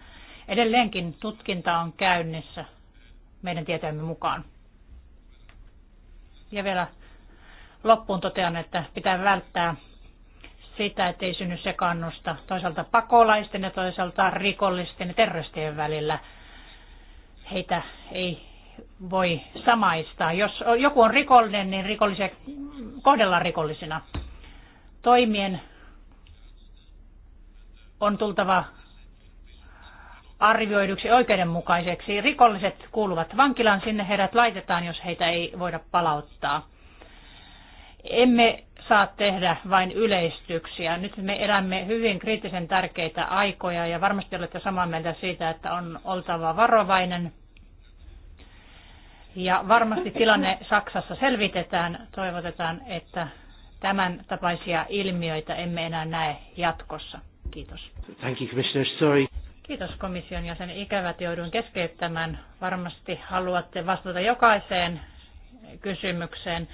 Edelleenkin tutkinta on käynnissä meidän tietojemme mukaan. Ja vielä loppuun totean, että pitää välttää sitä, että ei synny sekannusta toisaalta pakolaisten ja toisaalta rikollisten ja terroristien välillä – heitä ei voi samaistaa. Jos joku on rikollinen, niin rikollisia kohdellaan rikollisina. Toimien on tultava arvioiduksi oikeudenmukaiseksi. Rikolliset kuuluvat vankilaan, sinne heidät laitetaan, jos heitä ei voida palauttaa. Emme saa tehdä vain yleistyksiä. Nyt me elämme hyvin kriittisen tärkeitä aikoja ja varmasti olette samaa mieltä siitä, että on oltava varovainen ja varmasti tilanne Saksassa selvitetään. Toivotetaan, että tämän tapaisia ilmiöitä emme enää näe jatkossa. Kiitos. Thank you, Commissioner. Sorry. Kiitos komission ja sen ikävät joudun keskeyttämään. Varmasti haluatte vastata jokaiseen kysymykseen,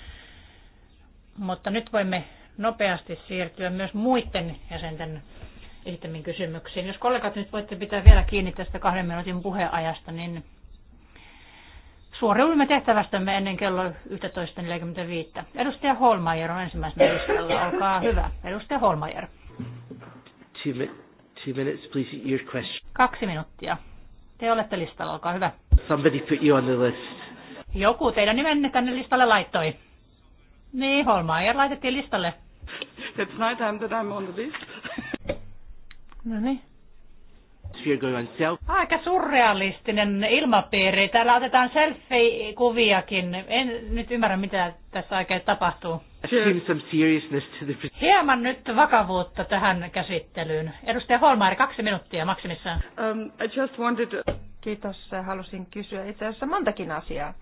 mutta nyt voimme nopeasti siirtyä myös muiden jäsenten esittämiin kysymyksiin. Jos kollegat nyt voitte pitää vielä kiinni tästä kahden minuutin puheajasta, niin suoriudumme tehtävästämme ennen kello 11.45. Edustaja Holmajer on ensimmäisenä listalla. Olkaa hyvä. Edustaja Holmajer. Kaksi minuuttia. Te olette listalla, olkaa hyvä. Somebody put you on the list. Joku teidän nimenne tänne listalle laittoi. Niin, Holmaier laitettiin listalle. It's night time that I'm on the list. no niin. Aika surrealistinen ilmapiiri. Täällä otetaan selfie-kuviakin. En nyt ymmärrä, mitä tässä oikein tapahtuu. Hieman nyt vakavuutta tähän käsittelyyn. Edustaja Holmaari, kaksi minuuttia maksimissaan. Um, I just wanted Kiitos. Halusin kysyä itse asiassa montakin asiaa.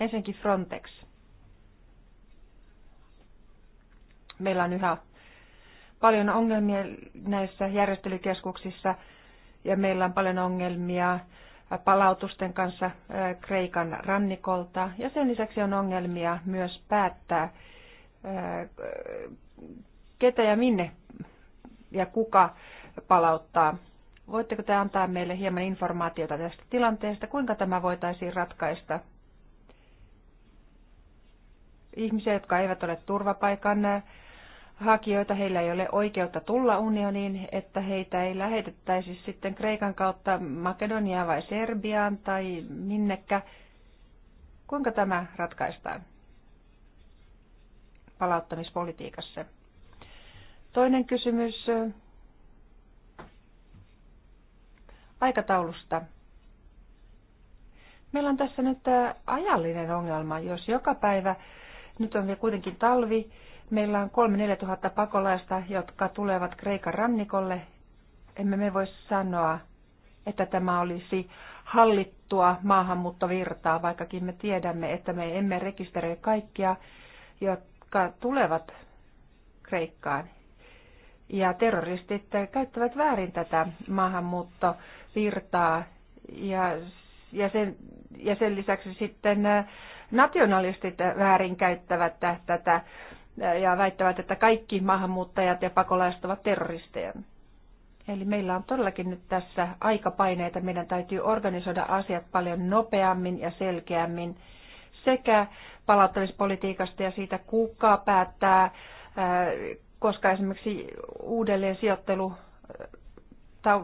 Ensinnäkin Frontex. Meillä on yhä paljon ongelmia näissä järjestelykeskuksissa ja meillä on paljon ongelmia palautusten kanssa äh, Kreikan rannikolta ja sen lisäksi on ongelmia myös päättää, äh, ketä ja minne ja kuka palauttaa. Voitteko te antaa meille hieman informaatiota tästä tilanteesta, kuinka tämä voitaisiin ratkaista? Ihmisiä, jotka eivät ole turvapaikan äh, hakijoita, heillä ei ole oikeutta tulla unioniin, että heitä ei lähetettäisi sitten Kreikan kautta Makedoniaan vai Serbiaan tai minnekä. Kuinka tämä ratkaistaan palauttamispolitiikassa? Toinen kysymys äh, aikataulusta. Meillä on tässä nyt äh, ajallinen ongelma, jos joka päivä, nyt on vielä kuitenkin talvi, Meillä on 3-4 tuhatta pakolaista, jotka tulevat Kreikan rannikolle. Emme me voi sanoa, että tämä olisi hallittua maahanmuuttovirtaa, vaikkakin me tiedämme, että me emme rekisteröi kaikkia, jotka tulevat Kreikkaan. Ja terroristit käyttävät väärin tätä maahanmuuttovirtaa ja, ja, sen, ja sen lisäksi sitten nationalistit väärinkäyttävät tätä ja väittävät, että kaikki maahanmuuttajat ja pakolaiset ovat terroristeja. Eli meillä on todellakin nyt tässä aikapaineita. Meidän täytyy organisoida asiat paljon nopeammin ja selkeämmin sekä palauttamispolitiikasta ja siitä, kuka päättää, äh, koska esimerkiksi uudelleen sijoittelu äh,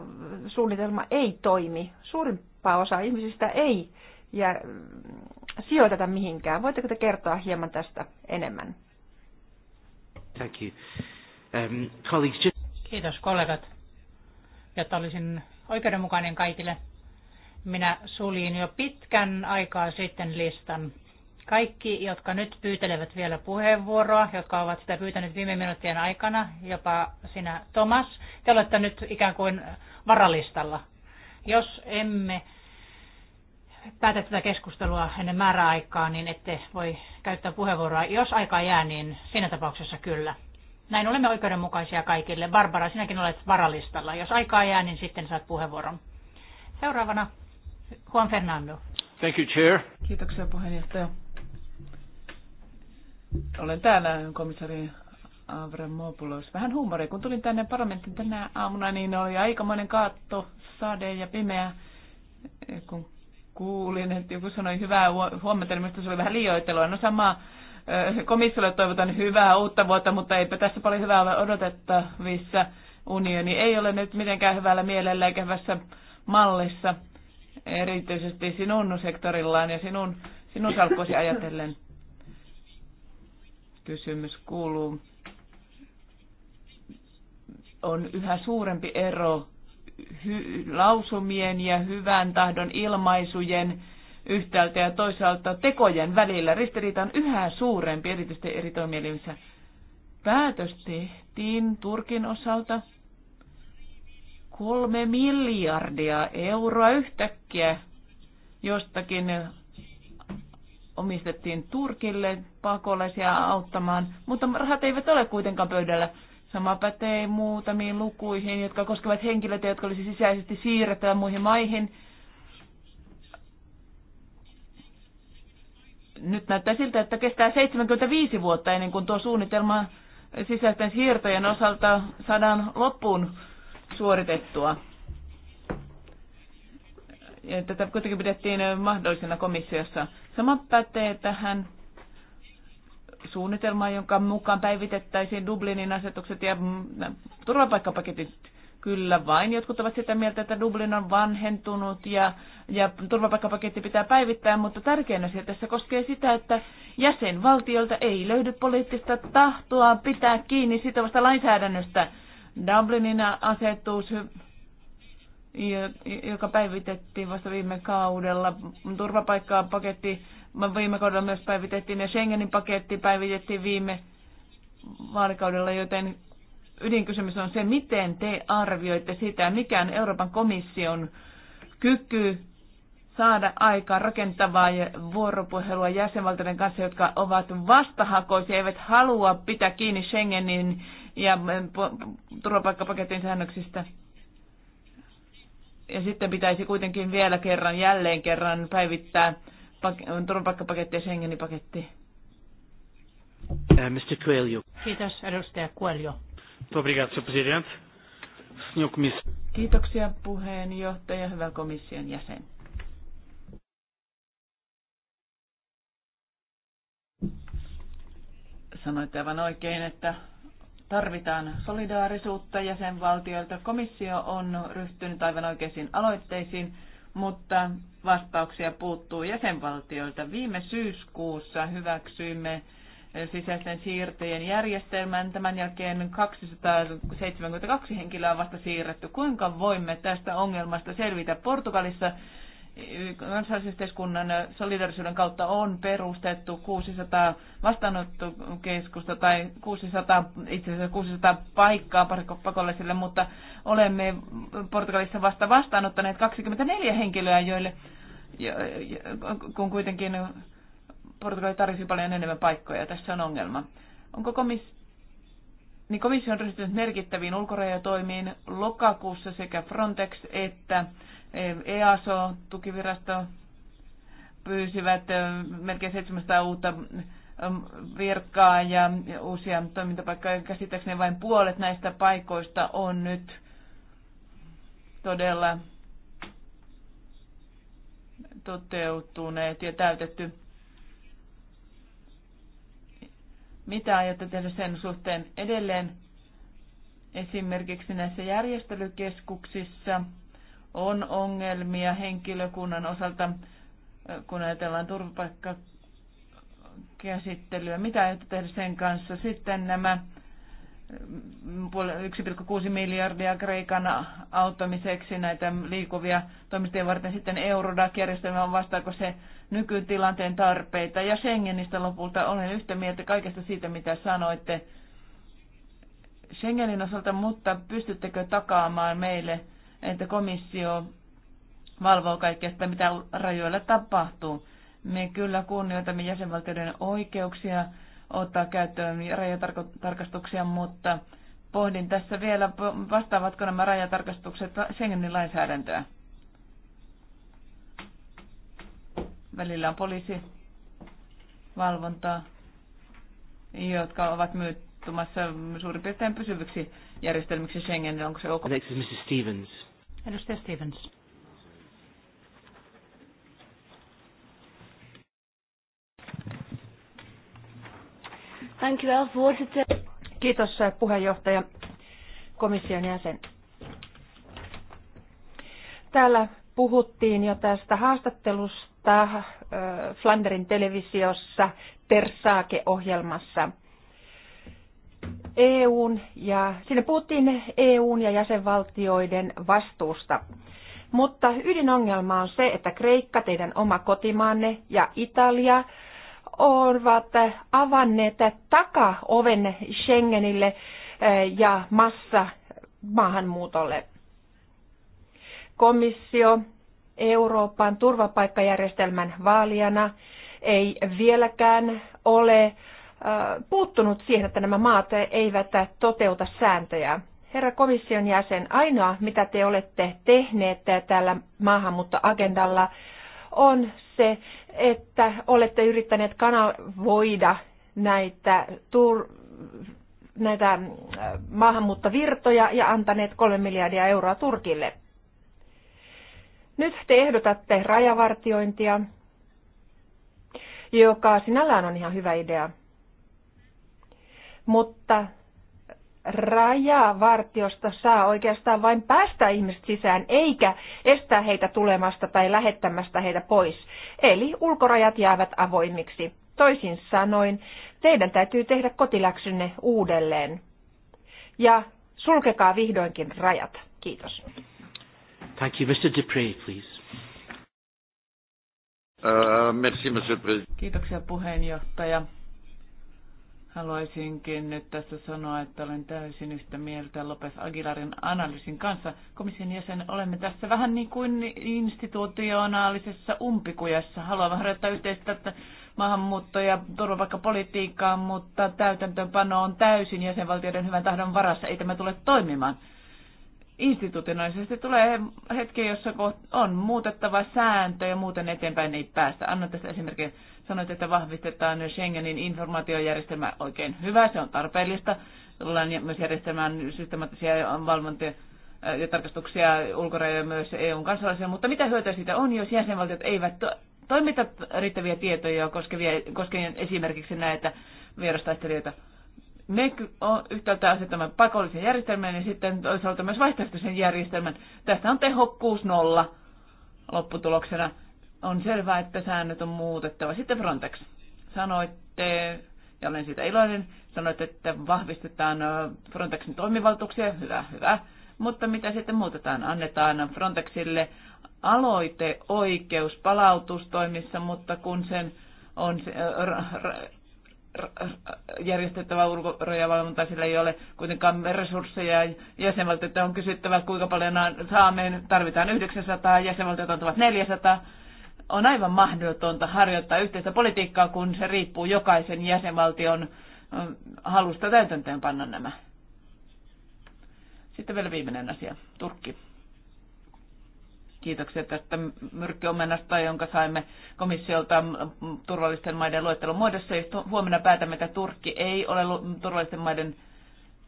suunnitelma ei toimi. Suurimpaa osa ihmisistä ei ja mm, sijoiteta mihinkään. Voitteko te kertoa hieman tästä enemmän? Thank you. Um, colleagues, just... Kiitos kollegat. Jotta olisin oikeudenmukainen kaikille, minä suljin jo pitkän aikaa sitten listan. Kaikki, jotka nyt pyytelevät vielä puheenvuoroa, jotka ovat sitä pyytäneet viime minuuttien aikana, jopa sinä Thomas, te olette nyt ikään kuin varalistalla. Jos emme päätä tätä keskustelua ennen määräaikaa, niin ette voi käyttää puheenvuoroa. Jos aikaa jää, niin siinä tapauksessa kyllä. Näin olemme oikeudenmukaisia kaikille. Barbara, sinäkin olet varalistalla. Jos aikaa jää, niin sitten saat puheenvuoron. Seuraavana Juan Fernando. Thank you, Chair. Kiitoksia puheenjohtaja. Olen täällä komissari Avramopoulos. Vähän huumoria. Kun tulin tänne parlamenttiin tänä aamuna, niin oli aikamoinen kaatto, sade ja pimeä, kun kuulin, että joku sanoi hyvää huomenta, niin minusta se oli vähän liioittelua. No sama komissiolle toivotan hyvää uutta vuotta, mutta eipä tässä paljon hyvää ole odotettavissa. Unioni ei ole nyt mitenkään hyvällä mielellä eikä hyvässä mallissa, erityisesti sinun sektorillaan ja sinun, sinun salkkuasi ajatellen. Kysymys kuuluu, on yhä suurempi ero lausumien ja hyvän tahdon ilmaisujen yhtäältä ja toisaalta tekojen välillä. Ristiriita on yhä suurempi, erityisesti eri toimielimissä. Päätös tehtiin Turkin osalta kolme miljardia euroa yhtäkkiä jostakin omistettiin Turkille pakolaisia auttamaan, mutta rahat eivät ole kuitenkaan pöydällä. Sama pätee muutamiin lukuihin, jotka koskevat henkilöitä, jotka olisi sisäisesti siirrettävä muihin maihin. Nyt näyttää siltä, että kestää 75 vuotta ennen kuin tuo suunnitelma sisäisten siirtojen osalta saadaan loppuun suoritettua. Tätä kuitenkin pidettiin mahdollisena komissiossa. Sama pätee tähän suunnitelmaa, jonka mukaan päivitettäisiin Dublinin asetukset ja mm, turvapaikkapaketit. Kyllä vain. Jotkut ovat sitä mieltä, että Dublin on vanhentunut ja, ja turvapaikkapaketti pitää päivittää, mutta tärkein asia tässä koskee sitä, että jäsenvaltiolta ei löydy poliittista tahtoa pitää kiinni sitovasta lainsäädännöstä. Dublinin asetus joka päivitettiin vasta viime kaudella. turvapaikkapaketti Viime kaudella myös päivitettiin ja Schengenin paketti päivitettiin viime vaalikaudella, joten ydinkysymys on se, miten te arvioitte sitä, mikä on Euroopan komission kyky saada aikaa rakentavaa ja vuoropuhelua jäsenvaltioiden kanssa, jotka ovat vastahakoisia, eivät halua pitää kiinni Schengenin ja turvapaikkapaketin säännöksistä. Ja sitten pitäisi kuitenkin vielä kerran, jälleen kerran päivittää turvapaikkapaketti ja Schengenin paketti. Eh, Mr. Coelho. Kiitos, edustaja Coelho. Obrigado, president. Kiitoksia puheenjohtaja, hyvä komission jäsen. Sanoitte aivan oikein, että tarvitaan solidaarisuutta jäsenvaltioilta. Komissio on ryhtynyt aivan oikeisiin aloitteisiin, mutta vastauksia puuttuu jäsenvaltioilta. Viime syyskuussa hyväksyimme sisäisten siirtojen järjestelmän. Tämän jälkeen 272 henkilöä on vasta siirretty. Kuinka voimme tästä ongelmasta selvitä? Portugalissa kansallisyhteiskunnan solidarisuuden kautta on perustettu 600 vastaanottokeskusta tai 600, itse asiassa 600 paikkaa pakolaisille, mutta olemme Portugalissa vasta vastaanottaneet 24 henkilöä, joille ja, ja, kun kuitenkin Portugali tarvitsee paljon enemmän paikkoja. Tässä on ongelma. Onko komissio niin komissio on ryhtynyt merkittäviin ulkorajatoimiin lokakuussa sekä Frontex että EASO, tukivirasto, pyysivät melkein 700 uutta virkaa ja uusia toimintapaikkoja. Käsittääkseni vain puolet näistä paikoista on nyt todella toteutuneet ja täytetty. Mitä aiotte tehdä sen suhteen edelleen? Esimerkiksi näissä järjestelykeskuksissa on ongelmia henkilökunnan osalta, kun ajatellaan turvapaikkakäsittelyä. Mitä aiotte tehdä sen kanssa? Sitten nämä 1,6 miljardia Kreikan auttamiseksi näitä liikuvia toimistoja varten sitten Eurodac-järjestelmä on vastaako se nykytilanteen tarpeita. Ja Schengenistä lopulta olen yhtä mieltä kaikesta siitä, mitä sanoitte Schengenin osalta, mutta pystyttekö takaamaan meille, että komissio valvoo kaikkea sitä, mitä rajoilla tapahtuu? Me kyllä kunnioitamme jäsenvaltioiden oikeuksia ottaa käyttöön rajatarkastuksia, mutta pohdin tässä vielä, vastaavatko nämä rajatarkastukset Schengenin lainsäädäntöä. Välillä on poliisi, valvontaa, jotka ovat myyttumassa suurin piirtein pysyviksi järjestelmiksi Schengenin. Onko se ok? Mrs. Stevens. Edustaja Stevens. Kiitos eh, puheenjohtaja, komission jäsen. Täällä puhuttiin jo tästä haastattelusta eh, Flanderin televisiossa Tersaake-ohjelmassa. EUn ja, siinä puhuttiin EUn ja jäsenvaltioiden vastuusta. Mutta ydinongelma on se, että Kreikka, teidän oma kotimaanne ja Italia ovat avanneet takaoven Schengenille eh, ja massa maahanmuutolle. Komissio Euroopan turvapaikkajärjestelmän vaalijana ei vieläkään ole eh, puuttunut siihen, että nämä maat eivät toteuta sääntöjä. Herra komission jäsen, ainoa mitä te olette tehneet tällä maahanmuuttoagendalla on se, että olette yrittäneet kanavoida näitä, tur, näitä äh, maahanmuuttovirtoja ja antaneet kolme miljardia euroa Turkille. Nyt te ehdotatte rajavartiointia, joka sinällään on ihan hyvä idea. Mutta rajavartiosta saa oikeastaan vain päästä ihmiset sisään, eikä estää heitä tulemasta tai lähettämästä heitä pois. Eli ulkorajat jäävät avoimiksi. Toisin sanoen, teidän täytyy tehdä kotiläksynne uudelleen. Ja sulkekaa vihdoinkin rajat. Kiitos. Thank you, Mr. Dupree, please. Uh, merci, Monsieur Kiitoksia puheenjohtaja. Haluaisinkin nyt tässä sanoa, että olen täysin yhtä mieltä Lopes Aguilarin analyysin kanssa. Komission jäsen olemme tässä vähän niin kuin institutionaalisessa umpikujassa. Haluamme harjoittaa yhteistä maahanmuutto- ja turvapaikkapolitiikkaa, mutta täytäntöönpano on täysin jäsenvaltioiden hyvän tahdon varassa. Ei tämä tule toimimaan. Institutionaalisesti tulee hetki, jossa on muutettava sääntö ja muuten eteenpäin ei päästä. Annan tästä esimerkin Sanoit, että vahvistetaan Schengenin informaatiojärjestelmä oikein hyvä, se on tarpeellista. Tullaan myös järjestämään systemaattisia valvontia ja tarkastuksia ulkorajoja myös EUn kansalaisille, mutta mitä hyötyä siitä on, jos jäsenvaltiot eivät to- toimita riittäviä tietoja koskevia, koskevien esimerkiksi näitä vierastaistelijoita? me yhtäältä asetamme pakollisen järjestelmän ja sitten toisaalta myös vaihtoehtoisen järjestelmän. Tästä on tehokkuus nolla lopputuloksena. On selvää, että säännöt on muutettava. Sitten Frontex. Sanoitte, ja olen siitä iloinen, sanoitte, että vahvistetaan Frontexin toimivaltuuksia. Hyvä, hyvä. Mutta mitä sitten muutetaan? Annetaan Frontexille aloite oikeus palautustoimissa, mutta kun sen on se, järjestettävä ulkorajavalvonta, sillä ei ole kuitenkaan resursseja jäsenvaltioita on kysyttävä, kuinka paljon saamme. Tarvitaan 900, jäsenvaltiota on 400 on aivan mahdotonta harjoittaa yhteistä politiikkaa, kun se riippuu jokaisen jäsenvaltion halusta täytäntöön panna nämä. Sitten vielä viimeinen asia, Turkki. Kiitoksia tästä myrkkyomennasta, jonka saimme komissiolta turvallisten maiden luettelon muodossa. Jos huomenna päätämme, että Turkki ei ole turvallisten maiden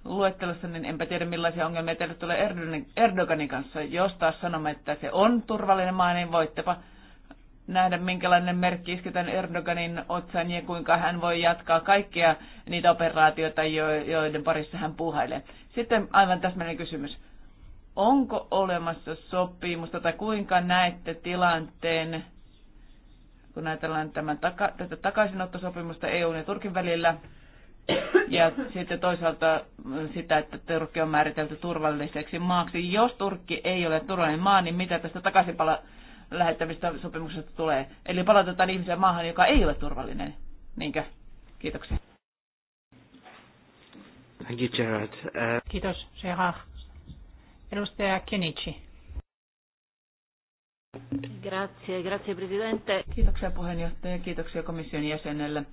luettelossa, niin enpä tiedä millaisia ongelmia teille tulee Erdoganin kanssa. Jos taas sanomme, että se on turvallinen maa, niin voittepa nähdä, minkälainen merkki tämän Erdoganin otsan ja kuinka hän voi jatkaa kaikkia niitä operaatioita, joiden parissa hän puhailee. Sitten aivan täsmällinen kysymys. Onko olemassa sopimusta tai kuinka näette tilanteen, kun ajatellaan tämän taka, tätä takaisinottosopimusta EUn ja Turkin välillä, ja sitten toisaalta sitä, että Turkki on määritelty turvalliseksi maaksi. Jos Turkki ei ole turvallinen maa, niin mitä tästä takaisinpala- lähettämistä sopimuksesta tulee. Eli palautetaan ihmisen maahan, joka ei ole turvallinen. Niinkö? Kiitoksia. Thank you, Gerard. Uh... Kiitos, Gerard. Edustaja Kenichi. Grazie, grazie Presidente. Kiitoksia puheenjohtaja ja kiitoksia komission jäsenelle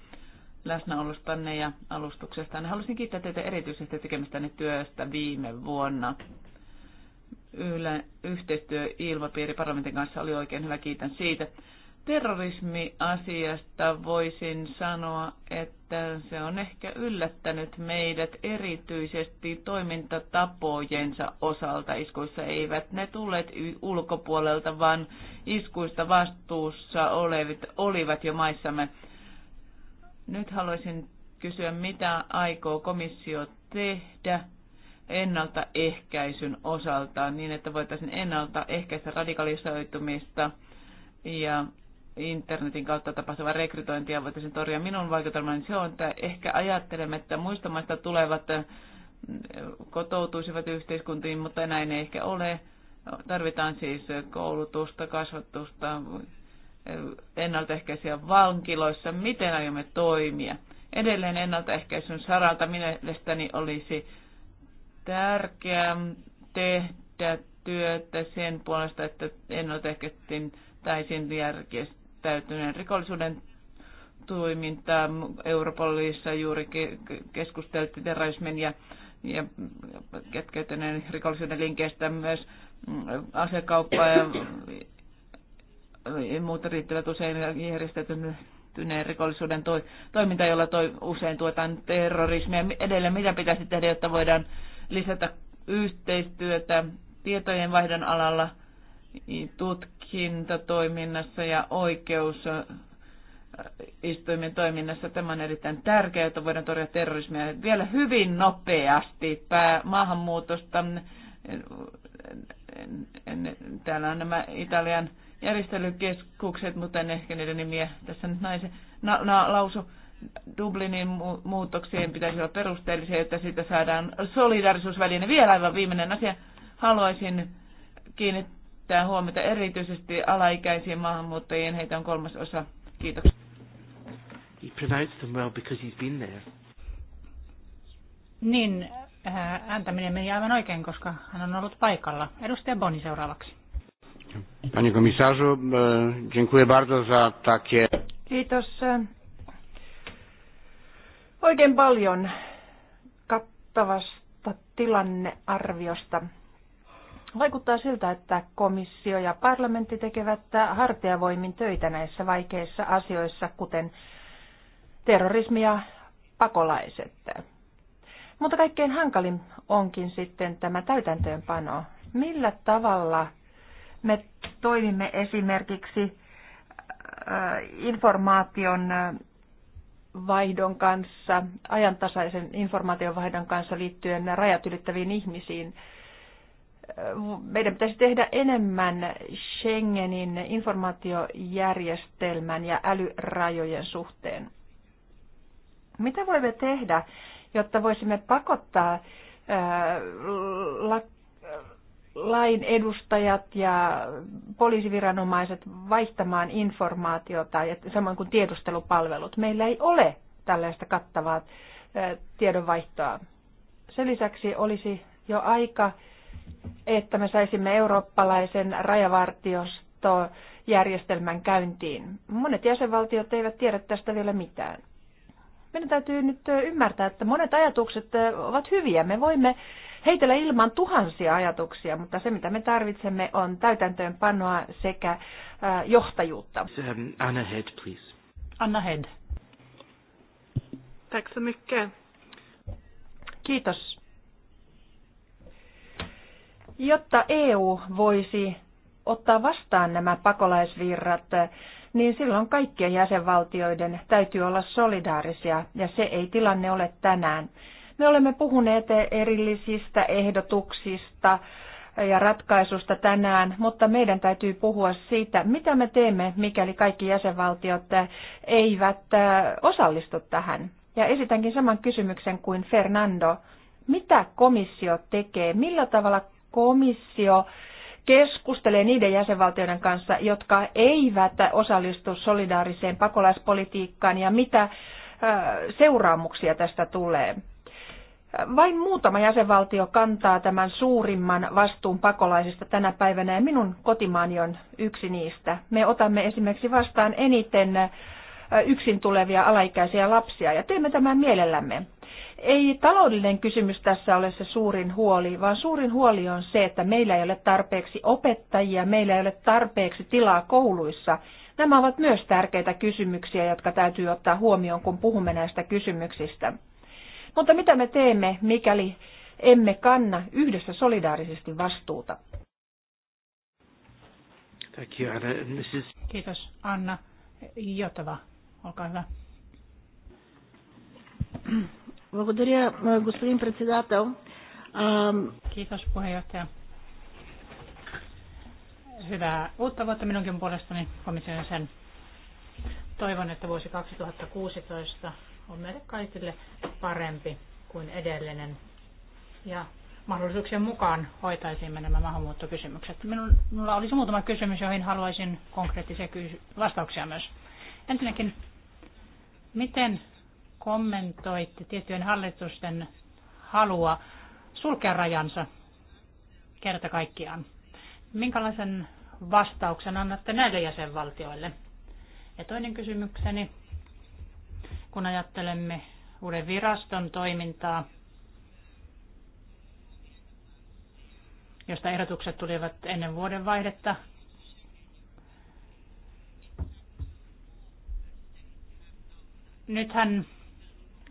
läsnäolostanne ja alustuksestanne. Haluaisin kiittää teitä erityisesti tekemästänne työstä viime vuonna ylä, yhteistyö ilmapiiri parlamentin kanssa oli oikein hyvä, kiitän siitä. Terrorismiasiasta voisin sanoa, että se on ehkä yllättänyt meidät erityisesti toimintatapojensa osalta. Iskuissa eivät ne tulleet ulkopuolelta, vaan iskuista vastuussa olevit, olivat jo maissamme. Nyt haluaisin kysyä, mitä aikoo komissio tehdä ennaltaehkäisyn osalta niin, että voitaisiin ennaltaehkäistä radikalisoitumista ja internetin kautta tapahtuvaa rekrytointia voitaisiin torjua. Minun vaikutelmani niin se on, että ehkä ajattelemme, että muista maista tulevat mm, kotoutuisivat yhteiskuntiin, mutta näin ei ehkä ole. Tarvitaan siis koulutusta, kasvatusta, ennaltaehkäisiä vankiloissa. Miten aiomme toimia? Edelleen ennaltaehkäisyn saralta mielestäni olisi tärkeää tehdä työtä sen puolesta, että ennaltaehkäistiin tai sen järjestäytyneen rikollisuuden toiminta Europolissa juuri keskusteltiin terrorismin ja, ja kätkeytyneen rikollisuuden linkeistä myös mm, asekauppaa ja, ja muuta riittävät usein järjestäytyneen rikollisuuden to, toiminta, jolla toi, usein tuetaan terrorismia. Edelleen mitä pitäisi tehdä, jotta voidaan lisätä yhteistyötä tietojenvaihdon alalla, tutkintatoiminnassa ja oikeusistuimen toiminnassa. Tämä on erittäin tärkeää, että voidaan torjua terrorismia vielä hyvin nopeasti pää maahanmuutosta. Täällä on nämä Italian järjestelykeskukset, mutta en ehkä niiden nimiä tässä nyt naisen, na, na, lausu Dublinin muutoksien pitäisi olla perusteellisia, että siitä saadaan solidarisuusväline. Vielä aivan viimeinen asia. Haluaisin kiinnittää huomiota erityisesti alaikäisiin maahanmuuttajien. Heitä on kolmas osa. Kiitoksia. He pronounced them well because he's been there. Niin, äh, ääntäminen meni aivan oikein, koska hän on ollut paikalla. Edustaja Boni seuraavaksi. Panie komisarzu, e, dziękuję bardzo za takie... Kiitos oikein paljon kattavasta tilannearviosta. Vaikuttaa siltä, että komissio ja parlamentti tekevät hartiavoimin töitä näissä vaikeissa asioissa, kuten terrorismi ja pakolaiset. Mutta kaikkein hankalin onkin sitten tämä täytäntöönpano. Millä tavalla me toimimme esimerkiksi äh, informaation äh, vaihdon kanssa, ajantasaisen informaatiovaihdon kanssa liittyen rajat ylittäviin ihmisiin. Meidän pitäisi tehdä enemmän Schengenin informaatiojärjestelmän ja älyrajojen suhteen. Mitä voimme tehdä, jotta voisimme pakottaa lain edustajat ja poliisiviranomaiset vaihtamaan informaatiota, ja samoin kuin tiedustelupalvelut. Meillä ei ole tällaista kattavaa tiedonvaihtoa. Sen lisäksi olisi jo aika, että me saisimme eurooppalaisen rajavartiostojärjestelmän käyntiin. Monet jäsenvaltiot eivät tiedä tästä vielä mitään. Meidän täytyy nyt ymmärtää, että monet ajatukset ovat hyviä. Me voimme heitellä ilman tuhansia ajatuksia, mutta se mitä me tarvitsemme on täytäntöönpanoa sekä johtajuutta. Um, Anna Head, please. Anna Head. Tack så mycket. Kiitos. Jotta EU voisi ottaa vastaan nämä pakolaisvirrat, niin silloin kaikkien jäsenvaltioiden täytyy olla solidaarisia, ja se ei tilanne ole tänään. Me olemme puhuneet erillisistä ehdotuksista ja ratkaisusta tänään, mutta meidän täytyy puhua siitä, mitä me teemme, mikäli kaikki jäsenvaltiot eivät osallistu tähän. Ja esitänkin saman kysymyksen kuin Fernando. Mitä komissio tekee? Millä tavalla komissio keskustelee niiden jäsenvaltioiden kanssa, jotka eivät osallistu solidaariseen pakolaispolitiikkaan ja mitä seuraamuksia tästä tulee? Vain muutama jäsenvaltio kantaa tämän suurimman vastuun pakolaisista tänä päivänä ja minun kotimaani on yksi niistä. Me otamme esimerkiksi vastaan eniten yksin tulevia alaikäisiä lapsia ja teemme tämän mielellämme. Ei taloudellinen kysymys tässä ole se suurin huoli, vaan suurin huoli on se, että meillä ei ole tarpeeksi opettajia, meillä ei ole tarpeeksi tilaa kouluissa. Nämä ovat myös tärkeitä kysymyksiä, jotka täytyy ottaa huomioon, kun puhumme näistä kysymyksistä. Mutta mitä me teemme, mikäli emme kanna yhdessä solidaarisesti vastuuta? Kiitos Anna. Jotava, Olkaa hyvä. Благодаря, господин председател. Kiitos puheenjohtaja. Hyvää uutta vuotta minunkin puolestani komission sen. Toivon, että vuosi 2016 on meille kaikille parempi kuin edellinen. Ja mahdollisuuksien mukaan hoitaisimme nämä maahanmuuttokysymykset. Minulla olisi muutama kysymys, joihin haluaisin konkreettisia vastauksia myös. Ensinnäkin, miten kommentoitte tiettyjen hallitusten halua sulkea rajansa kerta kaikkiaan? Minkälaisen vastauksen annatte näille jäsenvaltioille? Ja toinen kysymykseni kun ajattelemme uuden viraston toimintaa, josta ehdotukset tulivat ennen vuoden vaihdetta. Nythän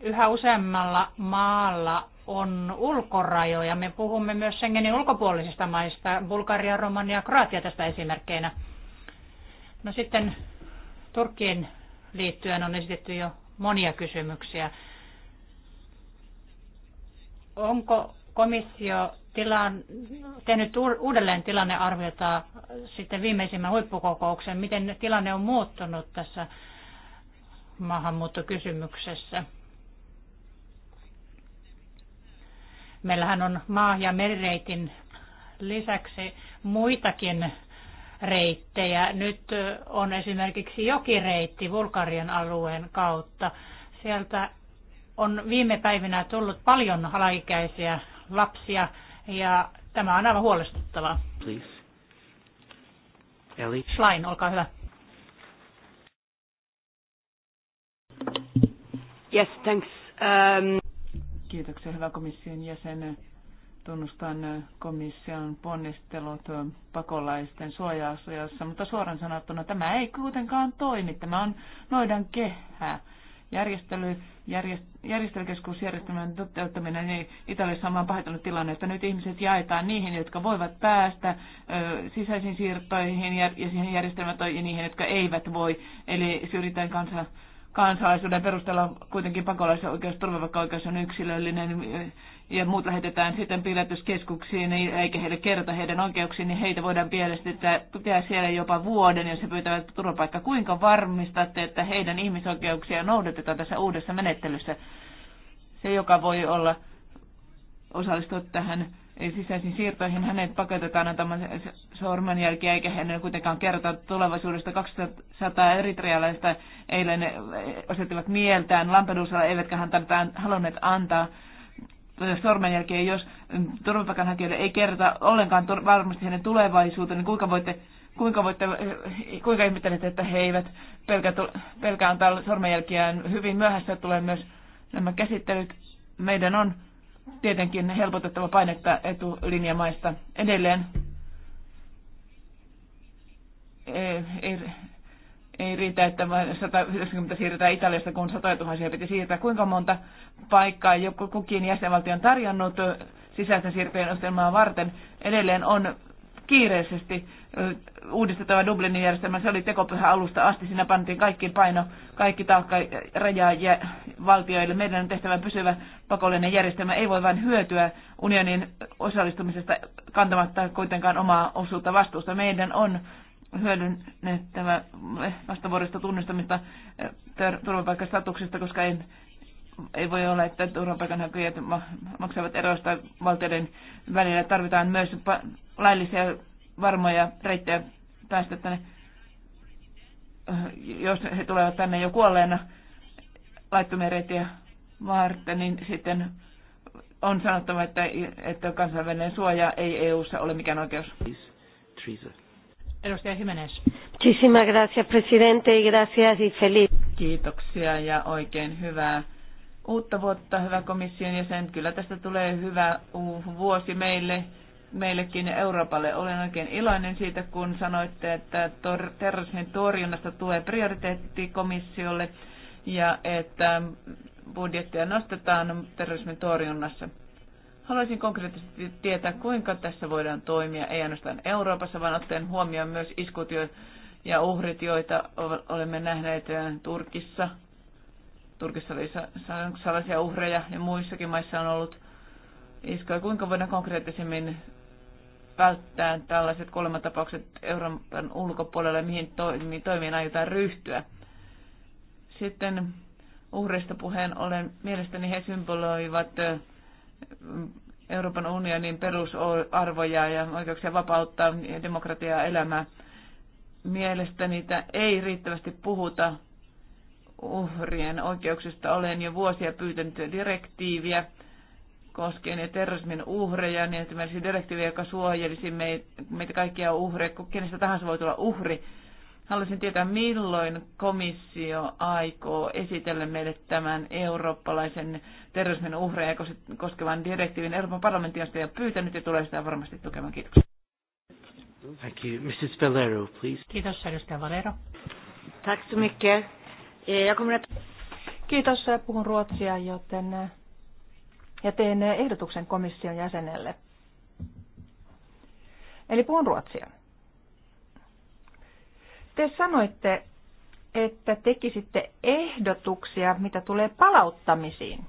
yhä useammalla maalla on ulkorajoja. Me puhumme myös Schengenin ulkopuolisista maista, Bulgaria, Romania ja Kroatia tästä esimerkkeinä. No sitten Turkkiin liittyen on esitetty jo monia kysymyksiä. Onko komissio tilan, tehnyt uudelleen tilannearviota sitten viimeisimmän huippukokouksen? Miten tilanne on muuttunut tässä maahanmuuttokysymyksessä? Meillähän on maa- ja merireitin lisäksi muitakin reittejä. Nyt on esimerkiksi jokireitti Vulkarian alueen kautta. Sieltä on viime päivinä tullut paljon alaikäisiä lapsia ja tämä on aivan huolestuttavaa. Please. Eli. Schlein, olkaa hyvä. Yes, thanks. Um... Kiitoksia, hyvä komission jäsen tunnustan äh, komission ponnistelut äh, pakolaisten suojausajassa, mutta suoran sanottuna tämä ei kuitenkaan toimi. Tämä on noidan kehää. Järjestely, järjest, järjestelykeskusjärjestelmän toteuttaminen niin Italiassa on pahentanut tilanne, että nyt ihmiset jaetaan niihin, jotka voivat päästä ö, äh, sisäisiin siirtoihin ja, ja siihen järjestelmätoihin ja niihin, jotka eivät voi. Eli syrjitään kansa kansalaisuuden perusteella kuitenkin pakolaisoikeus, oikeus on yksilöllinen ja muut lähetetään sitten piilätyskeskuksiin niin eikä heille kerrota heidän oikeuksiin, niin heitä voidaan pitää siellä jopa vuoden, jos he pyytävät turvapaikkaa. Kuinka varmistatte, että heidän ihmisoikeuksia noudatetaan tässä uudessa menettelyssä? Se, joka voi olla osallistua tähän sisäisiin siirtoihin. Hänet pakotetaan antamaan sormenjälkiä, eikä hän kuitenkaan kertoa tulevaisuudesta. 200 eritrealaista eilen osoittivat mieltään Lampedusalla, eivätkä häntä halunneet antaa sormenjälkiä, jos turvapaikanhakijoille ei kerta ollenkaan varmasti hänen tulevaisuuteen, niin kuinka voitte kuinka, voitte, kuinka ihmettelette, että he eivät pelkä, pelkää antaa sormenjälkiään hyvin myöhässä tulee myös nämä käsittelyt. Meidän on tietenkin helpotettava painetta etulinjamaista edelleen. Ei, eh, ei, ei riitä, että 190 siirretään Italiasta, kun 100 000 piti siirtää. Kuinka monta paikkaa joku kukin jäsenvaltio on tarjonnut sisäisten siirtojen varten? Edelleen on kiireisesti uudistettava Dublinin järjestelmä. Se oli tekopyhä alusta asti. Siinä pantiin kaikki paino, kaikki taakka rajaa ja valtioille. Meidän on tehtävä pysyvä pakollinen järjestelmä. Ei voi vain hyötyä unionin osallistumisesta kantamatta kuitenkaan omaa osuutta vastuusta. Meidän on hyödynnettävä vastavuorista tunnistamista turvapaikkastatuksesta, koska ei, ei voi olla, että turvapaikanhakijat maksavat eroista valtioiden välillä. Tarvitaan myös laillisia varmoja reittejä päästä tänne, jos he tulevat tänne jo kuolleena laittomia reittejä varten, niin sitten on sanottava, että, että kansainvälinen suoja ei EU:ssa ole mikään oikeus. Edustaja Jimenez. gracias, presidente, y gracias y Kiitoksia ja oikein hyvää uutta vuotta, hyvä komission jäsen. Kyllä tästä tulee hyvä uusi vuosi meille meillekin Euroopalle. Olen oikein iloinen siitä, kun sanoitte, että tor- terrorismin torjunnasta tulee prioriteetti komissiolle ja että budjettia nostetaan terrorismin torjunnassa. Haluaisin konkreettisesti tietää, kuinka tässä voidaan toimia, ei ainoastaan Euroopassa, vaan ottaen huomioon myös iskut ja uhrit, joita olemme nähneet äh, Turkissa. Turkissa oli salaisia uhreja ja muissakin maissa on ollut iskoja. Kuinka voidaan konkreettisemmin välttää tällaiset kuolemantapaukset Euroopan ulkopuolelle, mihin toimiin aiotaan ryhtyä. Sitten uhreista puheen olen, mielestäni he symboloivat Euroopan unionin perusarvoja ja oikeuksia vapauttaa ja demokratiaa elämää. Mielestäni niitä ei riittävästi puhuta uhrien oikeuksista. Olen jo vuosia pyytänyt direktiiviä koskien ja terrorismin uhreja, niin esimerkiksi direktiivi, joka suojelisi meitä kaikkia uhreja, kenestä tahansa voi tulla uhri. Haluaisin tietää, milloin komissio aikoo esitellä meille tämän eurooppalaisen terrorismin uhreja koskevan direktiivin. Euroopan parlamentti on sitä jo pyytänyt ja tulee sitä varmasti tukemaan. Kiitoksia. Thank you. Mrs. Valero, please. Kiitos, edustaja Valero. Tack så mycket. Eh, Kiitos, eh, puhun ruotsia, joten eh, ja teen ehdotuksen komission jäsenelle. Eli puhun ruotsia. Te sanoitte, että tekisitte ehdotuksia, mitä tulee palauttamisiin.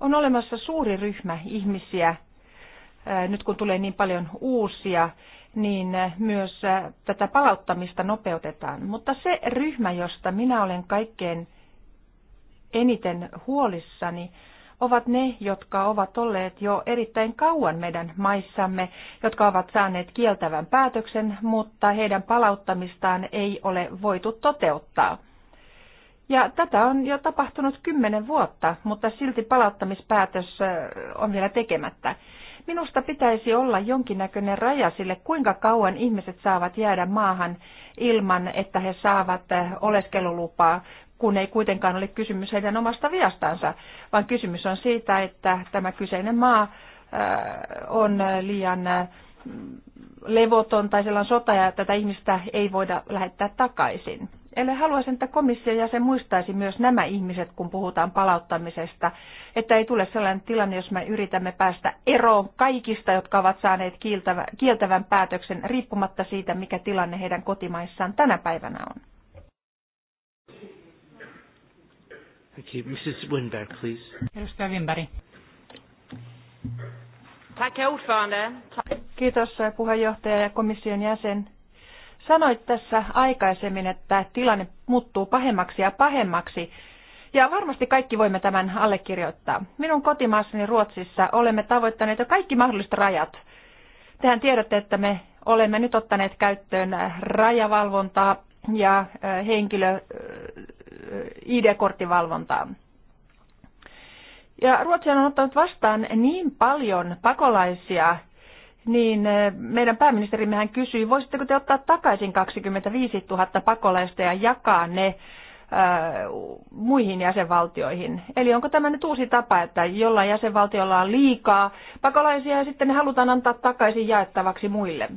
On olemassa suuri ryhmä ihmisiä, nyt kun tulee niin paljon uusia, niin myös tätä palauttamista nopeutetaan. Mutta se ryhmä, josta minä olen kaikkein eniten huolissani, ovat ne, jotka ovat olleet jo erittäin kauan meidän maissamme, jotka ovat saaneet kieltävän päätöksen, mutta heidän palauttamistaan ei ole voitu toteuttaa. Ja tätä on jo tapahtunut kymmenen vuotta, mutta silti palauttamispäätös on vielä tekemättä. Minusta pitäisi olla jonkinnäköinen raja sille, kuinka kauan ihmiset saavat jäädä maahan ilman, että he saavat oleskelulupaa, kun ei kuitenkaan ole kysymys heidän omasta viastansa, vaan kysymys on siitä, että tämä kyseinen maa äh, on liian äh, levoton tai siellä on sota ja tätä ihmistä ei voida lähettää takaisin. Eli haluaisin, että komissio ja se muistaisi myös nämä ihmiset, kun puhutaan palauttamisesta, että ei tule sellainen tilanne, jos me yritämme päästä eroon kaikista, jotka ovat saaneet kieltävän päätöksen, riippumatta siitä, mikä tilanne heidän kotimaissaan tänä päivänä on. Thank you. Mrs. Winberg, please. Edustaja Winberg. Tack, ordförande. Kiitos eh, puheenjohtaja ja komission jäsen. Sanoit tässä aikaisemmin, että tilanne muuttuu pahemmaksi ja pahemmaksi. Ja varmasti kaikki voimme tämän allekirjoittaa. Minun kotimaassani Ruotsissa olemme tavoittaneet jo kaikki mahdolliset rajat. Tehän tiedätte, että me olemme nyt ottaneet käyttöön eh, rajavalvontaa ja eh, henkilö ID-korttivalvontaa. Ja Ruotsi on ottanut vastaan niin paljon pakolaisia, niin eh, meidän pääministerimmehän kysyi, voisitteko te ottaa takaisin 25 000 pakolaista ja jakaa ne eh, muihin jäsenvaltioihin. Eli onko tämä nyt uusi tapa, että jollain jäsenvaltiolla on liikaa pakolaisia ja sitten ne halutaan antaa takaisin jaettavaksi muille?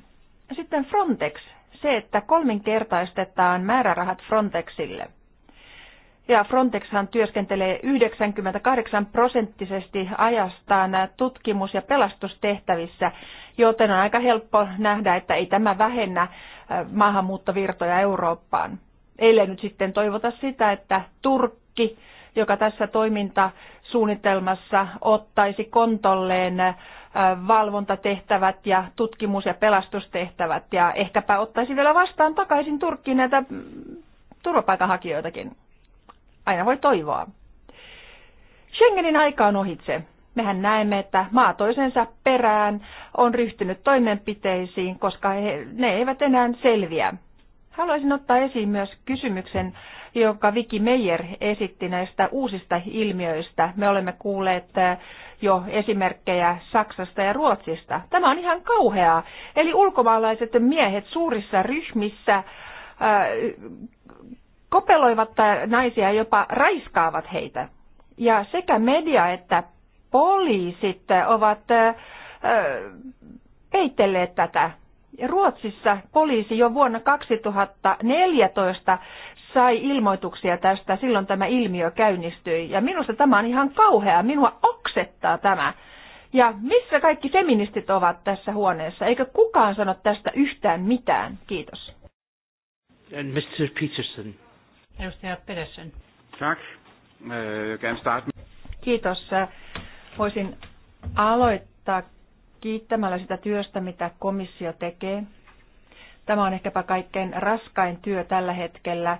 Sitten Frontex, se, että kolminkertaistetaan määrärahat Frontexille – ja Frontexhan työskentelee 98 prosenttisesti ajastaan tutkimus- ja pelastustehtävissä, joten on aika helppo nähdä, että ei tämä vähennä äh, maahanmuuttovirtoja Eurooppaan. Eilen nyt sitten toivota sitä, että Turkki, joka tässä toimintasuunnitelmassa ottaisi kontolleen äh, valvontatehtävät ja tutkimus- ja pelastustehtävät ja ehkäpä ottaisi vielä vastaan takaisin Turkkiin näitä mm, turvapaikanhakijoitakin. Aina voi toivoa. Schengenin aika on ohitse. Mehän näemme, että maa toisensa perään on ryhtynyt toimenpiteisiin, koska he, ne eivät enää selviä. Haluaisin ottaa esiin myös kysymyksen, jonka Viki Meijer esitti näistä uusista ilmiöistä. Me olemme kuulleet äh, jo esimerkkejä Saksasta ja Ruotsista. Tämä on ihan kauheaa. Eli ulkomaalaiset miehet suurissa ryhmissä äh, kopeloivat naisia jopa raiskaavat heitä. Ja sekä media että poliisit ovat peitelleet tätä. Ruotsissa poliisi jo vuonna 2014 sai ilmoituksia tästä, silloin tämä ilmiö käynnistyi. Ja minusta tämä on ihan kauhea, minua oksettaa tämä. Ja missä kaikki feministit ovat tässä huoneessa? Eikö kukaan sano tästä yhtään mitään? Kiitos. And Mr. Peterson. Edustaja Pedersen. Tack. Äh, Kiitos. Voisin aloittaa kiittämällä sitä työstä, mitä komissio tekee. Tämä on ehkäpä kaikkein raskain työ tällä hetkellä,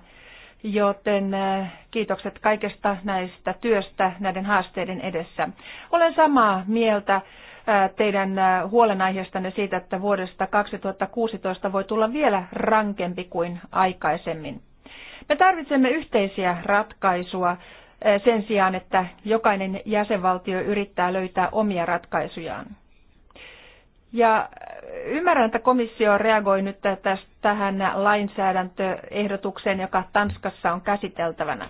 joten äh, kiitokset kaikesta näistä työstä näiden haasteiden edessä. Olen samaa mieltä äh, teidän huolenaiheestanne siitä, että vuodesta 2016 voi tulla vielä rankempi kuin aikaisemmin. Me tarvitsemme yhteisiä ratkaisuja eh, sen sijaan, että jokainen jäsenvaltio yrittää löytää omia ratkaisujaan. Ja eh, ymmärrän, että komissio reagoi nyt tähän lainsäädäntöehdotukseen, joka Tanskassa on käsiteltävänä.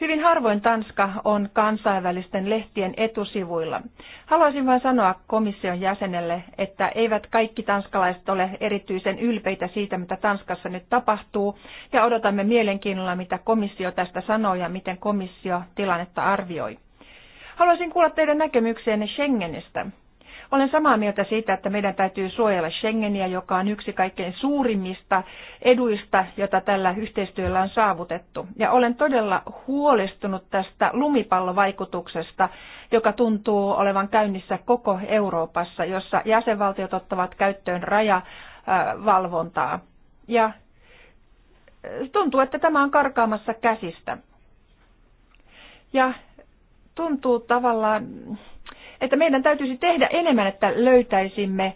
Hyvin harvoin Tanska on kansainvälisten lehtien etusivuilla. Haluaisin vain sanoa komission jäsenelle, että eivät kaikki tanskalaiset ole erityisen ylpeitä siitä, mitä Tanskassa nyt tapahtuu, ja odotamme mielenkiinnolla, mitä komissio tästä sanoo ja miten komissio tilannetta arvioi. Haluaisin kuulla teidän näkemyksiänne Schengenistä. Olen samaa mieltä siitä, että meidän täytyy suojella Schengeniä, joka on yksi kaikkein suurimmista eduista, jota tällä yhteistyöllä on saavutettu. Ja olen todella huolestunut tästä lumipallovaikutuksesta, joka tuntuu olevan käynnissä koko Euroopassa, jossa jäsenvaltiot ottavat käyttöön rajavalvontaa. Ja tuntuu, että tämä on karkaamassa käsistä. Ja tuntuu tavallaan että meidän täytyisi tehdä enemmän, että löytäisimme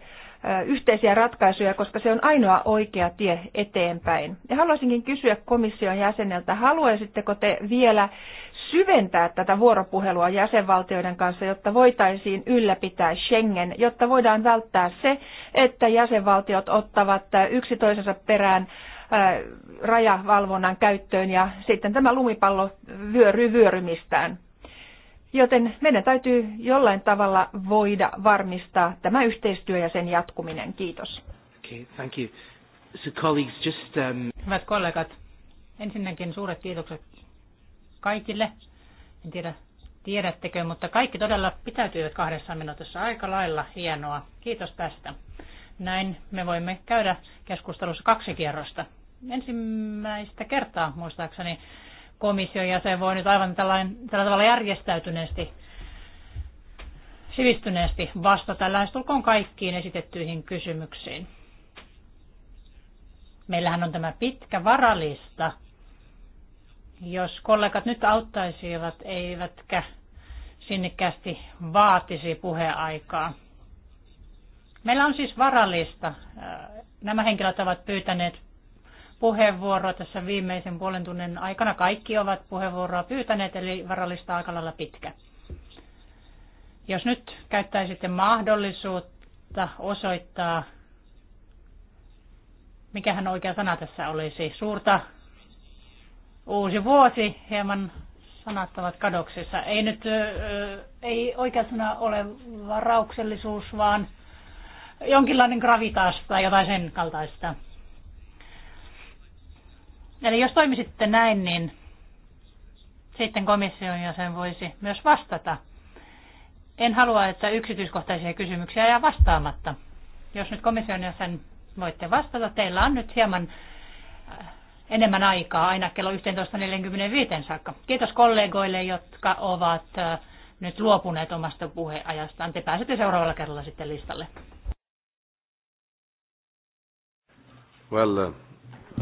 yhteisiä ratkaisuja, koska se on ainoa oikea tie eteenpäin. Ja haluaisinkin kysyä komission jäseneltä, haluaisitteko te vielä syventää tätä vuoropuhelua jäsenvaltioiden kanssa, jotta voitaisiin ylläpitää Schengen, jotta voidaan välttää se, että jäsenvaltiot ottavat yksi toisensa perään rajavalvonnan käyttöön ja sitten tämä lumipallo vyöryy vyörymistään. Joten meidän täytyy jollain tavalla voida varmistaa tämä yhteistyö ja sen jatkuminen. Kiitos. Okay, thank you. So colleagues, just, um... Hyvät kollegat, ensinnäkin suuret kiitokset kaikille. En tiedä, tiedättekö, mutta kaikki todella pitäytyivät kahdessa minuutissa aika lailla hienoa. Kiitos tästä. Näin me voimme käydä keskustelussa kaksi kierrosta. Ensimmäistä kertaa muistaakseni komission jäsen voi nyt aivan tällainen, tällä tavalla järjestäytyneesti, sivistyneesti vastata lähestulkoon kaikkiin esitettyihin kysymyksiin. Meillähän on tämä pitkä varalista. Jos kollegat nyt auttaisivat, eivätkä sinnikkäästi vaatisi puheaikaa. Meillä on siis varallista. Nämä henkilöt ovat pyytäneet puheenvuoroa tässä viimeisen puolen tunnin aikana. Kaikki ovat puheenvuoroa pyytäneet, eli varallista aika lailla pitkä. Jos nyt käyttäisitte mahdollisuutta osoittaa, mikähän oikea sana tässä olisi, suurta uusi vuosi, hieman sanat ovat kadoksissa. Ei nyt, ei oikea sana ole varauksellisuus, vaan jonkinlainen gravitaas tai jotain sen kaltaista. Eli jos toimisitte näin, niin sitten komission jäsen voisi myös vastata. En halua, että yksityiskohtaisia kysymyksiä jää vastaamatta. Jos nyt komission jäsen voitte vastata, teillä on nyt hieman äh, enemmän aikaa aina kello 11.45 saakka. Kiitos kollegoille, jotka ovat äh, nyt luopuneet omasta puheajastaan. Te pääsette seuraavalla kerralla sitten listalle. Well, uh...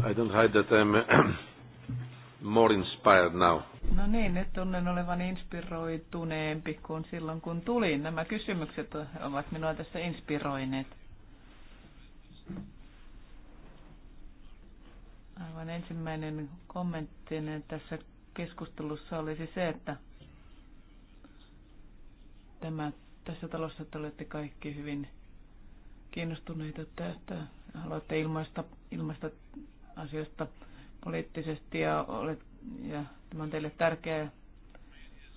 I don't hide that I'm uh, <clears throat> more inspired now. No niin, nyt tunnen olevan inspiroituneempi kuin silloin kun tulin. Nämä kysymykset ovat minua tässä inspiroineet. Aivan ensimmäinen kommentti tässä keskustelussa olisi se, että tämä, tässä talossa te olette kaikki hyvin kiinnostuneita tästä. Haluatte ilmaista, ilmaista asioista poliittisesti ja, olet, ja tämä on teille tärkeä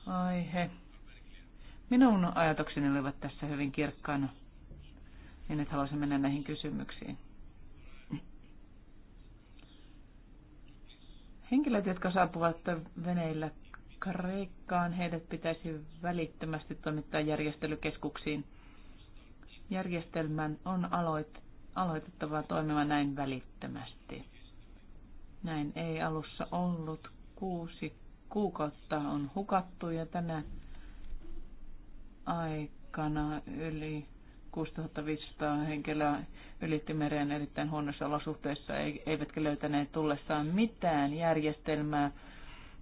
aihe. Minun ajatukseni olivat tässä hyvin kirkkaana. En nyt haluaisin mennä näihin kysymyksiin. Henkilöt, jotka saapuvat veneillä Kreikkaan, heidät pitäisi välittömästi toimittaa järjestelykeskuksiin. Järjestelmän on aloit, aloitettava toimimaan näin välittömästi. Näin ei alussa ollut. Kuusi kuukautta on hukattu ja tänä aikana yli 6500 henkilöä ylitti mereen erittäin huonossa olosuhteissa, eivätkä löytäneet tullessaan mitään järjestelmää,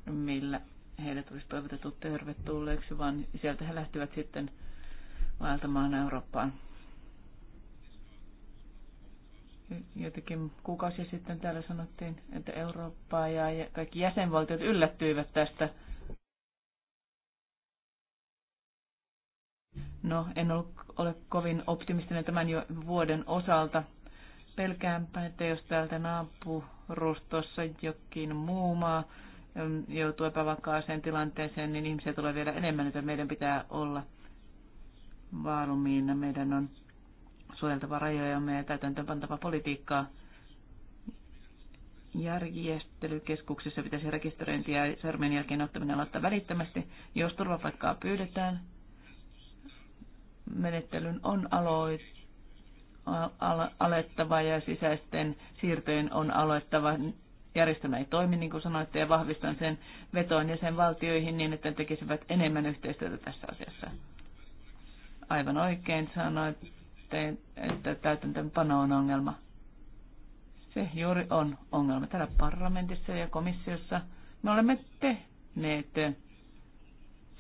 millä heidät olisi toivotettu tervetulleeksi, vaan sieltä he lähtivät sitten vaeltamaan Eurooppaan jotakin kuukausia sitten täällä sanottiin, että Eurooppa ja kaikki jäsenvaltiot yllättyivät tästä. No, en ole kovin optimistinen tämän jo vuoden osalta. Pelkäänpä, että jos täältä naapurustossa jokin muu maa joutuu epävakaaseen tilanteeseen, niin ihmisiä tulee vielä enemmän, että meidän pitää olla vaalumiina. Meidän on suojeltava rajojamme ja täytäntöönpantava politiikkaa. Järjestelykeskuksessa pitäisi rekisteröinti ja jälkeen ottaminen aloittaa välittömästi, jos turvapaikkaa pyydetään. Menettelyn on aloitettu alettava ja sisäisten siirtojen on aloittava. Järjestelmä ei toimi, niin kuin sanoitte, ja vahvistan sen vetoon ja sen valtioihin niin, että ne tekisivät enemmän yhteistyötä tässä asiassa. Aivan oikein sanoit totesitte, että täytäntöönpano on ongelma. Se juuri on ongelma täällä parlamentissa ja komissiossa. Me olemme tehneet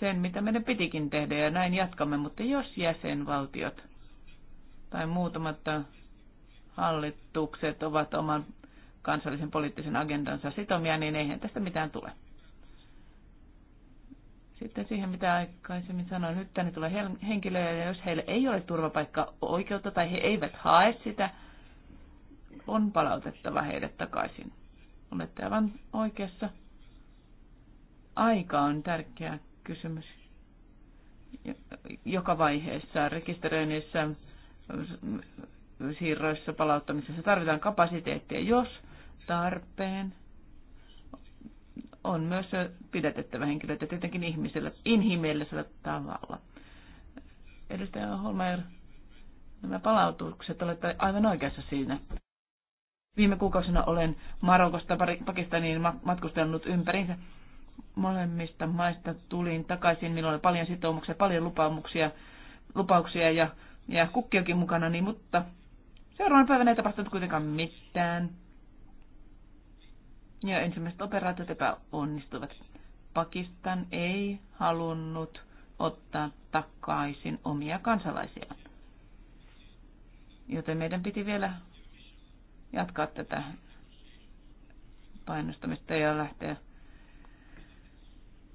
sen, mitä meidän pitikin tehdä ja näin jatkamme, mutta jos jäsenvaltiot tai muutamat hallitukset ovat oman kansallisen poliittisen agendansa sitomia, niin eihän tästä mitään tule. Sitten siihen, mitä aikaisemmin sanoin, nyt tänne tulee henkilöjä, ja jos heillä ei ole turvapaikka-oikeutta tai he eivät hae sitä, on palautettava heidät takaisin. Olette aivan oikeassa. Aika on tärkeä kysymys. Joka vaiheessa, rekisteröinnissä, siirroissa, palauttamisessa tarvitaan kapasiteettia, jos tarpeen on myös pidätettävä henkilöitä tietenkin ihmisellä, inhimillisellä tavalla. Edustaja Holmeier, nämä palautukset olette aivan oikeassa siinä. Viime kuukausina olen Marokosta Pakistaniin matkustanut ympäriinsä. Molemmista maista tulin takaisin. Minulla oli paljon sitoumuksia, paljon lupauksia, lupauksia ja, ja kukkiakin mukana, niin, mutta seuraavana päivänä ei tapahtunut kuitenkaan mitään. Ja ensimmäiset operaatiot epäonnistuivat. Pakistan ei halunnut ottaa takaisin omia kansalaisiaan. Joten meidän piti vielä jatkaa tätä painostamista ja lähteä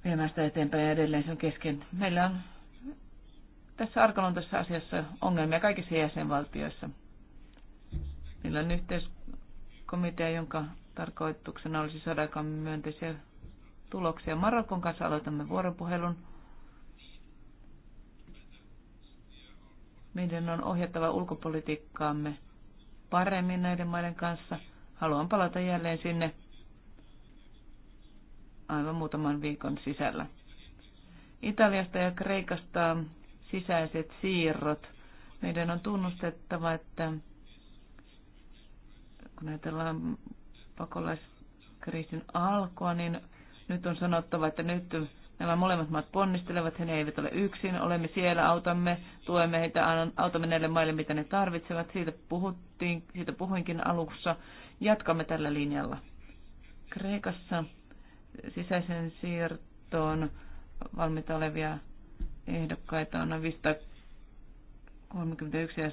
viemään sitä eteenpäin ja edelleen se on kesken. Meillä on tässä Arkalon tässä asiassa ongelmia kaikissa jäsenvaltioissa. Meillä on yhteiskomitea, jonka Tarkoituksena olisi saada aikaan myönteisiä tuloksia. Marokon kanssa aloitamme vuoropuhelun. Meidän on ohjattava ulkopolitiikkaamme paremmin näiden maiden kanssa. Haluan palata jälleen sinne aivan muutaman viikon sisällä. Italiasta ja Kreikasta sisäiset siirrot. Meidän on tunnustettava, että kun ajatellaan pakolaiskriisin alkua, niin nyt on sanottava, että nyt nämä molemmat maat ponnistelevat, he eivät ole yksin, olemme siellä, autamme, tuemme heitä, autamme näille maille, mitä ne tarvitsevat. Siitä, puhuttiin, siitä puhuinkin alussa. Jatkamme tällä linjalla. Kreikassa sisäisen siirtoon valmiita olevia ehdokkaita on 531 ja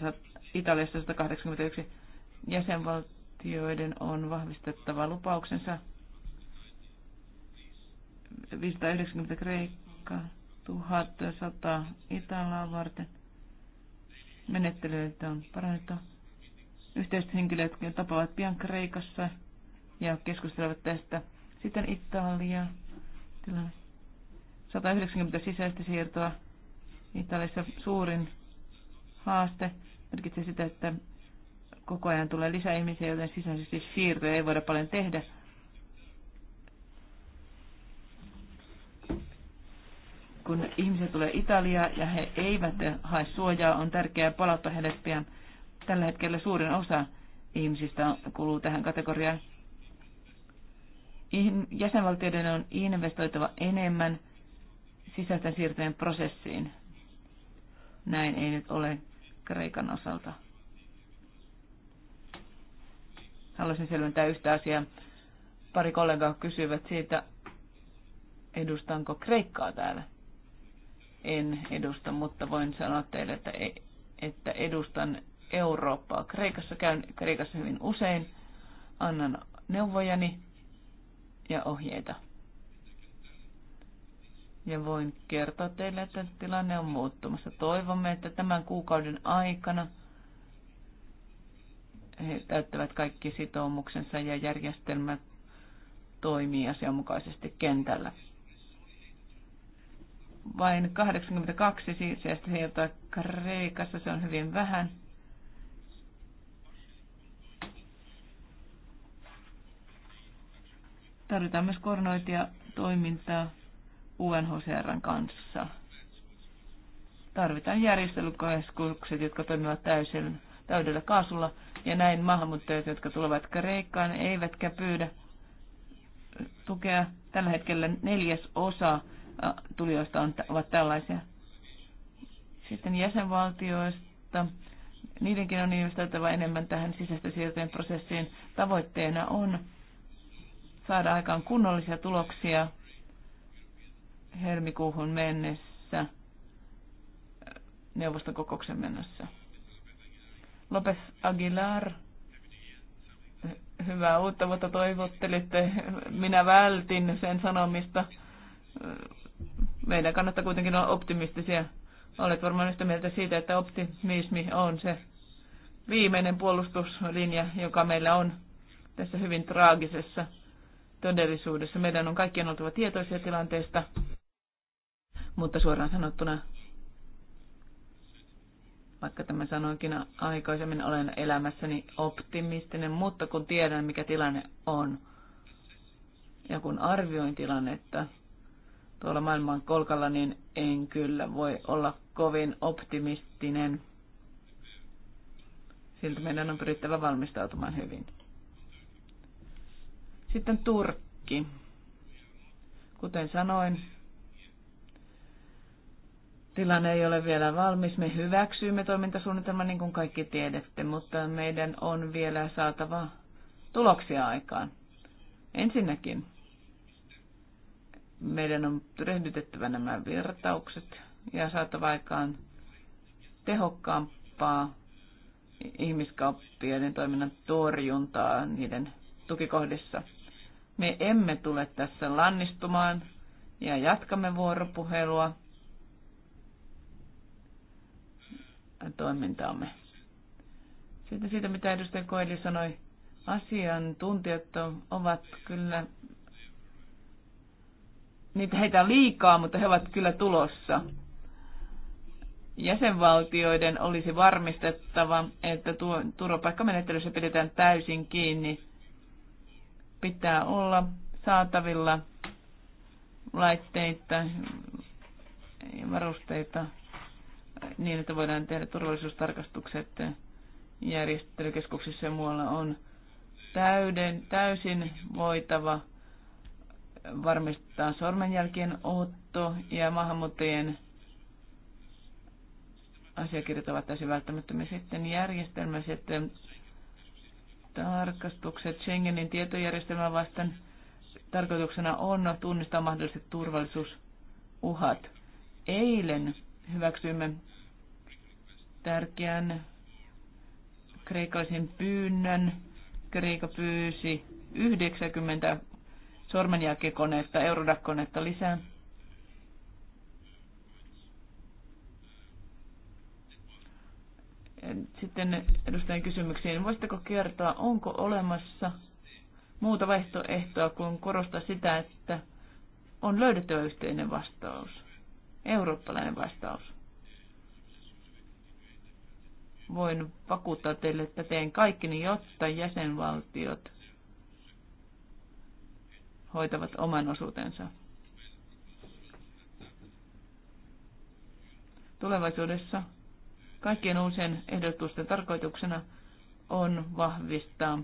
Italiassa 181 jäsenvaltio jäsenvaltioiden on vahvistettava lupauksensa. 590 Kreikka, 1100 Italiaa varten. Menettelyitä on parannettu. Yhteistyöhenkilöt tapaavat pian Kreikassa ja keskustelevat tästä. Sitten Italia. Tilanne. 190 sisäistä siirtoa. Italiassa suurin haaste merkitsee sitä, että Koko ajan tulee lisää ihmisiä, joten sisäisesti siirtoja ei voida paljon tehdä. Kun ihmiset tulee Italiaan ja he eivät hae suojaa, on tärkeää palata heille pian. Tällä hetkellä suurin osa ihmisistä kuuluu tähän kategoriaan. Jäsenvaltioiden on investoitava enemmän sisäisten siirtojen prosessiin. Näin ei nyt ole Kreikan osalta. Haluaisin selventää yhtä asiaa. Pari kollegaa kysyivät siitä, edustanko Kreikkaa täällä. En edusta, mutta voin sanoa teille, että, e- että edustan Eurooppaa. Kreikassa käyn Kreikassa hyvin usein, annan neuvojani ja ohjeita. Ja voin kertoa teille, että tilanne on muuttumassa. Toivomme, että tämän kuukauden aikana – he täyttävät kaikki sitoumuksensa ja järjestelmät toimii asianmukaisesti kentällä. Vain 82 siirsiäistä siirtoa Kreikassa, se on hyvin vähän. Tarvitaan myös koordinointia toimintaa UNHCRn kanssa. Tarvitaan järjestelykeskukset, jotka toimivat täysin, täydellä kaasulla ja näin maahanmuuttajat, jotka tulevat Kreikkaan, eivätkä pyydä tukea. Tällä hetkellä neljäs osa tulijoista on, ovat tällaisia. Sitten jäsenvaltioista. Niidenkin on investoitava enemmän tähän sisäistä siirtojen prosessiin. Tavoitteena on saada aikaan kunnollisia tuloksia helmikuuhun mennessä neuvostokokouksen mennessä. Lopes Aguilar, hyvää uutta vuotta toivottelitte. Minä vältin sen sanomista. Meidän kannattaa kuitenkin olla optimistisia. Olet varmaan yhtä mieltä siitä, että optimismi on se viimeinen puolustuslinja, joka meillä on tässä hyvin traagisessa todellisuudessa. Meidän on kaikkien oltava tietoisia tilanteesta, mutta suoraan sanottuna vaikka tämä sanoinkin aikaisemmin, olen elämässäni optimistinen, mutta kun tiedän, mikä tilanne on, ja kun arvioin tilannetta tuolla maailman kolkalla, niin en kyllä voi olla kovin optimistinen. Silti meidän on pyrittävä valmistautumaan hyvin. Sitten Turkki. Kuten sanoin, Tilanne ei ole vielä valmis. Me hyväksyimme toimintasuunnitelman, niin kuin kaikki tiedätte, mutta meidän on vielä saatava tuloksia aikaan. Ensinnäkin meidän on ryhdytettävä nämä virtaukset ja saatava aikaan tehokkaampaa ihmiskauppien toiminnan torjuntaa niiden tukikohdissa. Me emme tule tässä lannistumaan ja jatkamme vuoropuhelua toimintaamme. Sitten siitä, mitä edustaja Koeli sanoi, asiantuntijat ovat kyllä, niitä heitä on liikaa, mutta he ovat kyllä tulossa. Jäsenvaltioiden olisi varmistettava, että tuo turvapaikkamenettelyssä pidetään täysin kiinni. Pitää olla saatavilla laitteita ja varusteita niin, että voidaan tehdä turvallisuustarkastukset järjestelykeskuksissa ja muualla on täyden, täysin voitava varmistaa sormenjälkien otto ja maahanmuuttajien asiakirjat ovat täysin välttämättömiä. Sitten järjestelmäiset tarkastukset Schengenin tietojärjestelmää vasten tarkoituksena on tunnistaa mahdolliset turvallisuusuhat. Eilen hyväksyimme tärkeän kreikalaisen pyynnön. Kreikka pyysi 90 sormenjälkekoneetta, Eurodakkonetta lisää. Sitten edustajan kysymyksiin. Voisitteko kertoa, onko olemassa muuta vaihtoehtoa kuin korostaa sitä, että on löydettävä yhteinen vastaus, eurooppalainen vastaus? voin vakuuttaa teille, että teen kaikkeni, jotta jäsenvaltiot hoitavat oman osuutensa. Tulevaisuudessa kaikkien uusien ehdotusten tarkoituksena on vahvistaa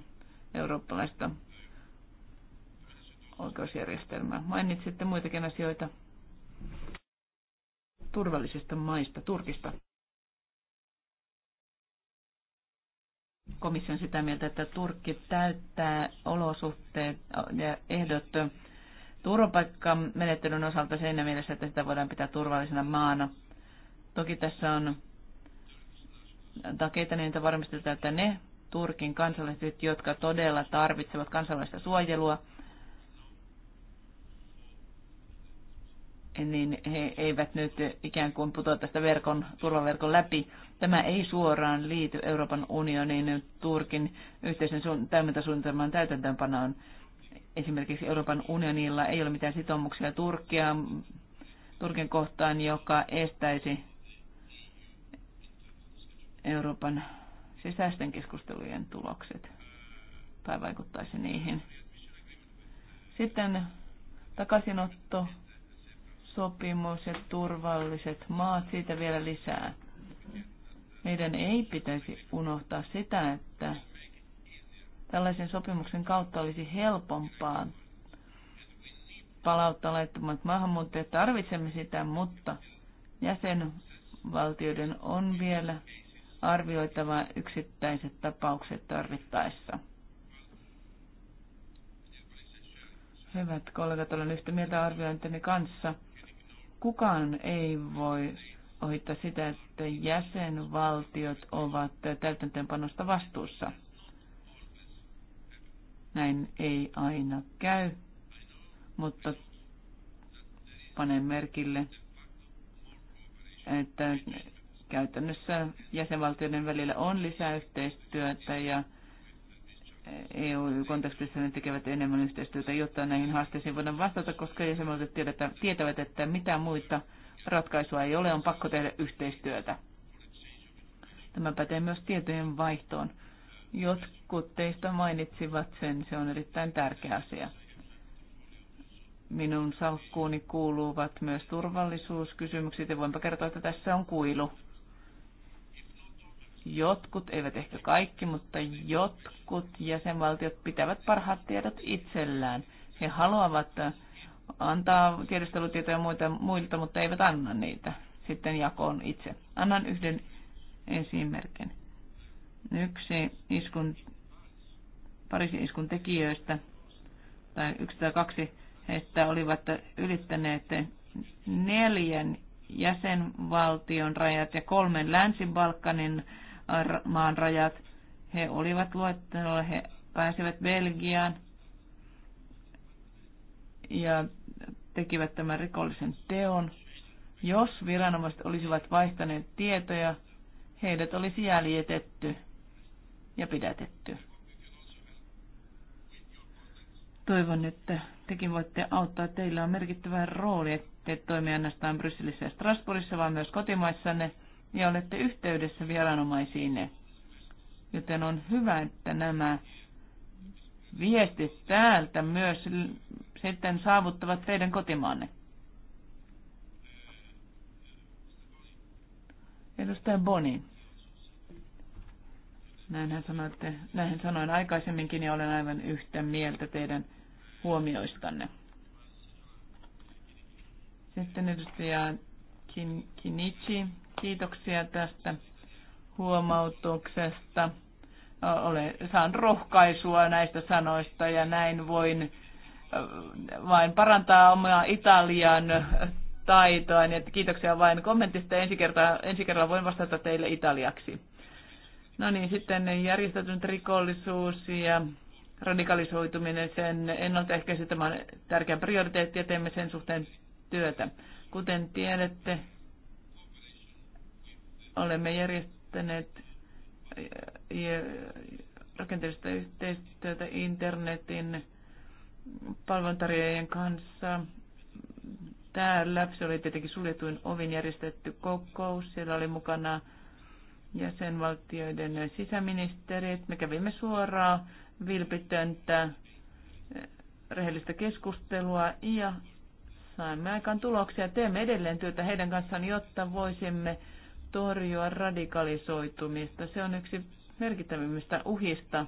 eurooppalaista oikeusjärjestelmää. Mainitsitte muitakin asioita turvallisista maista, Turkista. komission sitä mieltä, että Turkki täyttää olosuhteet ja ehdot turvapaikkamenettelyn osalta siinä mielessä, että sitä voidaan pitää turvallisena maana. Toki tässä on takeita niin, että varmistetaan, että ne Turkin kansalaiset, jotka todella tarvitsevat kansalaista suojelua, niin he eivät nyt ikään kuin putoa tästä verkon, turvaverkon läpi. Tämä ei suoraan liity Euroopan unionin Turkin yhteisen toimintasuunnitelman täytäntöönpanoon. Esimerkiksi Euroopan unionilla ei ole mitään sitoumuksia Turkia Turkin kohtaan, joka estäisi Euroopan sisäisten keskustelujen tulokset tai vaikuttaisi niihin. Sitten takaisinotto, sopimus ja turvalliset maat, siitä vielä lisää. Meidän ei pitäisi unohtaa sitä, että tällaisen sopimuksen kautta olisi helpompaa palauttaa laittomat maahanmuuttajat. Tarvitsemme sitä, mutta jäsenvaltioiden on vielä arvioitava yksittäiset tapaukset tarvittaessa. Hyvät kollegat, olen yhtä mieltä arviointini kanssa. Kukaan ei voi ohittaa sitä, että jäsenvaltiot ovat täytäntöönpanosta vastuussa. Näin ei aina käy, mutta panen merkille, että käytännössä jäsenvaltioiden välillä on lisää yhteistyötä ja EU-kontekstissa ne tekevät enemmän yhteistyötä, jotta näihin haasteisiin voidaan vastata, koska jäsenvaltiot tietävät, että mitä muita ratkaisua ei ole, on pakko tehdä yhteistyötä. Tämä pätee myös tietojen vaihtoon. Jotkut teistä mainitsivat sen, se on erittäin tärkeä asia. Minun salkkuuni kuuluvat myös turvallisuuskysymykset ja voinpa kertoa, että tässä on kuilu. Jotkut, eivät ehkä kaikki, mutta jotkut jäsenvaltiot pitävät parhaat tiedot itsellään. He haluavat antaa tiedustelutietoja muilta, muilta, mutta eivät anna niitä sitten jakoon itse. Annan yhden esimerkin. Yksi iskun, Pariisin iskun tekijöistä, tai yksi tai kaksi heistä olivat ylittäneet neljän jäsenvaltion rajat ja kolmen Länsi-Balkanin maan rajat. He olivat luettelolla, he pääsivät Belgiaan, ja tekivät tämän rikollisen teon. Jos viranomaiset olisivat vaihtaneet tietoja, heidät olisi jäljitetty ja pidätetty. Toivon, että tekin voitte auttaa. Teillä on merkittävä rooli, te toimii ainoastaan Brysselissä ja Strasbourgissa, vaan myös kotimaissanne ja olette yhteydessä viranomaisiinne. Joten on hyvä, että nämä viestit täältä myös sitten saavuttavat teidän kotimaanne. Edustaja Boni. Näinhän sanoitte, näinhän sanoin aikaisemminkin ja olen aivan yhtä mieltä teidän huomioistanne. Sitten edustaja Kinichi, kiitoksia tästä huomautuksesta olen, saan rohkaisua näistä sanoista ja näin voin vain parantaa omaa Italian taitoa. Niin että kiitoksia vain kommentista. Ensi kerralla, ensi kerralla voin vastata teille italiaksi. No niin, sitten järjestäytynyt rikollisuus ja radikalisoituminen, sen ennaltaehkäisy, tämä on tärkeä prioriteetti ja teemme sen suhteen työtä. Kuten tiedätte, olemme järjestäneet rakenteellista yhteistyötä internetin palveluntarjoajien kanssa. Täällä se oli tietenkin suljetuin ovin järjestetty kokous. Siellä oli mukana jäsenvaltioiden sisäministerit. Me kävimme suoraa, vilpitöntä, eh, rehellistä keskustelua ja saimme aikaan tuloksia. Teemme edelleen työtä heidän kanssaan, jotta voisimme torjua radikalisoitumista. Se on yksi merkittävimmistä uhista,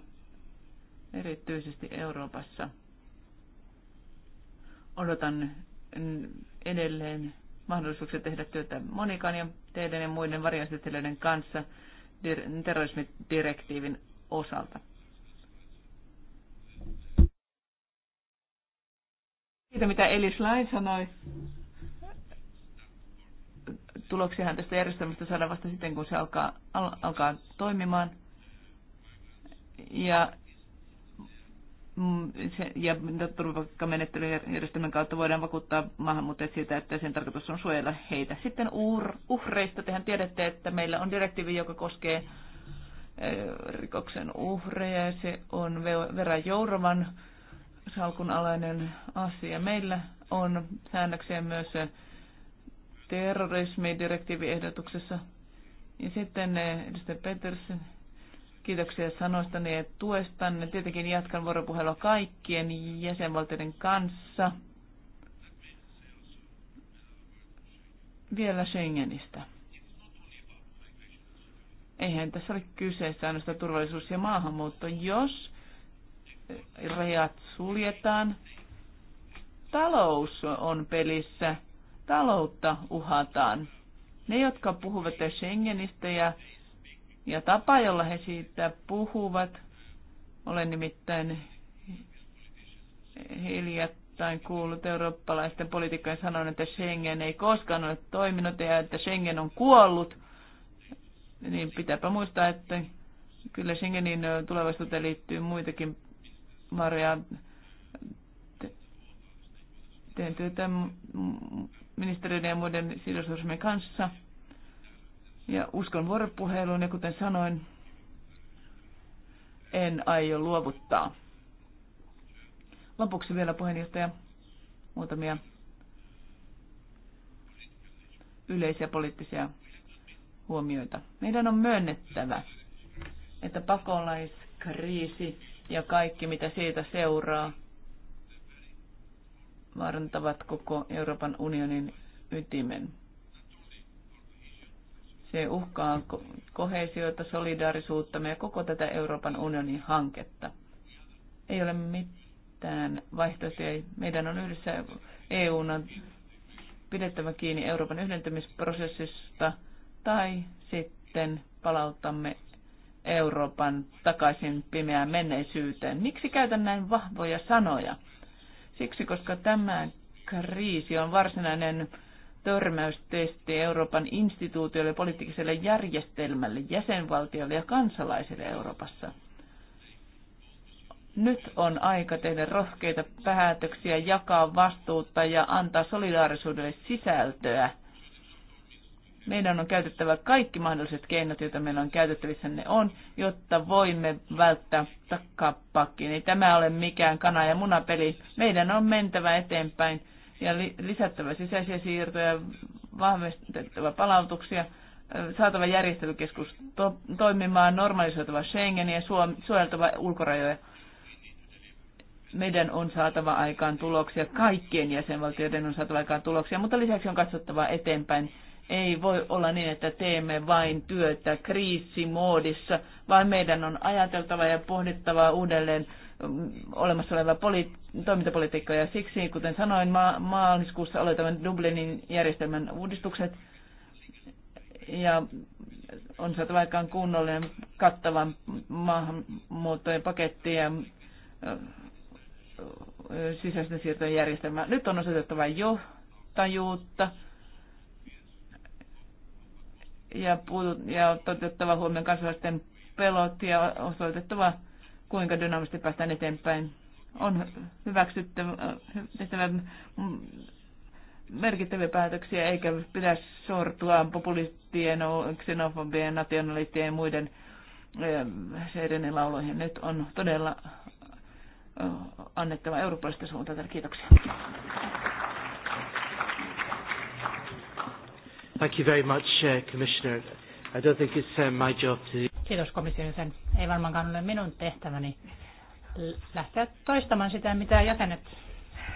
erityisesti Euroopassa. Odotan edelleen mahdollisuuksia tehdä työtä Monikan ja teidän ja muiden varjoesittelijöiden kanssa terrorismidirektiivin osalta. Siitä, mitä Elis Lain sanoi, tuloksiahan tästä järjestelmästä saadaan vasta sitten, kun se alkaa, al, alkaa toimimaan. Ja, mm, se, ja turvapaikkamenettelyjärjestelmän kautta voidaan vakuuttaa maahanmuuttajat siitä, että sen tarkoitus on suojella heitä. Sitten uhr, uhreista. Tehän tiedätte, että meillä on direktiivi, joka koskee rikoksen uhreja. se on Vera Jourovan salkun alainen asia. Meillä on säännöksiä myös terrorismidirektiiviehdotuksessa. Ja sitten eh, edustaja Petersen, kiitoksia sanoistani ja tuestanne. Tietenkin jatkan vuoropuhelua kaikkien jäsenvaltioiden kanssa. Vielä Schengenistä. Eihän tässä ole kyseessä ainoastaan turvallisuus ja maahanmuutto. Jos eh, rajat suljetaan, talous on pelissä – taloutta uhataan. Ne, jotka puhuvat Schengenistä ja, ja tapa, jolla he siitä puhuvat, olen nimittäin hiljattain kuullut eurooppalaisten poliitikkojen sanon, että Schengen ei koskaan ole toiminut ja että Schengen on kuollut, niin pitääpä muistaa, että kyllä Schengenin tulevaisuuteen liittyy muitakin Maria teen työtä ministeriöiden ja muiden sidosryhmien kanssa. Ja uskon vuoropuheluun ja kuten sanoin, en aio luovuttaa. Lopuksi vielä puheenjohtaja muutamia yleisiä poliittisia huomioita. Meidän on myönnettävä, että pakolaiskriisi ja kaikki mitä siitä seuraa vaarantavat koko Euroopan unionin ytimen. Se uhkaa kohesioita, solidaarisuutta ja koko tätä Euroopan unionin hanketta. Ei ole mitään vaihtoehtoja. Meidän on yhdessä EU:n pidettävä kiinni Euroopan yhdentymisprosessista tai sitten palautamme Euroopan takaisin pimeään menneisyyteen. Miksi käytän näin vahvoja sanoja? Siksi, koska tämä kriisi on varsinainen törmäystesti Euroopan instituutioille, poliittiselle järjestelmälle, jäsenvaltioille ja kansalaisille Euroopassa. Nyt on aika tehdä rohkeita päätöksiä, jakaa vastuutta ja antaa solidaarisuudelle sisältöä. Meidän on käytettävä kaikki mahdolliset keinot, joita meillä on käytettävissä ne on, jotta voimme välttää takapakki. Ei tämä ole mikään kana- ja munapeli. Meidän on mentävä eteenpäin ja lisättävä sisäisiä siirtoja, vahvistettava palautuksia, saatava järjestelykeskus to- toimimaan, normalisoitava Schengen ja suojeltava ulkorajoja. Meidän on saatava aikaan tuloksia, kaikkien jäsenvaltioiden on saatava aikaan tuloksia, mutta lisäksi on katsottava eteenpäin ei voi olla niin, että teemme vain työtä kriisimoodissa, vaan meidän on ajateltava ja pohdittava uudelleen mm, olemassa oleva poli- toimintapolitiikka. Ja siksi, kuten sanoin, ma- maaliskuussa aloitamme Dublinin järjestelmän uudistukset ja on saatu aikaan kunnollinen kattavan maahanmuuttojen paketti ja sisäisten siirtojen järjestelmä. Nyt on osoitettava johtajuutta ja, puutut, ja toteuttava huomioon kansalaisten pelot ja osoitettava, kuinka dynaamisesti päästään eteenpäin. On hyväksyttävä, tehtävä merkittäviä päätöksiä, eikä pidä sortua populistien, xenofobien, nationalistien ja muiden eh, seirenen lauloihin. Nyt on todella eh, annettava eurooppalaisesta suuntaan. Kiitoksia. Thank you very much, uh, Commissioner. I don't think it's uh, my job to... Kiitos komission sen. Ei varmaankaan ole minun tehtäväni lähteä toistamaan sitä, mitä jäsenet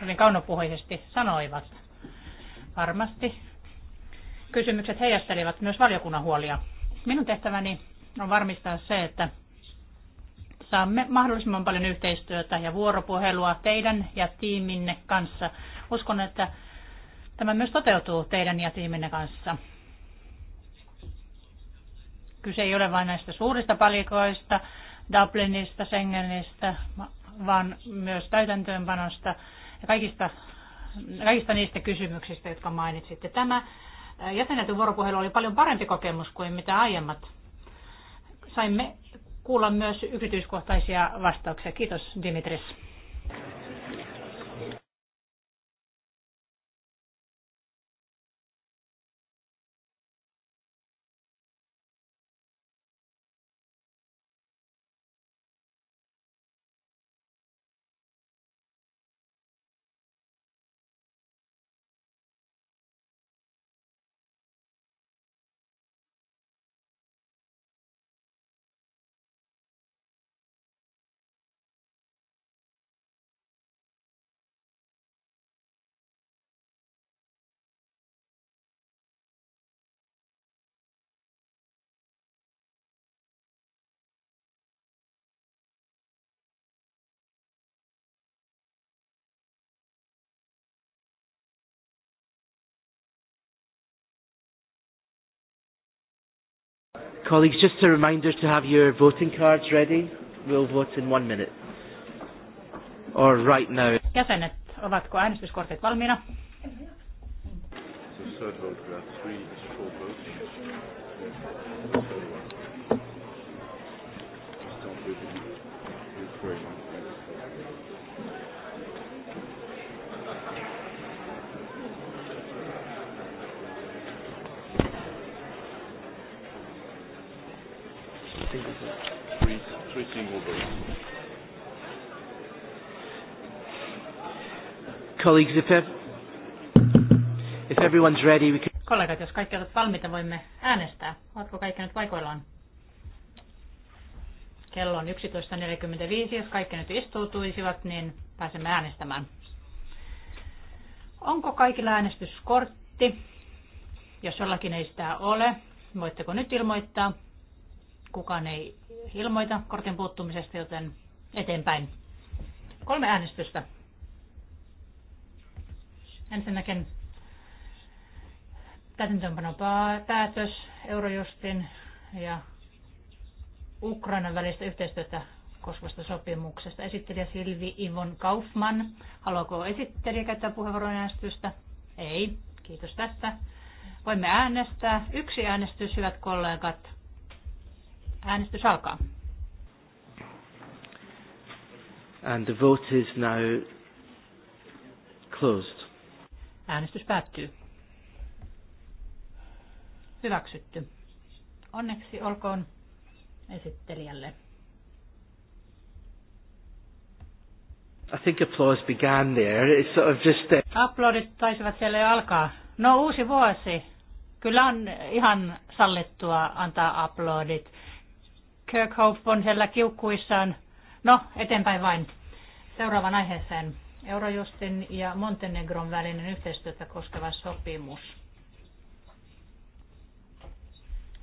hyvin kaunopuheisesti sanoivat. Varmasti kysymykset heijastelivat myös valiokunnan huolia. Minun tehtäväni on varmistaa se, että saamme mahdollisimman paljon yhteistyötä ja vuoropuhelua teidän ja tiiminne kanssa. Uskon, että Tämä myös toteutuu teidän ja tiiminne kanssa. Kyse ei ole vain näistä suurista palikoista, Dublinista, Schengenistä, vaan myös täytäntöönpanosta ja kaikista, kaikista niistä kysymyksistä, jotka mainitsitte. Tämä jäsenetyn vuoropuhelu oli paljon parempi kokemus kuin mitä aiemmat. Saimme kuulla myös yksityiskohtaisia vastauksia. Kiitos Dimitris. Colleagues, just a reminder to have your voting cards ready. We'll vote in one minute. Or right now. Jäsenet, ovatko äänestyskortit valmiina? So third vote, three, three single votes. Colleagues, if, if everyone's ready, we can... Kollegat, jos kaikki ovat valmiita, voimme äänestää. Oletko kaikki nyt paikoillaan? Kello on 11.45. Jos kaikki nyt istuutuisivat, niin pääsemme äänestämään. Onko kaikilla äänestyskortti? Jos jollakin ei sitä ole, voitteko nyt ilmoittaa? Kukaan ei ilmoita kortin puuttumisesta, joten eteenpäin. Kolme äänestystä. Ensinnäkin täytäntöönpano päätös Eurojustin ja Ukrainan välistä yhteistyötä koskevasta sopimuksesta. Esittelijä Silvi Ivon Kaufman. Haluaako esittelijä käyttää puheenvuoron äänestystä? Ei. Kiitos tästä. Voimme äänestää. Yksi äänestys, hyvät kollegat. Äänestys alkaa. And the vote is now closed. Äänestys päättyy. Hyväksytty. Onneksi olkoon esittelijälle. I think applause began there. It's sort of just there. Aplodit taisivat siellä jo alkaa. No uusi vuosi. Kyllä on ihan sallittua antaa aplodit. Kirkhope von Hella kiukkuissaan. No, eteenpäin vain. Seuraavan aiheeseen. Eurojustin ja Montenegron välinen yhteistyötä koskeva sopimus.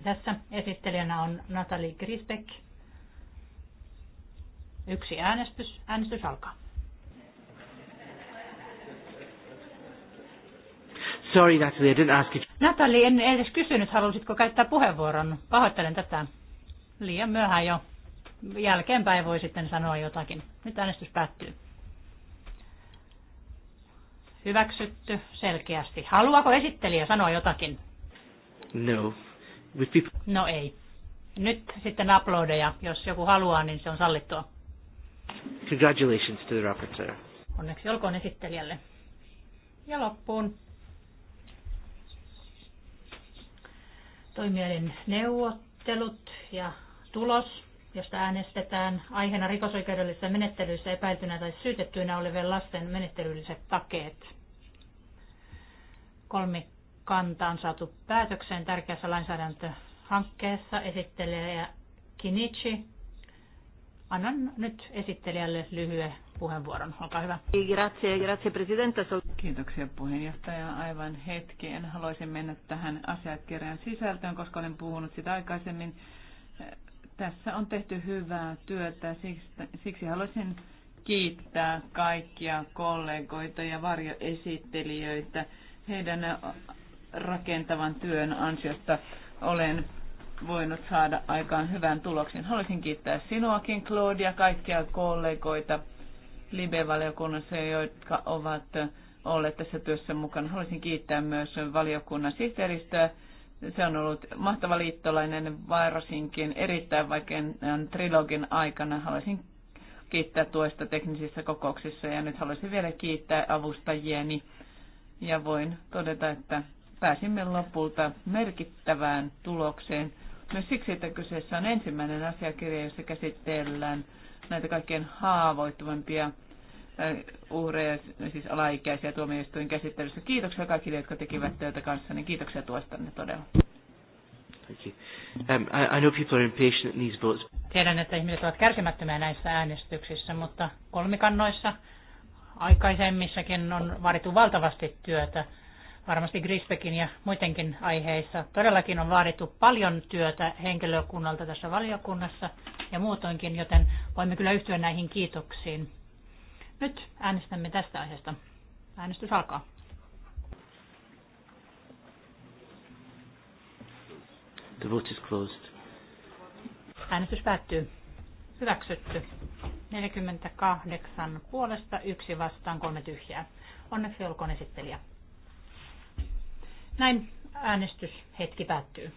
Tässä esittelijänä on Natali Grisbeck. Yksi äänestys. Äänestys alkaa. Sorry, Natalie, I didn't ask you. Natalie, en edes kysynyt, halusitko käyttää puheenvuoron. Pahoittelen tätä liian myöhään jo. Jälkeenpäin voi sitten sanoa jotakin. Nyt äänestys päättyy. Hyväksytty selkeästi. Haluaako esittelijä sanoa jotakin? No. People... No ei. Nyt sitten uploadeja. Jos joku haluaa, niin se on sallittua. Congratulations to the rapporteur. Onneksi olkoon esittelijälle. Ja loppuun. Toimijoiden neuvottelut ja tulos, josta äänestetään aiheena rikosoikeudellisessa menettelyssä epäiltynä tai syytettyinä olevien lasten menettelylliset takeet. Kolmi kanta on saatu päätökseen tärkeässä lainsäädäntöhankkeessa esittelijä Kinichi. Annan nyt esittelijälle lyhyen puheenvuoron. Olkaa hyvä. Grazie, grazie presidente. Kiitoksia puheenjohtaja. Aivan hetki. En haluaisin mennä tähän asiakirjan sisältöön, koska olen puhunut sitä aikaisemmin tässä on tehty hyvää työtä, siksi, siksi haluaisin kiittää kaikkia kollegoita ja varjoesittelijöitä heidän rakentavan työn ansiosta. Olen voinut saada aikaan hyvän tuloksen. Haluaisin kiittää sinuakin, Claudia, kaikkia kollegoita Libe-valiokunnassa, jotka ovat olleet tässä työssä mukana. Haluaisin kiittää myös valiokunnan sihteeristöä se on ollut mahtava liittolainen varsinkin erittäin vaikean äh, trilogin aikana. Haluaisin kiittää tuesta teknisissä kokouksissa ja nyt haluaisin vielä kiittää avustajieni. Ja voin todeta, että pääsimme lopulta merkittävään tulokseen. Myös siksi, että kyseessä on ensimmäinen asiakirja, jossa käsitellään näitä kaikkein haavoittuvimpia uhreja, siis alaikäisiä tuomioistuin käsittelyssä. Kiitoksia kaikille, jotka tekivät työtä kanssa, niin kiitoksia tuostanne todella. Thank you. Um, I, I know people are impatient in these votes. Tiedän, että ihmiset ovat kärsimättömiä näissä äänestyksissä, mutta kolmikannoissa aikaisemmissakin on vaadittu valtavasti työtä. Varmasti Grisbekin ja muidenkin aiheissa. Todellakin on vaadittu paljon työtä henkilökunnalta tässä valiokunnassa ja muutoinkin, joten voimme kyllä yhtyä näihin kiitoksiin. Nyt äänestämme tästä aiheesta. Äänestys alkaa. The vote is closed. Äänestys päättyy. Hyväksytty. 48 puolesta, yksi vastaan, kolme tyhjää. Onneksi olkoon esittelijä. Näin äänestyshetki päättyy.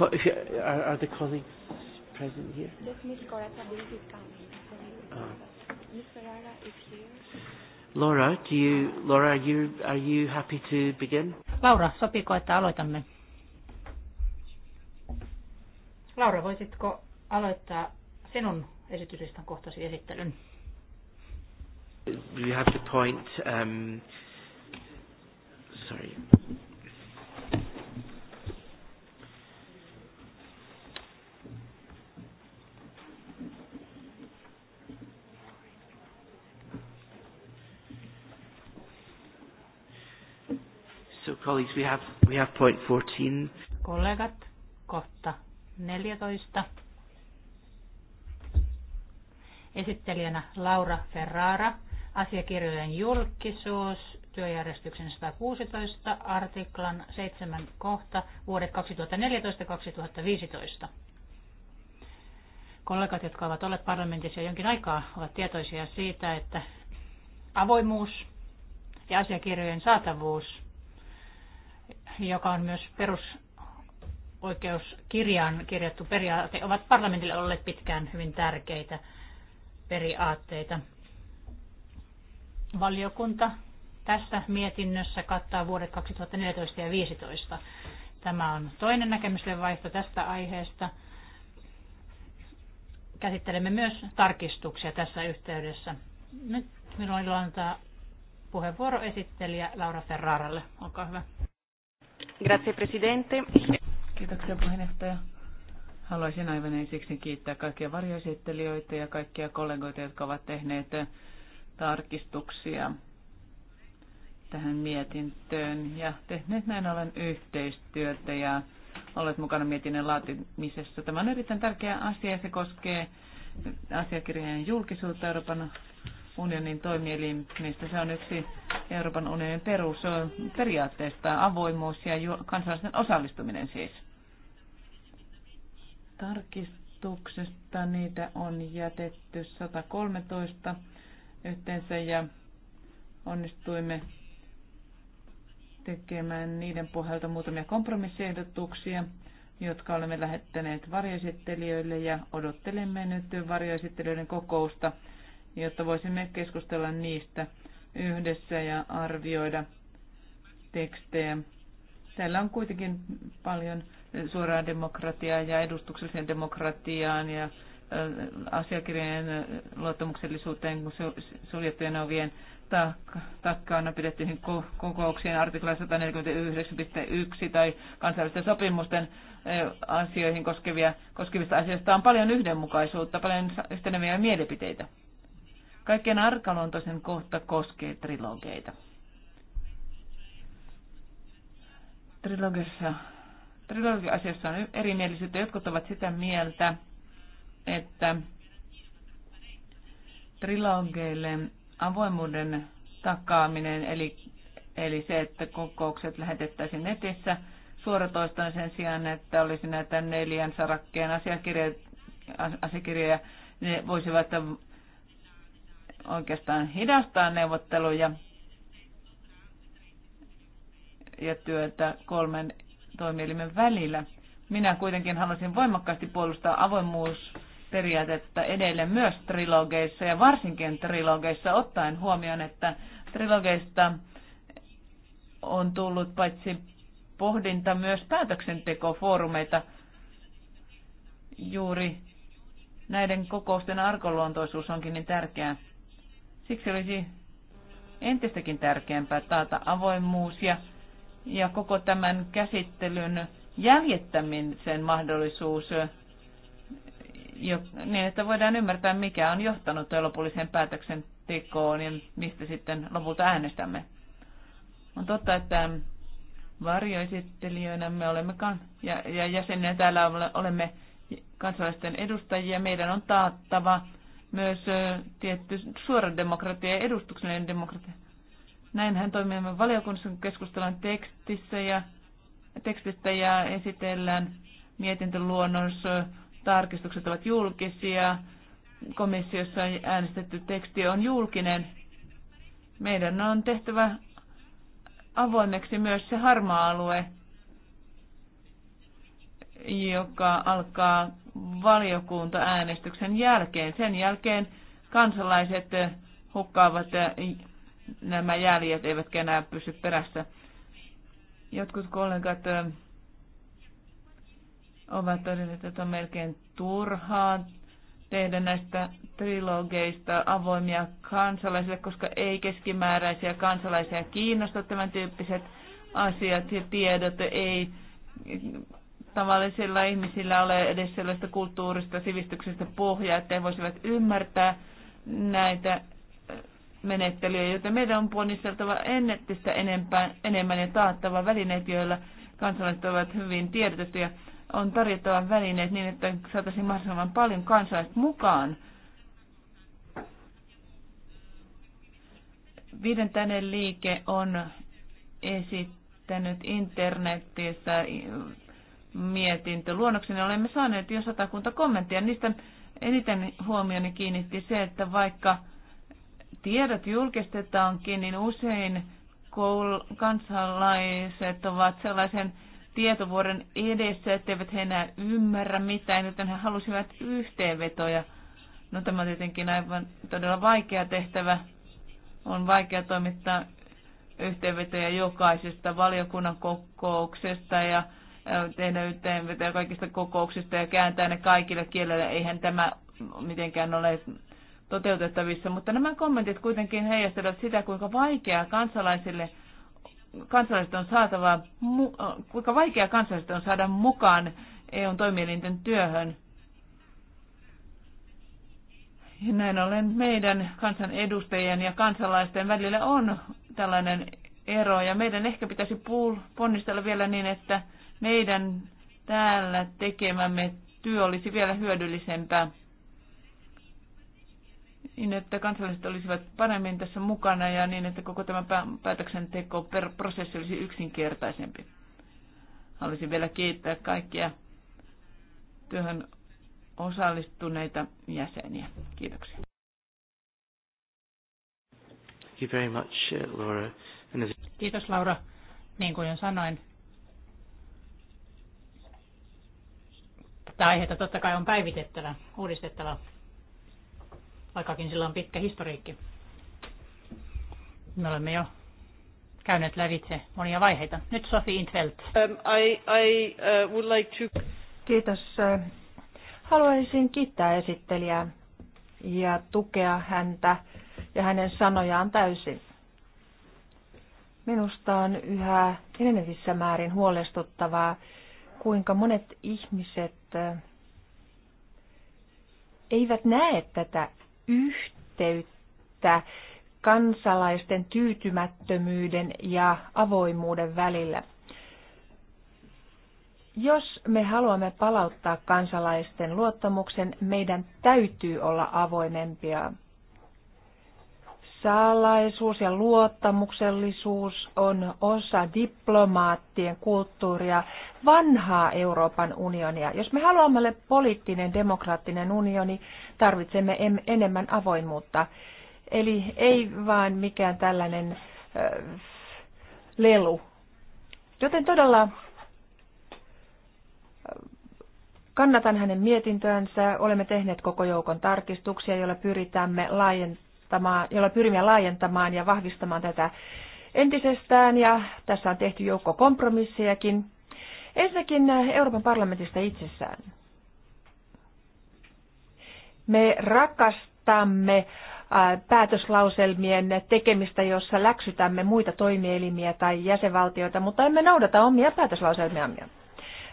co- are, are the colleagues present here? Yes, Ms. Coretta, believe ah. is coming. Ferrara is here. Laura, do you, Laura, are you, are you happy to begin? Laura, sopiko, että aloitamme? Laura, voisitko aloittaa sinun esityslistan kohtasi esittelyn? You have the point um, Colleagues, we have, we have point 14. Kollegat, kohta 14. Esittelijänä Laura Ferrara, asiakirjojen julkisuus, työjärjestyksen 116, artiklan 7 kohta, vuodet 2014-2015. Kollegat, jotka ovat olleet parlamentissa jo jonkin aikaa, ovat tietoisia siitä, että avoimuus ja asiakirjojen saatavuus joka on myös perusoikeuskirjaan kirjattu periaate, ovat parlamentille olleet pitkään hyvin tärkeitä periaatteita. Valiokunta tässä mietinnössä kattaa vuodet 2014 ja 2015. Tämä on toinen näkemysten vaihto tästä aiheesta. Käsittelemme myös tarkistuksia tässä yhteydessä. Nyt minulla on ilo antaa puheenvuoro esittelijä Laura Ferraralle. Olkaa hyvä. Grazie Presidente. Kiitoksia puheenjohtaja. Haluaisin aivan ensiksi kiittää kaikkia varjoesittelijöitä ja kaikkia kollegoita, jotka ovat tehneet tarkistuksia tähän mietintöön ja tehneet näin ollen yhteistyötä ja olet mukana mietinnön laatimisessa. Tämä on erittäin tärkeä asia ja se koskee asiakirjojen julkisuutta Euroopan unionin toimielimistä. Se on yksi Euroopan unionin periaatteista avoimuus ja kansalaisten osallistuminen siis. Tarkistuksesta niitä on jätetty 113 yhteensä ja onnistuimme tekemään niiden pohjalta muutamia kompromissiehdotuksia, jotka olemme lähettäneet varjoesittelijöille ja odottelemme nyt varjoesittelijöiden kokousta jotta voisimme keskustella niistä yhdessä ja arvioida tekstejä. Täällä on kuitenkin paljon suoraa demokratiaa ja edustukselliseen demokratiaan ja asiakirjojen luottamuksellisuuteen suljettujen ovien takkaana pidettyihin kokouksiin artikla 149.1 tai kansainvälisten sopimusten asioihin koskevia, koskevista asioista on paljon yhdenmukaisuutta, paljon yhteneviä mielipiteitä. Kaikkein arkaluontoisen kohta koskee trilogeita. Trilogissa, trilogiasiassa on erimielisyyttä. Jotkut ovat sitä mieltä, että trilogeille avoimuuden takaaminen, eli, eli se, että kokoukset lähetettäisiin netissä suoratoistoon sen sijaan, että olisi näitä neljän sarakkeen asiakirjoja, asiakirjoja ne voisivat oikeastaan hidastaa neuvotteluja ja työtä kolmen toimielimen välillä. Minä kuitenkin haluaisin voimakkaasti puolustaa avoimuusperiaatetta edelleen myös trilogeissa ja varsinkin trilogeissa ottaen huomioon, että trilogeista on tullut paitsi pohdinta myös päätöksentekofoorumeita juuri näiden kokousten arkoluontoisuus onkin niin tärkeää. Siksi olisi entistäkin tärkeämpää taata avoimuus ja, ja koko tämän käsittelyn jäljittämisen mahdollisuus, jo, niin että voidaan ymmärtää, mikä on johtanut lopulliseen päätöksentekoon ja mistä sitten lopulta äänestämme. On totta, että varjoesittelijöinä me olemme kan- ja, ja jäseninä täällä olemme kansalaisten edustajia. Meidän on taattava myös tietty suora demokratia ja edustuksellinen demokratia. Näinhän toimimme valiokunnassa, kun keskustellaan tekstissä ja, tekstistä ja esitellään mietintöluonnos. Tarkistukset ovat julkisia. Komissiossa äänestetty teksti on julkinen. Meidän on tehtävä avoimeksi myös se harmaa alue, joka alkaa valiokuntaäänestyksen jälkeen. Sen jälkeen kansalaiset eh, hukkaavat eh, nämä jäljet, eivät enää pysy perässä. Jotkut kollegat eh, ovat todenneet, että on melkein turhaa tehdä näistä trilogeista avoimia kansalaisille, koska ei keskimääräisiä kansalaisia kiinnosta tämän tyyppiset asiat ja tiedot, ei tavallisilla ihmisillä ole edes sellaista kulttuurista, sivistyksestä pohjaa, että he voisivat ymmärtää näitä menettelyjä, joten meidän on ponnisteltava ennettistä enempää, enemmän ja taattava välineet, joilla kansalaiset ovat hyvin tiedotettuja. On tarjottava välineet niin, että saataisiin mahdollisimman paljon kansalaiset mukaan. Viidentäinen liike on esittänyt internetissä mietintö luonnoksen olemme saaneet jo satakunta kommenttia. Niistä eniten huomioni kiinnitti se, että vaikka tiedot julkistetaankin, niin usein kansalaiset ovat sellaisen tietovuoden edessä, etteivät he enää ymmärrä mitään, joten he halusivat yhteenvetoja. No tämä on tietenkin aivan todella vaikea tehtävä. On vaikea toimittaa yhteenvetoja jokaisesta valiokunnan kokouksesta ja tehdä yhteenvetoja kaikista kokouksista ja kääntää ne kaikille kielelle. Eihän tämä mitenkään ole toteutettavissa, mutta nämä kommentit kuitenkin heijastelevat sitä, kuinka vaikeaa kansalaisille kansalaiset on saatava, kuinka vaikeaa kansalaiset on saada mukaan EUn toimielinten työhön. Ja näin ollen meidän kansanedustajien ja kansalaisten välillä on tällainen ero, ja meidän ehkä pitäisi ponnistella vielä niin, että meidän täällä tekemämme työ olisi vielä hyödyllisempää niin, että kansalaiset olisivat paremmin tässä mukana ja niin, että koko tämä päätöksenteko per prosessi olisi yksinkertaisempi. Haluaisin vielä kiittää kaikkia työhön osallistuneita jäseniä. Kiitoksia. Uh, Kiitos Laura. Niin kuin jo sanoin, Tätä aihetta totta kai on päivitettävä, uudistettava, vaikkakin sillä on pitkä historiikki. Me olemme jo käyneet lävitse monia vaiheita. Nyt Sofi Intveld. Um, I, I, uh, would like to... Kiitos. Haluaisin kiittää esittelijää ja tukea häntä ja hänen sanojaan täysin. Minusta on yhä enenevissä määrin huolestuttavaa, kuinka monet ihmiset eivät näe tätä yhteyttä kansalaisten tyytymättömyyden ja avoimuuden välillä. Jos me haluamme palauttaa kansalaisten luottamuksen, meidän täytyy olla avoimempia salaisuus ja luottamuksellisuus on osa diplomaattien kulttuuria, vanhaa Euroopan unionia. Jos me haluamme poliittinen demokraattinen unioni, tarvitsemme enemmän avoimuutta. Eli ei vaan mikään tällainen äh, lelu. Joten todella kannatan hänen mietintöänsä. Olemme tehneet koko joukon tarkistuksia, joilla pyritämme laajentamaan laajentamaan, jolla pyrimme laajentamaan ja vahvistamaan tätä entisestään ja tässä on tehty joukko kompromissejakin. Ensinnäkin äh, Euroopan parlamentista itsessään. Me rakastamme äh, päätöslauselmien tekemistä, jossa läksytämme muita toimielimiä tai jäsenvaltioita, mutta emme noudata omia päätöslauselmiamme.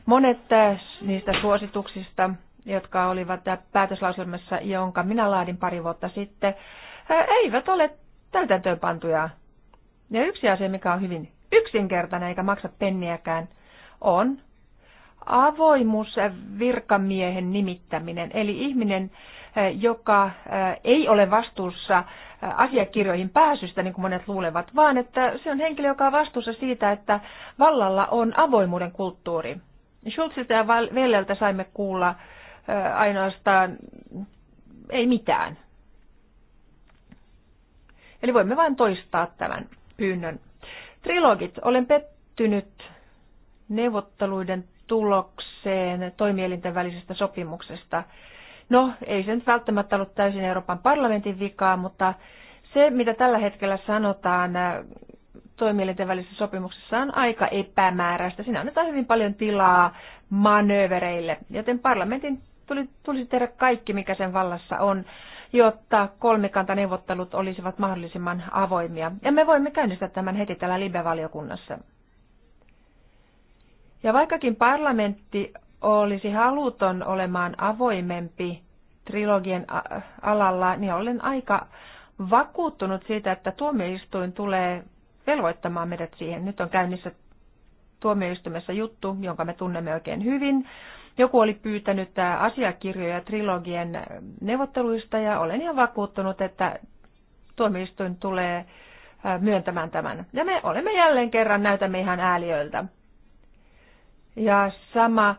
Monet äh, niistä suosituksista, jotka olivat päätöslauselmassa, jonka minä laadin pari vuotta sitten, eivät ole täytäntöönpantuja. Ja yksi asia, mikä on hyvin yksinkertainen eikä maksa penniäkään, on avoimuus virkamiehen nimittäminen. Eli ihminen, joka ei ole vastuussa asiakirjoihin pääsystä, niin kuin monet luulevat, vaan että se on henkilö, joka on vastuussa siitä, että vallalla on avoimuuden kulttuuri. Schultzilta ja Velleltä saimme kuulla ainoastaan ei mitään. Eli voimme vain toistaa tämän pyynnön. Trilogit. Olen pettynyt neuvotteluiden tulokseen toimielinten välisestä sopimuksesta. No, ei se nyt välttämättä ollut täysin Euroopan parlamentin vikaa, mutta se, mitä tällä hetkellä sanotaan äh, toimielinten välisessä sopimuksessa, on aika epämääräistä. Siinä annetaan hyvin paljon tilaa manöövereille, joten parlamentin tuli, tulisi tehdä kaikki, mikä sen vallassa on, jotta kolmikantaneuvottelut olisivat mahdollisimman avoimia. Ja me voimme käynnistää tämän heti täällä Libe-valiokunnassa. Ja vaikkakin parlamentti olisi haluton olemaan avoimempi trilogien alalla, niin olen aika vakuuttunut siitä, että tuomioistuin tulee velvoittamaan meidät siihen. Nyt on käynnissä tuomioistuimessa juttu, jonka me tunnemme oikein hyvin. Joku oli pyytänyt asiakirjoja trilogien neuvotteluista ja olen ihan vakuuttunut, että tuomioistuin tulee myöntämään tämän. Ja me olemme jälleen kerran, näytämme ihan ääliöiltä. Ja sama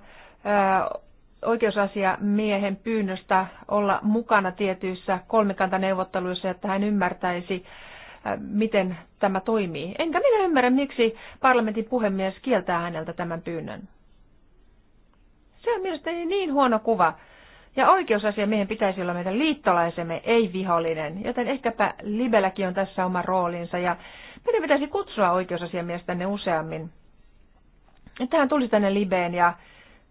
oikeusasia miehen pyynnöstä olla mukana tietyissä kolmikantaneuvotteluissa, että hän ymmärtäisi, miten tämä toimii. Enkä minä ymmärrä, miksi parlamentin puhemies kieltää häneltä tämän pyynnön. Se on mielestäni niin huono kuva. Ja oikeusasiamiehen pitäisi olla meidän liittolaisemme, ei vihollinen, joten ehkäpä Libelläkin on tässä oma roolinsa ja meidän pitäisi kutsua oikeusasiamies tänne useammin. Tähän tulisi tänne Libeen ja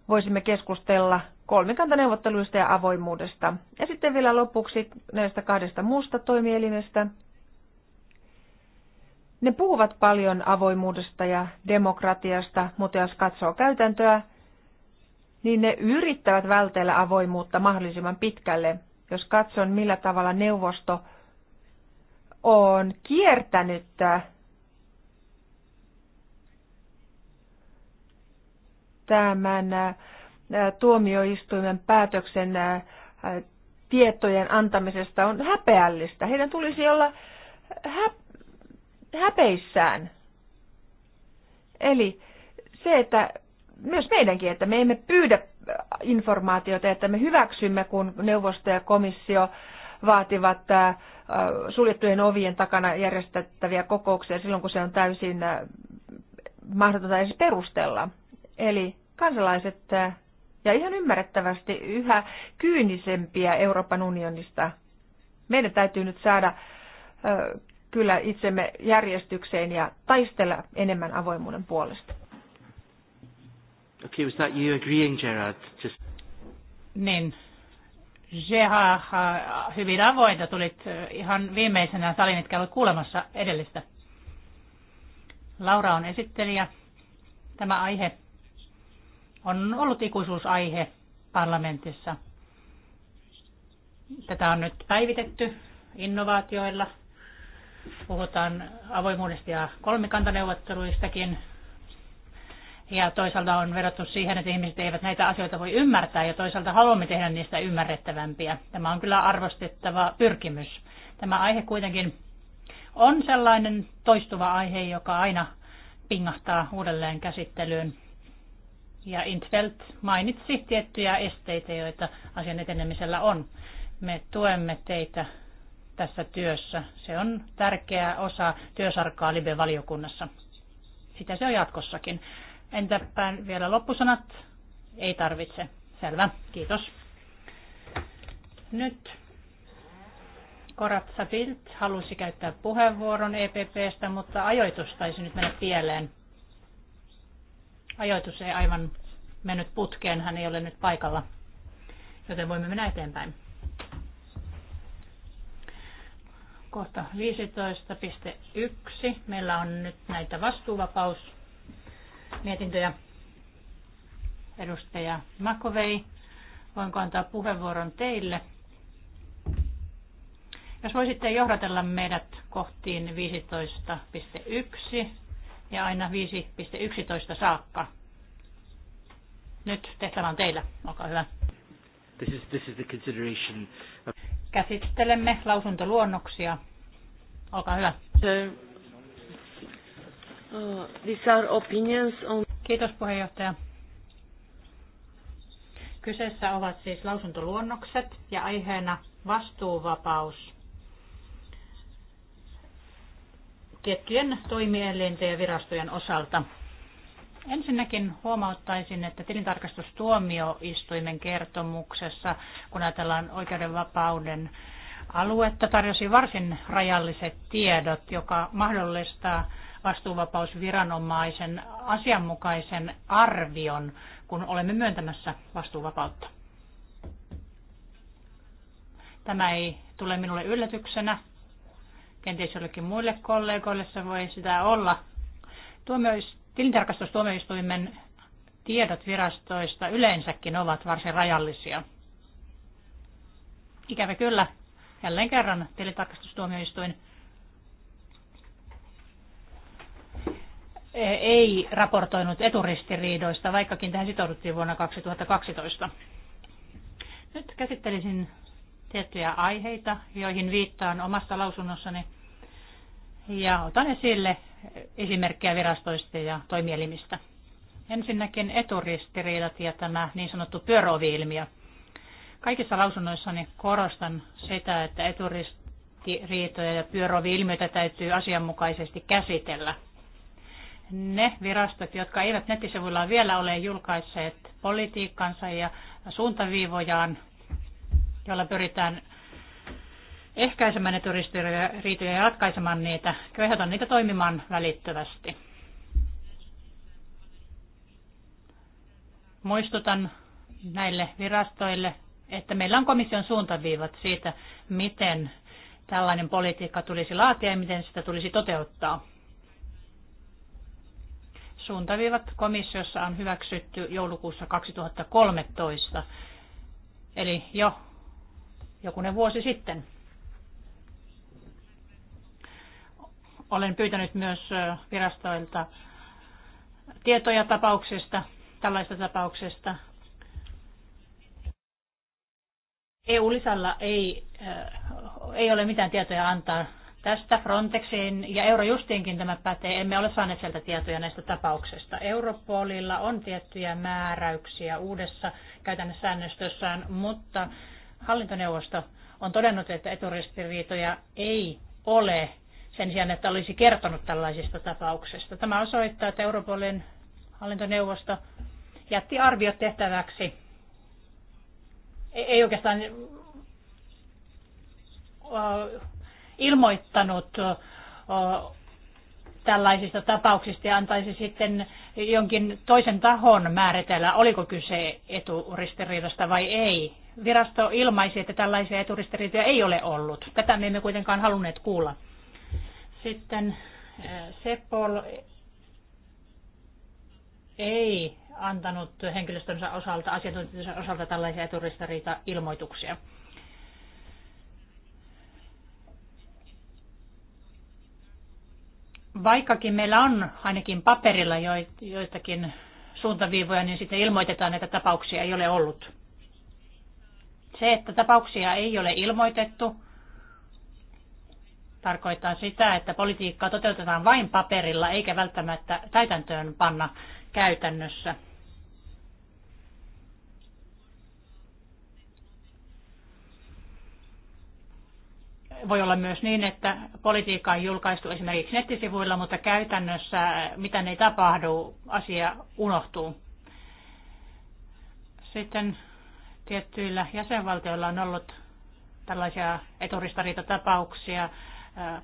voisimme keskustella kolmikantaneuvotteluista ja avoimuudesta. Ja sitten vielä lopuksi näistä kahdesta muusta toimielimestä. Ne puhuvat paljon avoimuudesta ja demokratiasta, mutta jos katsoo käytäntöä, niin ne yrittävät vältellä avoimuutta mahdollisimman pitkälle. Jos katson, millä tavalla neuvosto on kiertänyt äh, tämän äh, tuomioistuimen päätöksen äh, tietojen antamisesta on häpeällistä. Heidän tulisi olla häpeissään. Eli se, että myös meidänkin, että me emme pyydä informaatiota, että me hyväksymme, kun neuvosto ja komissio vaativat äh, äh, suljettujen ovien takana järjestettäviä kokouksia silloin, kun se on täysin äh, mahdotonta edes perustella. Eli kansalaiset ja ihan ymmärrettävästi yhä kyynisempiä Euroopan unionista. Meidän täytyy nyt saada kyllä itsemme järjestykseen ja taistella enemmän avoimuuden puolesta. Okay, was that you agreeing, Gerard? Just... Niin. Gerard, hyvin avointa tulit ihan viimeisenä salin, etkä ollut kuulemassa edellistä. Laura on esittelijä. Tämä aihe on ollut ikuisuusaihe parlamentissa. Tätä on nyt päivitetty innovaatioilla. Puhutaan avoimuudesta ja kolmikantaneuvotteluistakin ja toisaalta on vedottu siihen, että ihmiset eivät näitä asioita voi ymmärtää ja toisaalta haluamme tehdä niistä ymmärrettävämpiä. Tämä on kyllä arvostettava pyrkimys. Tämä aihe kuitenkin on sellainen toistuva aihe, joka aina pingahtaa uudelleen käsittelyyn. Ja Intveld mainitsi tiettyjä esteitä, joita asian etenemisellä on. Me tuemme teitä tässä työssä. Se on tärkeä osa työsarkaa Libe-valiokunnassa. Sitä se on jatkossakin. Entäpä vielä loppusanat? Ei tarvitse. Selvä, kiitos. Nyt Koratsa Bild halusi käyttää puheenvuoron EPPstä, mutta ajoitus taisi nyt mennä pieleen. Ajoitus ei aivan mennyt putkeen, hän ei ole nyt paikalla, joten voimme mennä eteenpäin. Kohta 15.1. Meillä on nyt näitä vastuuvapaus mietintöjä. Edustaja Makovei, voinko antaa puheenvuoron teille? Jos voisitte johdatella meidät kohtiin 15.1 ja aina 5.11 saakka. Nyt tehtävä on teillä. Olkaa hyvä. This is, this is the consideration of... Käsittelemme lausuntoluonnoksia. Olkaa hyvä. So, these are opinions on... Kiitos puheenjohtaja. Kyseessä ovat siis lausuntoluonnokset ja aiheena vastuuvapaus tiettyjen toimielinten ja virastojen osalta. Ensinnäkin huomauttaisin, että tilintarkastustuomioistuimen kertomuksessa, kun ajatellaan oikeudenvapauden aluetta, tarjosi varsin rajalliset tiedot, joka mahdollistaa vastuuvapausviranomaisen asianmukaisen arvion, kun olemme myöntämässä vastuuvapautta. Tämä ei tule minulle yllätyksenä. Kenties jollekin muille kollegoille se voi sitä olla. Tuomiois, tilintarkastustuomioistuimen tiedot virastoista yleensäkin ovat varsin rajallisia. Ikävä kyllä, jälleen kerran tilintarkastustuomioistuin ei raportoinut eturistiriidoista, vaikkakin tähän sitouduttiin vuonna 2012. Nyt käsittelisin tiettyjä aiheita, joihin viittaan omasta lausunnossani. Ja otan esille esimerkkejä virastoista ja toimielimistä. Ensinnäkin eturistiriidat ja tämä niin sanottu pyöroviilmiö. Kaikissa lausunnoissani korostan sitä, että eturistiriitoja ja pyöroviilmiöitä täytyy asianmukaisesti käsitellä – ne virastot, jotka eivät nettisivuilla vielä ole julkaisseet politiikkansa ja suuntaviivojaan, joilla pyritään ehkäisemään eturistiriitoja ja ratkaisemaan niitä, kyllä niitä toimimaan välittömästi. Muistutan näille virastoille, että meillä on komission suuntaviivat siitä, miten tällainen politiikka tulisi laatia ja miten sitä tulisi toteuttaa. Suuntaviivat komissiossa on hyväksytty joulukuussa 2013, eli jo jokunen vuosi sitten. Olen pyytänyt myös virastoilta tietoja tapauksesta, tällaista tapauksesta. EU-lisällä ei, ei ole mitään tietoja antaa Tästä Frontexin ja Eurojustiinkin tämä pätee. Emme ole saaneet sieltä tietoja näistä tapauksista. Europolilla on tiettyjä määräyksiä uudessa käytännössä säännöstössään, mutta hallintoneuvosto on todennut, että eturistiriitoja ei ole sen sijaan, että olisi kertonut tällaisista tapauksista. Tämä osoittaa, että Europolin hallintoneuvosto jätti arviot tehtäväksi. Ei oikeastaan ilmoittanut tällaisista tapauksista ja antaisi sitten jonkin toisen tahon määritellä, oliko kyse eturistiriidasta vai ei. Virasto ilmaisi, että tällaisia eturistiriitoja ei ole ollut. Tätä me emme kuitenkaan halunneet kuulla. Sitten Seppo ei antanut henkilöstönsä osalta, asiantuntijansa osalta tällaisia eturistiriita-ilmoituksia. Vaikkakin meillä on ainakin paperilla joitakin suuntaviivoja, niin sitten ilmoitetaan, että tapauksia ei ole ollut. Se, että tapauksia ei ole ilmoitettu, tarkoittaa sitä, että politiikkaa toteutetaan vain paperilla eikä välttämättä täytäntöön panna käytännössä. voi olla myös niin, että politiikka on julkaistu esimerkiksi nettisivuilla, mutta käytännössä mitä ei tapahdu, asia unohtuu. Sitten tiettyillä jäsenvaltioilla on ollut tällaisia eturistariitatapauksia äh,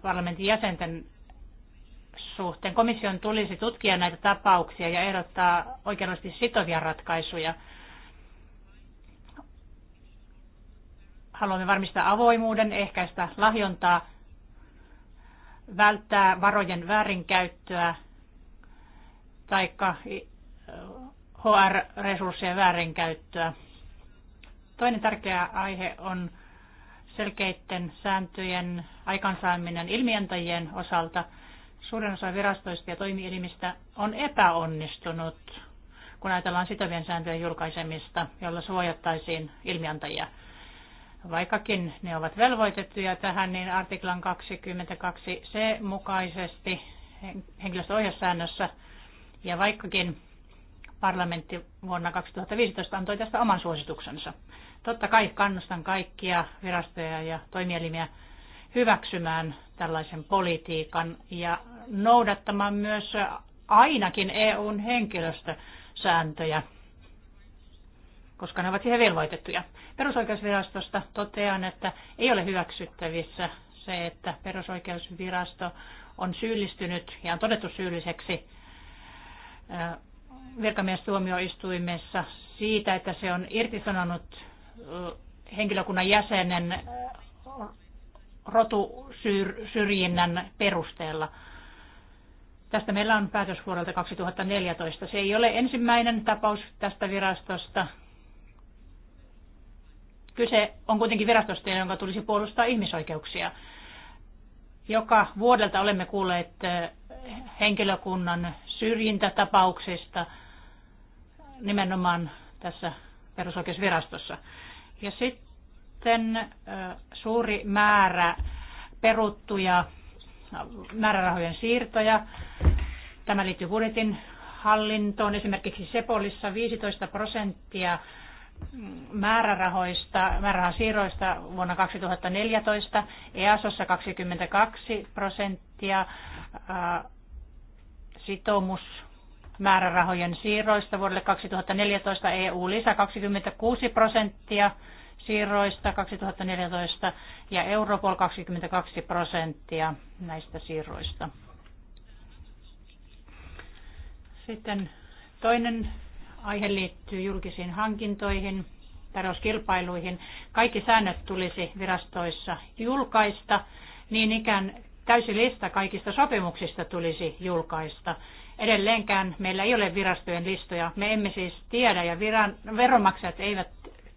parlamentin jäsenten suhteen. Komission tulisi tutkia näitä tapauksia ja ehdottaa oikeudellisesti sitovia ratkaisuja – Haluamme varmistaa avoimuuden, ehkäistä lahjontaa, välttää varojen väärinkäyttöä tai HR-resurssien väärinkäyttöä. Toinen tärkeä aihe on selkeiden sääntöjen aikansaaminen ilmientäjien osalta. Suurin osa virastoista ja toimielimistä on epäonnistunut, kun ajatellaan sitovien sääntöjen julkaisemista, jolla suojattaisiin ilmiantajia. Vaikkakin ne ovat velvoitettuja tähän, niin artiklan 22c mukaisesti henkilöstöohjaussäännössä ja vaikkakin parlamentti vuonna 2015 antoi tästä oman suosituksensa. Totta kai kannustan kaikkia virastoja ja toimielimiä hyväksymään tällaisen politiikan ja noudattamaan myös ainakin EUn henkilöstösääntöjä, koska ne ovat siihen velvoitettuja perusoikeusvirastosta totean, että ei ole hyväksyttävissä se, että perusoikeusvirasto on syyllistynyt ja on todettu syylliseksi virkamiestuomioistuimessa siitä, että se on irtisanonut henkilökunnan jäsenen rotusyrjinnän perusteella. Tästä meillä on päätös vuodelta 2014. Se ei ole ensimmäinen tapaus tästä virastosta. Kyse on kuitenkin virastosta, jonka tulisi puolustaa ihmisoikeuksia. Joka vuodelta olemme kuulleet eh, henkilökunnan syrjintätapauksista nimenomaan tässä perusoikeusvirastossa. Ja sitten eh, suuri määrä peruttuja määrärahojen siirtoja. Tämä liittyy budjetin hallintoon. Esimerkiksi Sepolissa 15 prosenttia määrärahoista, määrärahasiirroista vuonna 2014, EASossa 22 prosenttia, äh, sitoumus määrärahojen siirroista vuodelle 2014 EU lisä 26 prosenttia siirroista 2014 ja Europol 22 prosenttia näistä siirroista. Sitten toinen Aihe liittyy julkisiin hankintoihin, tarjouskilpailuihin. Kaikki säännöt tulisi virastoissa julkaista. Niin ikään täysi lista kaikista sopimuksista tulisi julkaista. Edelleenkään meillä ei ole virastojen listoja. Me emme siis tiedä ja viran, veronmaksajat eivät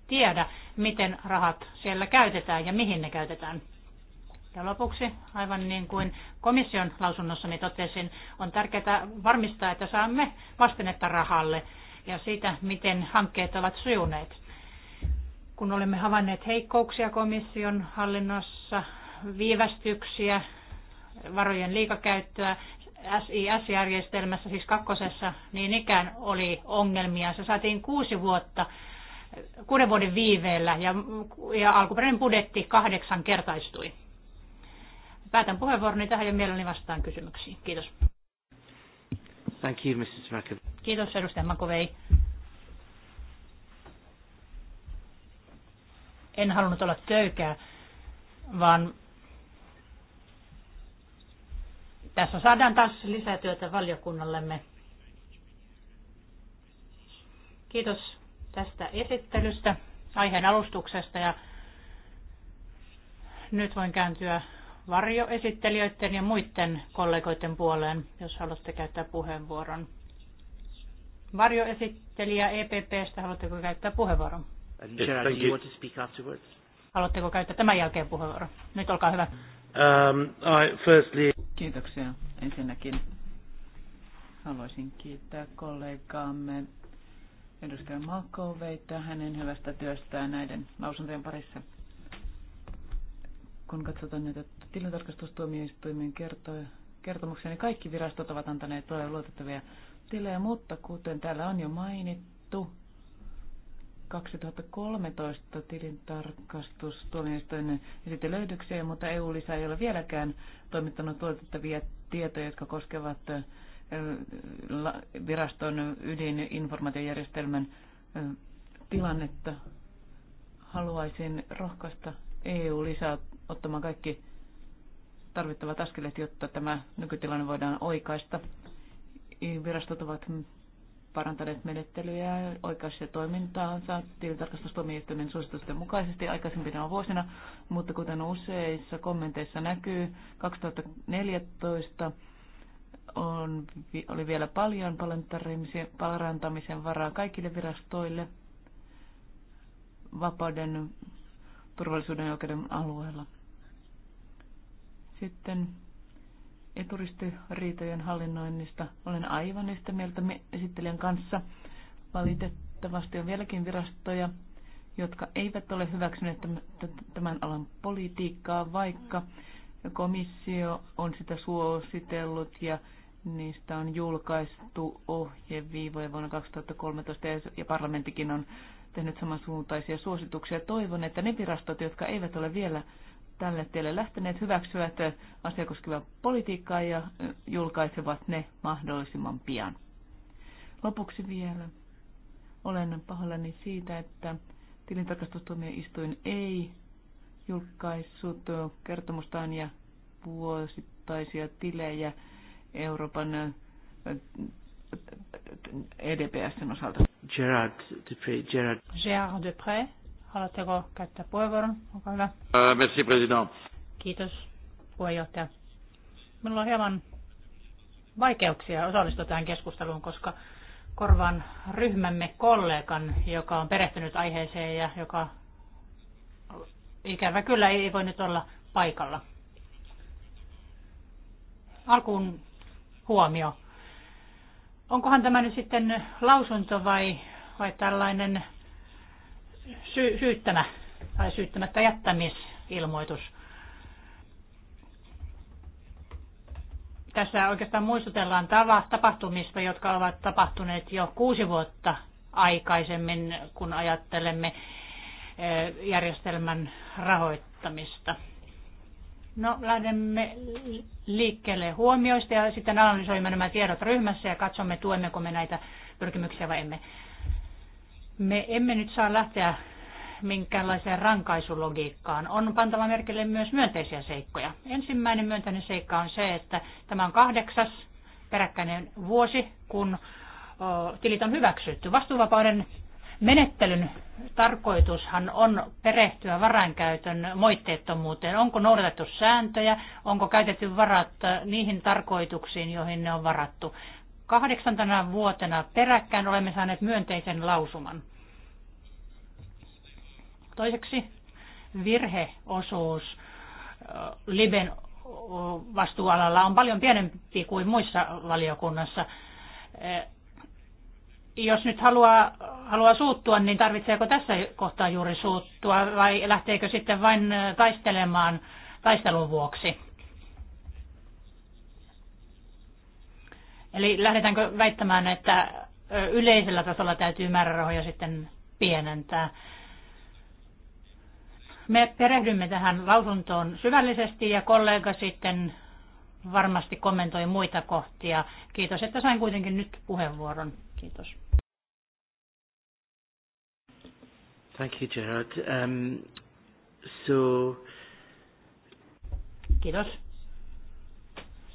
tiedä, miten rahat siellä käytetään ja mihin ne käytetään. Ja lopuksi, aivan niin kuin komission lausunnossani totesin, on tärkeää varmistaa, että saamme vastennetta rahalle ja siitä, miten hankkeet ovat sujuneet. Kun olemme havainneet heikkouksia komission hallinnossa, viivästyksiä, varojen liikakäyttöä, SIS-järjestelmässä, siis kakkosessa, niin ikään oli ongelmia. Se saatiin kuusi vuotta, kuuden vuoden viiveellä ja, ja alkuperäinen budjetti kahdeksan kertaistui. Päätän puheenvuoroni tähän ja mielelläni vastaan kysymyksiin. Kiitos. Thank you, Mrs. McAvey. Kiitos, edustaja Makovei. En halunnut olla töykää, vaan tässä saadaan taas lisätyötä valiokunnallemme. Kiitos tästä esittelystä, aiheen alustuksesta ja nyt voin kääntyä varjoesittelijöiden ja muiden kollegoiden puoleen, jos haluatte käyttää puheenvuoron. Varjoesittelijä EPPstä, haluatteko käyttää puheenvuoron? Haluatteko käyttää tämän jälkeen puheenvuoron? Nyt olkaa hyvä. Um, I firstly... Kiitoksia ensinnäkin. Haluaisin kiittää kollegaamme edustaja Malkoveita hänen hyvästä työstään näiden lausuntojen parissa kun katsotaan näitä tilintarkastustuomioistuimien kertomuksia, niin kaikki virastot ovat antaneet luotettavia tilejä, mutta kuten täällä on jo mainittu, 2013 tilintarkastustuomioistuin esitti löydöksiä, mutta EU-lisä ei ole vieläkään toimittanut luotettavia tietoja, jotka koskevat viraston ydininformaatiojärjestelmän tilannetta. Haluaisin rohkaista EU-lisää ottamaan kaikki tarvittavat askeleet, jotta tämä nykytilanne voidaan oikaista. Virastot ovat parantaneet menettelyjä, oikaisi ja toimintaansa tilintarkastustuomioistuimen suositusten mukaisesti aikaisempina vuosina, mutta kuten useissa kommenteissa näkyy, 2014 on, oli vielä paljon parantamisen varaa kaikille virastoille vapauden, turvallisuuden ja oikeuden alueella. Sitten eturistiriitojen hallinnoinnista olen aivan yhtä mieltä esittelijän kanssa. Valitettavasti on vieläkin virastoja, jotka eivät ole hyväksyneet tämän alan politiikkaa, vaikka komissio on sitä suositellut ja niistä on julkaistu ohjeviivoja vuonna 2013 ja parlamenttikin on tehnyt samansuuntaisia suosituksia. Toivon, että ne virastot, jotka eivät ole vielä tälle tielle lähteneet hyväksyvät asia koskevaa politiikkaa ja julkaisevat ne mahdollisimman pian. Lopuksi vielä. Olen pahoillani siitä, että tilintarkastustuomioistuin ei julkaissut kertomustaan ja vuosittaisia tilejä Euroopan EDPSn osalta. Gerard Dupré. Gerard, Gerard Dupré. Haluatteko käyttää puheenvuoron? Olkaa hyvä. Äh, merci, president. Kiitos, puheenjohtaja. Minulla on hieman vaikeuksia osallistua tähän keskusteluun, koska korvan ryhmämme kollegan, joka on perehtynyt aiheeseen ja joka ikävä kyllä ei voi nyt olla paikalla. Alkuun huomio. Onkohan tämä nyt sitten lausunto vai, vai tällainen sy- syyttämä tai syyttämättä jättämisilmoitus. Tässä oikeastaan muistutellaan tapahtumista, jotka ovat tapahtuneet jo kuusi vuotta aikaisemmin, kun ajattelemme eh, järjestelmän rahoittamista. No, lähdemme liikkeelle huomioista ja sitten analysoimme nämä tiedot ryhmässä ja katsomme, tuemmeko me näitä pyrkimyksiä vai emme. Me emme nyt saa lähteä minkäänlaiseen rankaisulogiikkaan. On pantava merkille myös myönteisiä seikkoja. Ensimmäinen myönteinen seikka on se, että tämä on kahdeksas peräkkäinen vuosi, kun tilit on hyväksytty. Vastuuvapauden menettelyn tarkoitushan on perehtyä varainkäytön moitteettomuuteen. Onko noudatettu sääntöjä, onko käytetty varat niihin tarkoituksiin, joihin ne on varattu kahdeksantana vuotena peräkkäin olemme saaneet myönteisen lausuman. Toiseksi virheosuus Liben vastuualalla on paljon pienempi kuin muissa valiokunnassa. Jos nyt haluaa, haluaa suuttua, niin tarvitseeko tässä kohtaa juuri suuttua vai lähteekö sitten vain taistelemaan taistelun vuoksi? Eli lähdetäänkö väittämään, että yleisellä tasolla täytyy määrärahoja sitten pienentää? Me perehdymme tähän lausuntoon syvällisesti ja kollega sitten varmasti kommentoi muita kohtia. Kiitos, että sain kuitenkin nyt puheenvuoron. Kiitos. Thank you, Gerard. Um, so... Kiitos.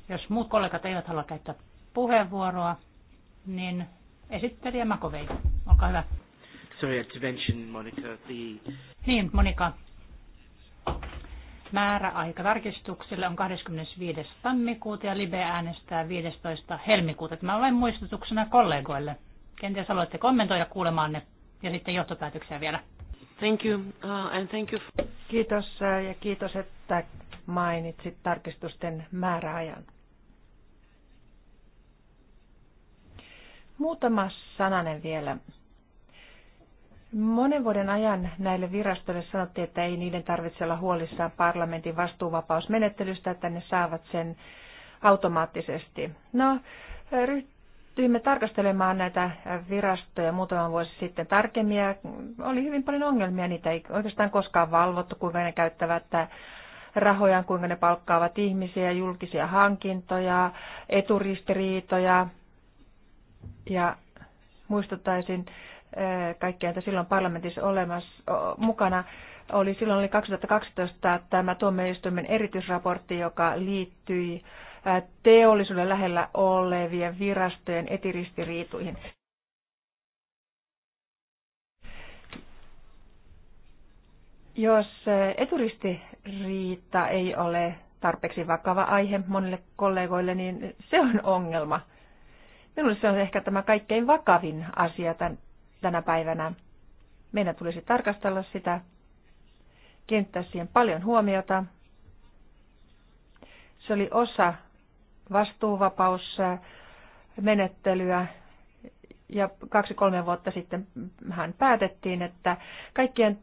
Jos muut kollegat eivät halua käyttää puheenvuoroa, niin esittelijä Makovei, olkaa hyvä. Sorry, I had to mention, Monica, the... Niin, Monika. Määräaika tarkistukselle on 25. tammikuuta ja Libe äänestää 15. helmikuuta. Tämä olen muistutuksena kollegoille. Kenties haluatte kommentoida kuulemaanne ja sitten johtopäätöksiä vielä. Thank you, uh, and thank you. Kiitos uh, ja kiitos, että mainitsit tarkistusten määräajan. Muutama sananen vielä. Monen vuoden ajan näille virastoille sanottiin, että ei niiden tarvitse olla huolissaan parlamentin vastuuvapausmenettelystä, että ne saavat sen automaattisesti. No, ryhtyimme tarkastelemaan näitä virastoja muutaman vuosi sitten tarkemmin ja oli hyvin paljon ongelmia. Niitä ei oikeastaan koskaan valvottu, kuinka ne käyttävät rahojaan, kuinka ne palkkaavat ihmisiä, julkisia hankintoja, eturistiriitoja, ja muistuttaisin eh, kaikkia, että silloin parlamentissa olemassa, mukana oli silloin oli 2012 tämä tuomioistuimen erityisraportti, joka liittyi eh, teollisuuden lähellä olevien virastojen etiristiriituihin. Jos eh, eturistiriita ei ole tarpeeksi vakava aihe monille kollegoille, niin se on ongelma – Minulle se on ehkä tämä kaikkein vakavin asia tämän, tänä päivänä. Meidän tulisi tarkastella sitä, kiinnittää siihen paljon huomiota. Se oli osa vastuuvapausmenettelyä ja kaksi-kolme vuotta sitten hän päätettiin, että kaikkien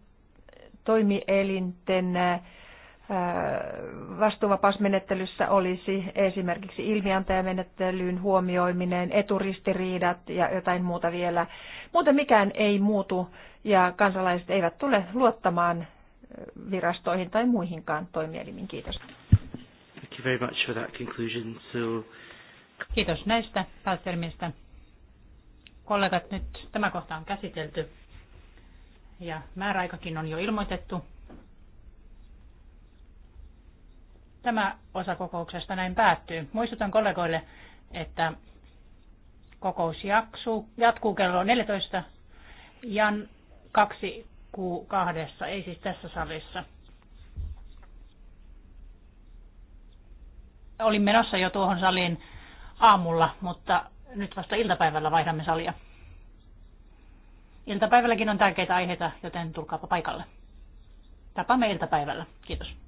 toimielinten vastuuvapausmenettelyssä olisi esimerkiksi ilmiantajamenettelyyn huomioiminen, eturistiriidat ja jotain muuta vielä. Muuten mikään ei muutu ja kansalaiset eivät tule luottamaan virastoihin tai muihinkaan toimielimiin. Kiitos. Thank you very much for that conclusion. So... Kiitos näistä päätelmistä. Kollegat, nyt tämä kohta on käsitelty ja määräaikakin on jo ilmoitettu. Tämä osa kokouksesta näin päättyy. Muistutan kollegoille, että kokous jaksuu, jatkuu kello 14 ja 2 q ei siis tässä salissa. Olin menossa jo tuohon saliin aamulla, mutta nyt vasta iltapäivällä vaihdamme salia. Iltapäivälläkin on tärkeitä aiheita, joten tulkaapa paikalle. Tapaamme iltapäivällä. Kiitos.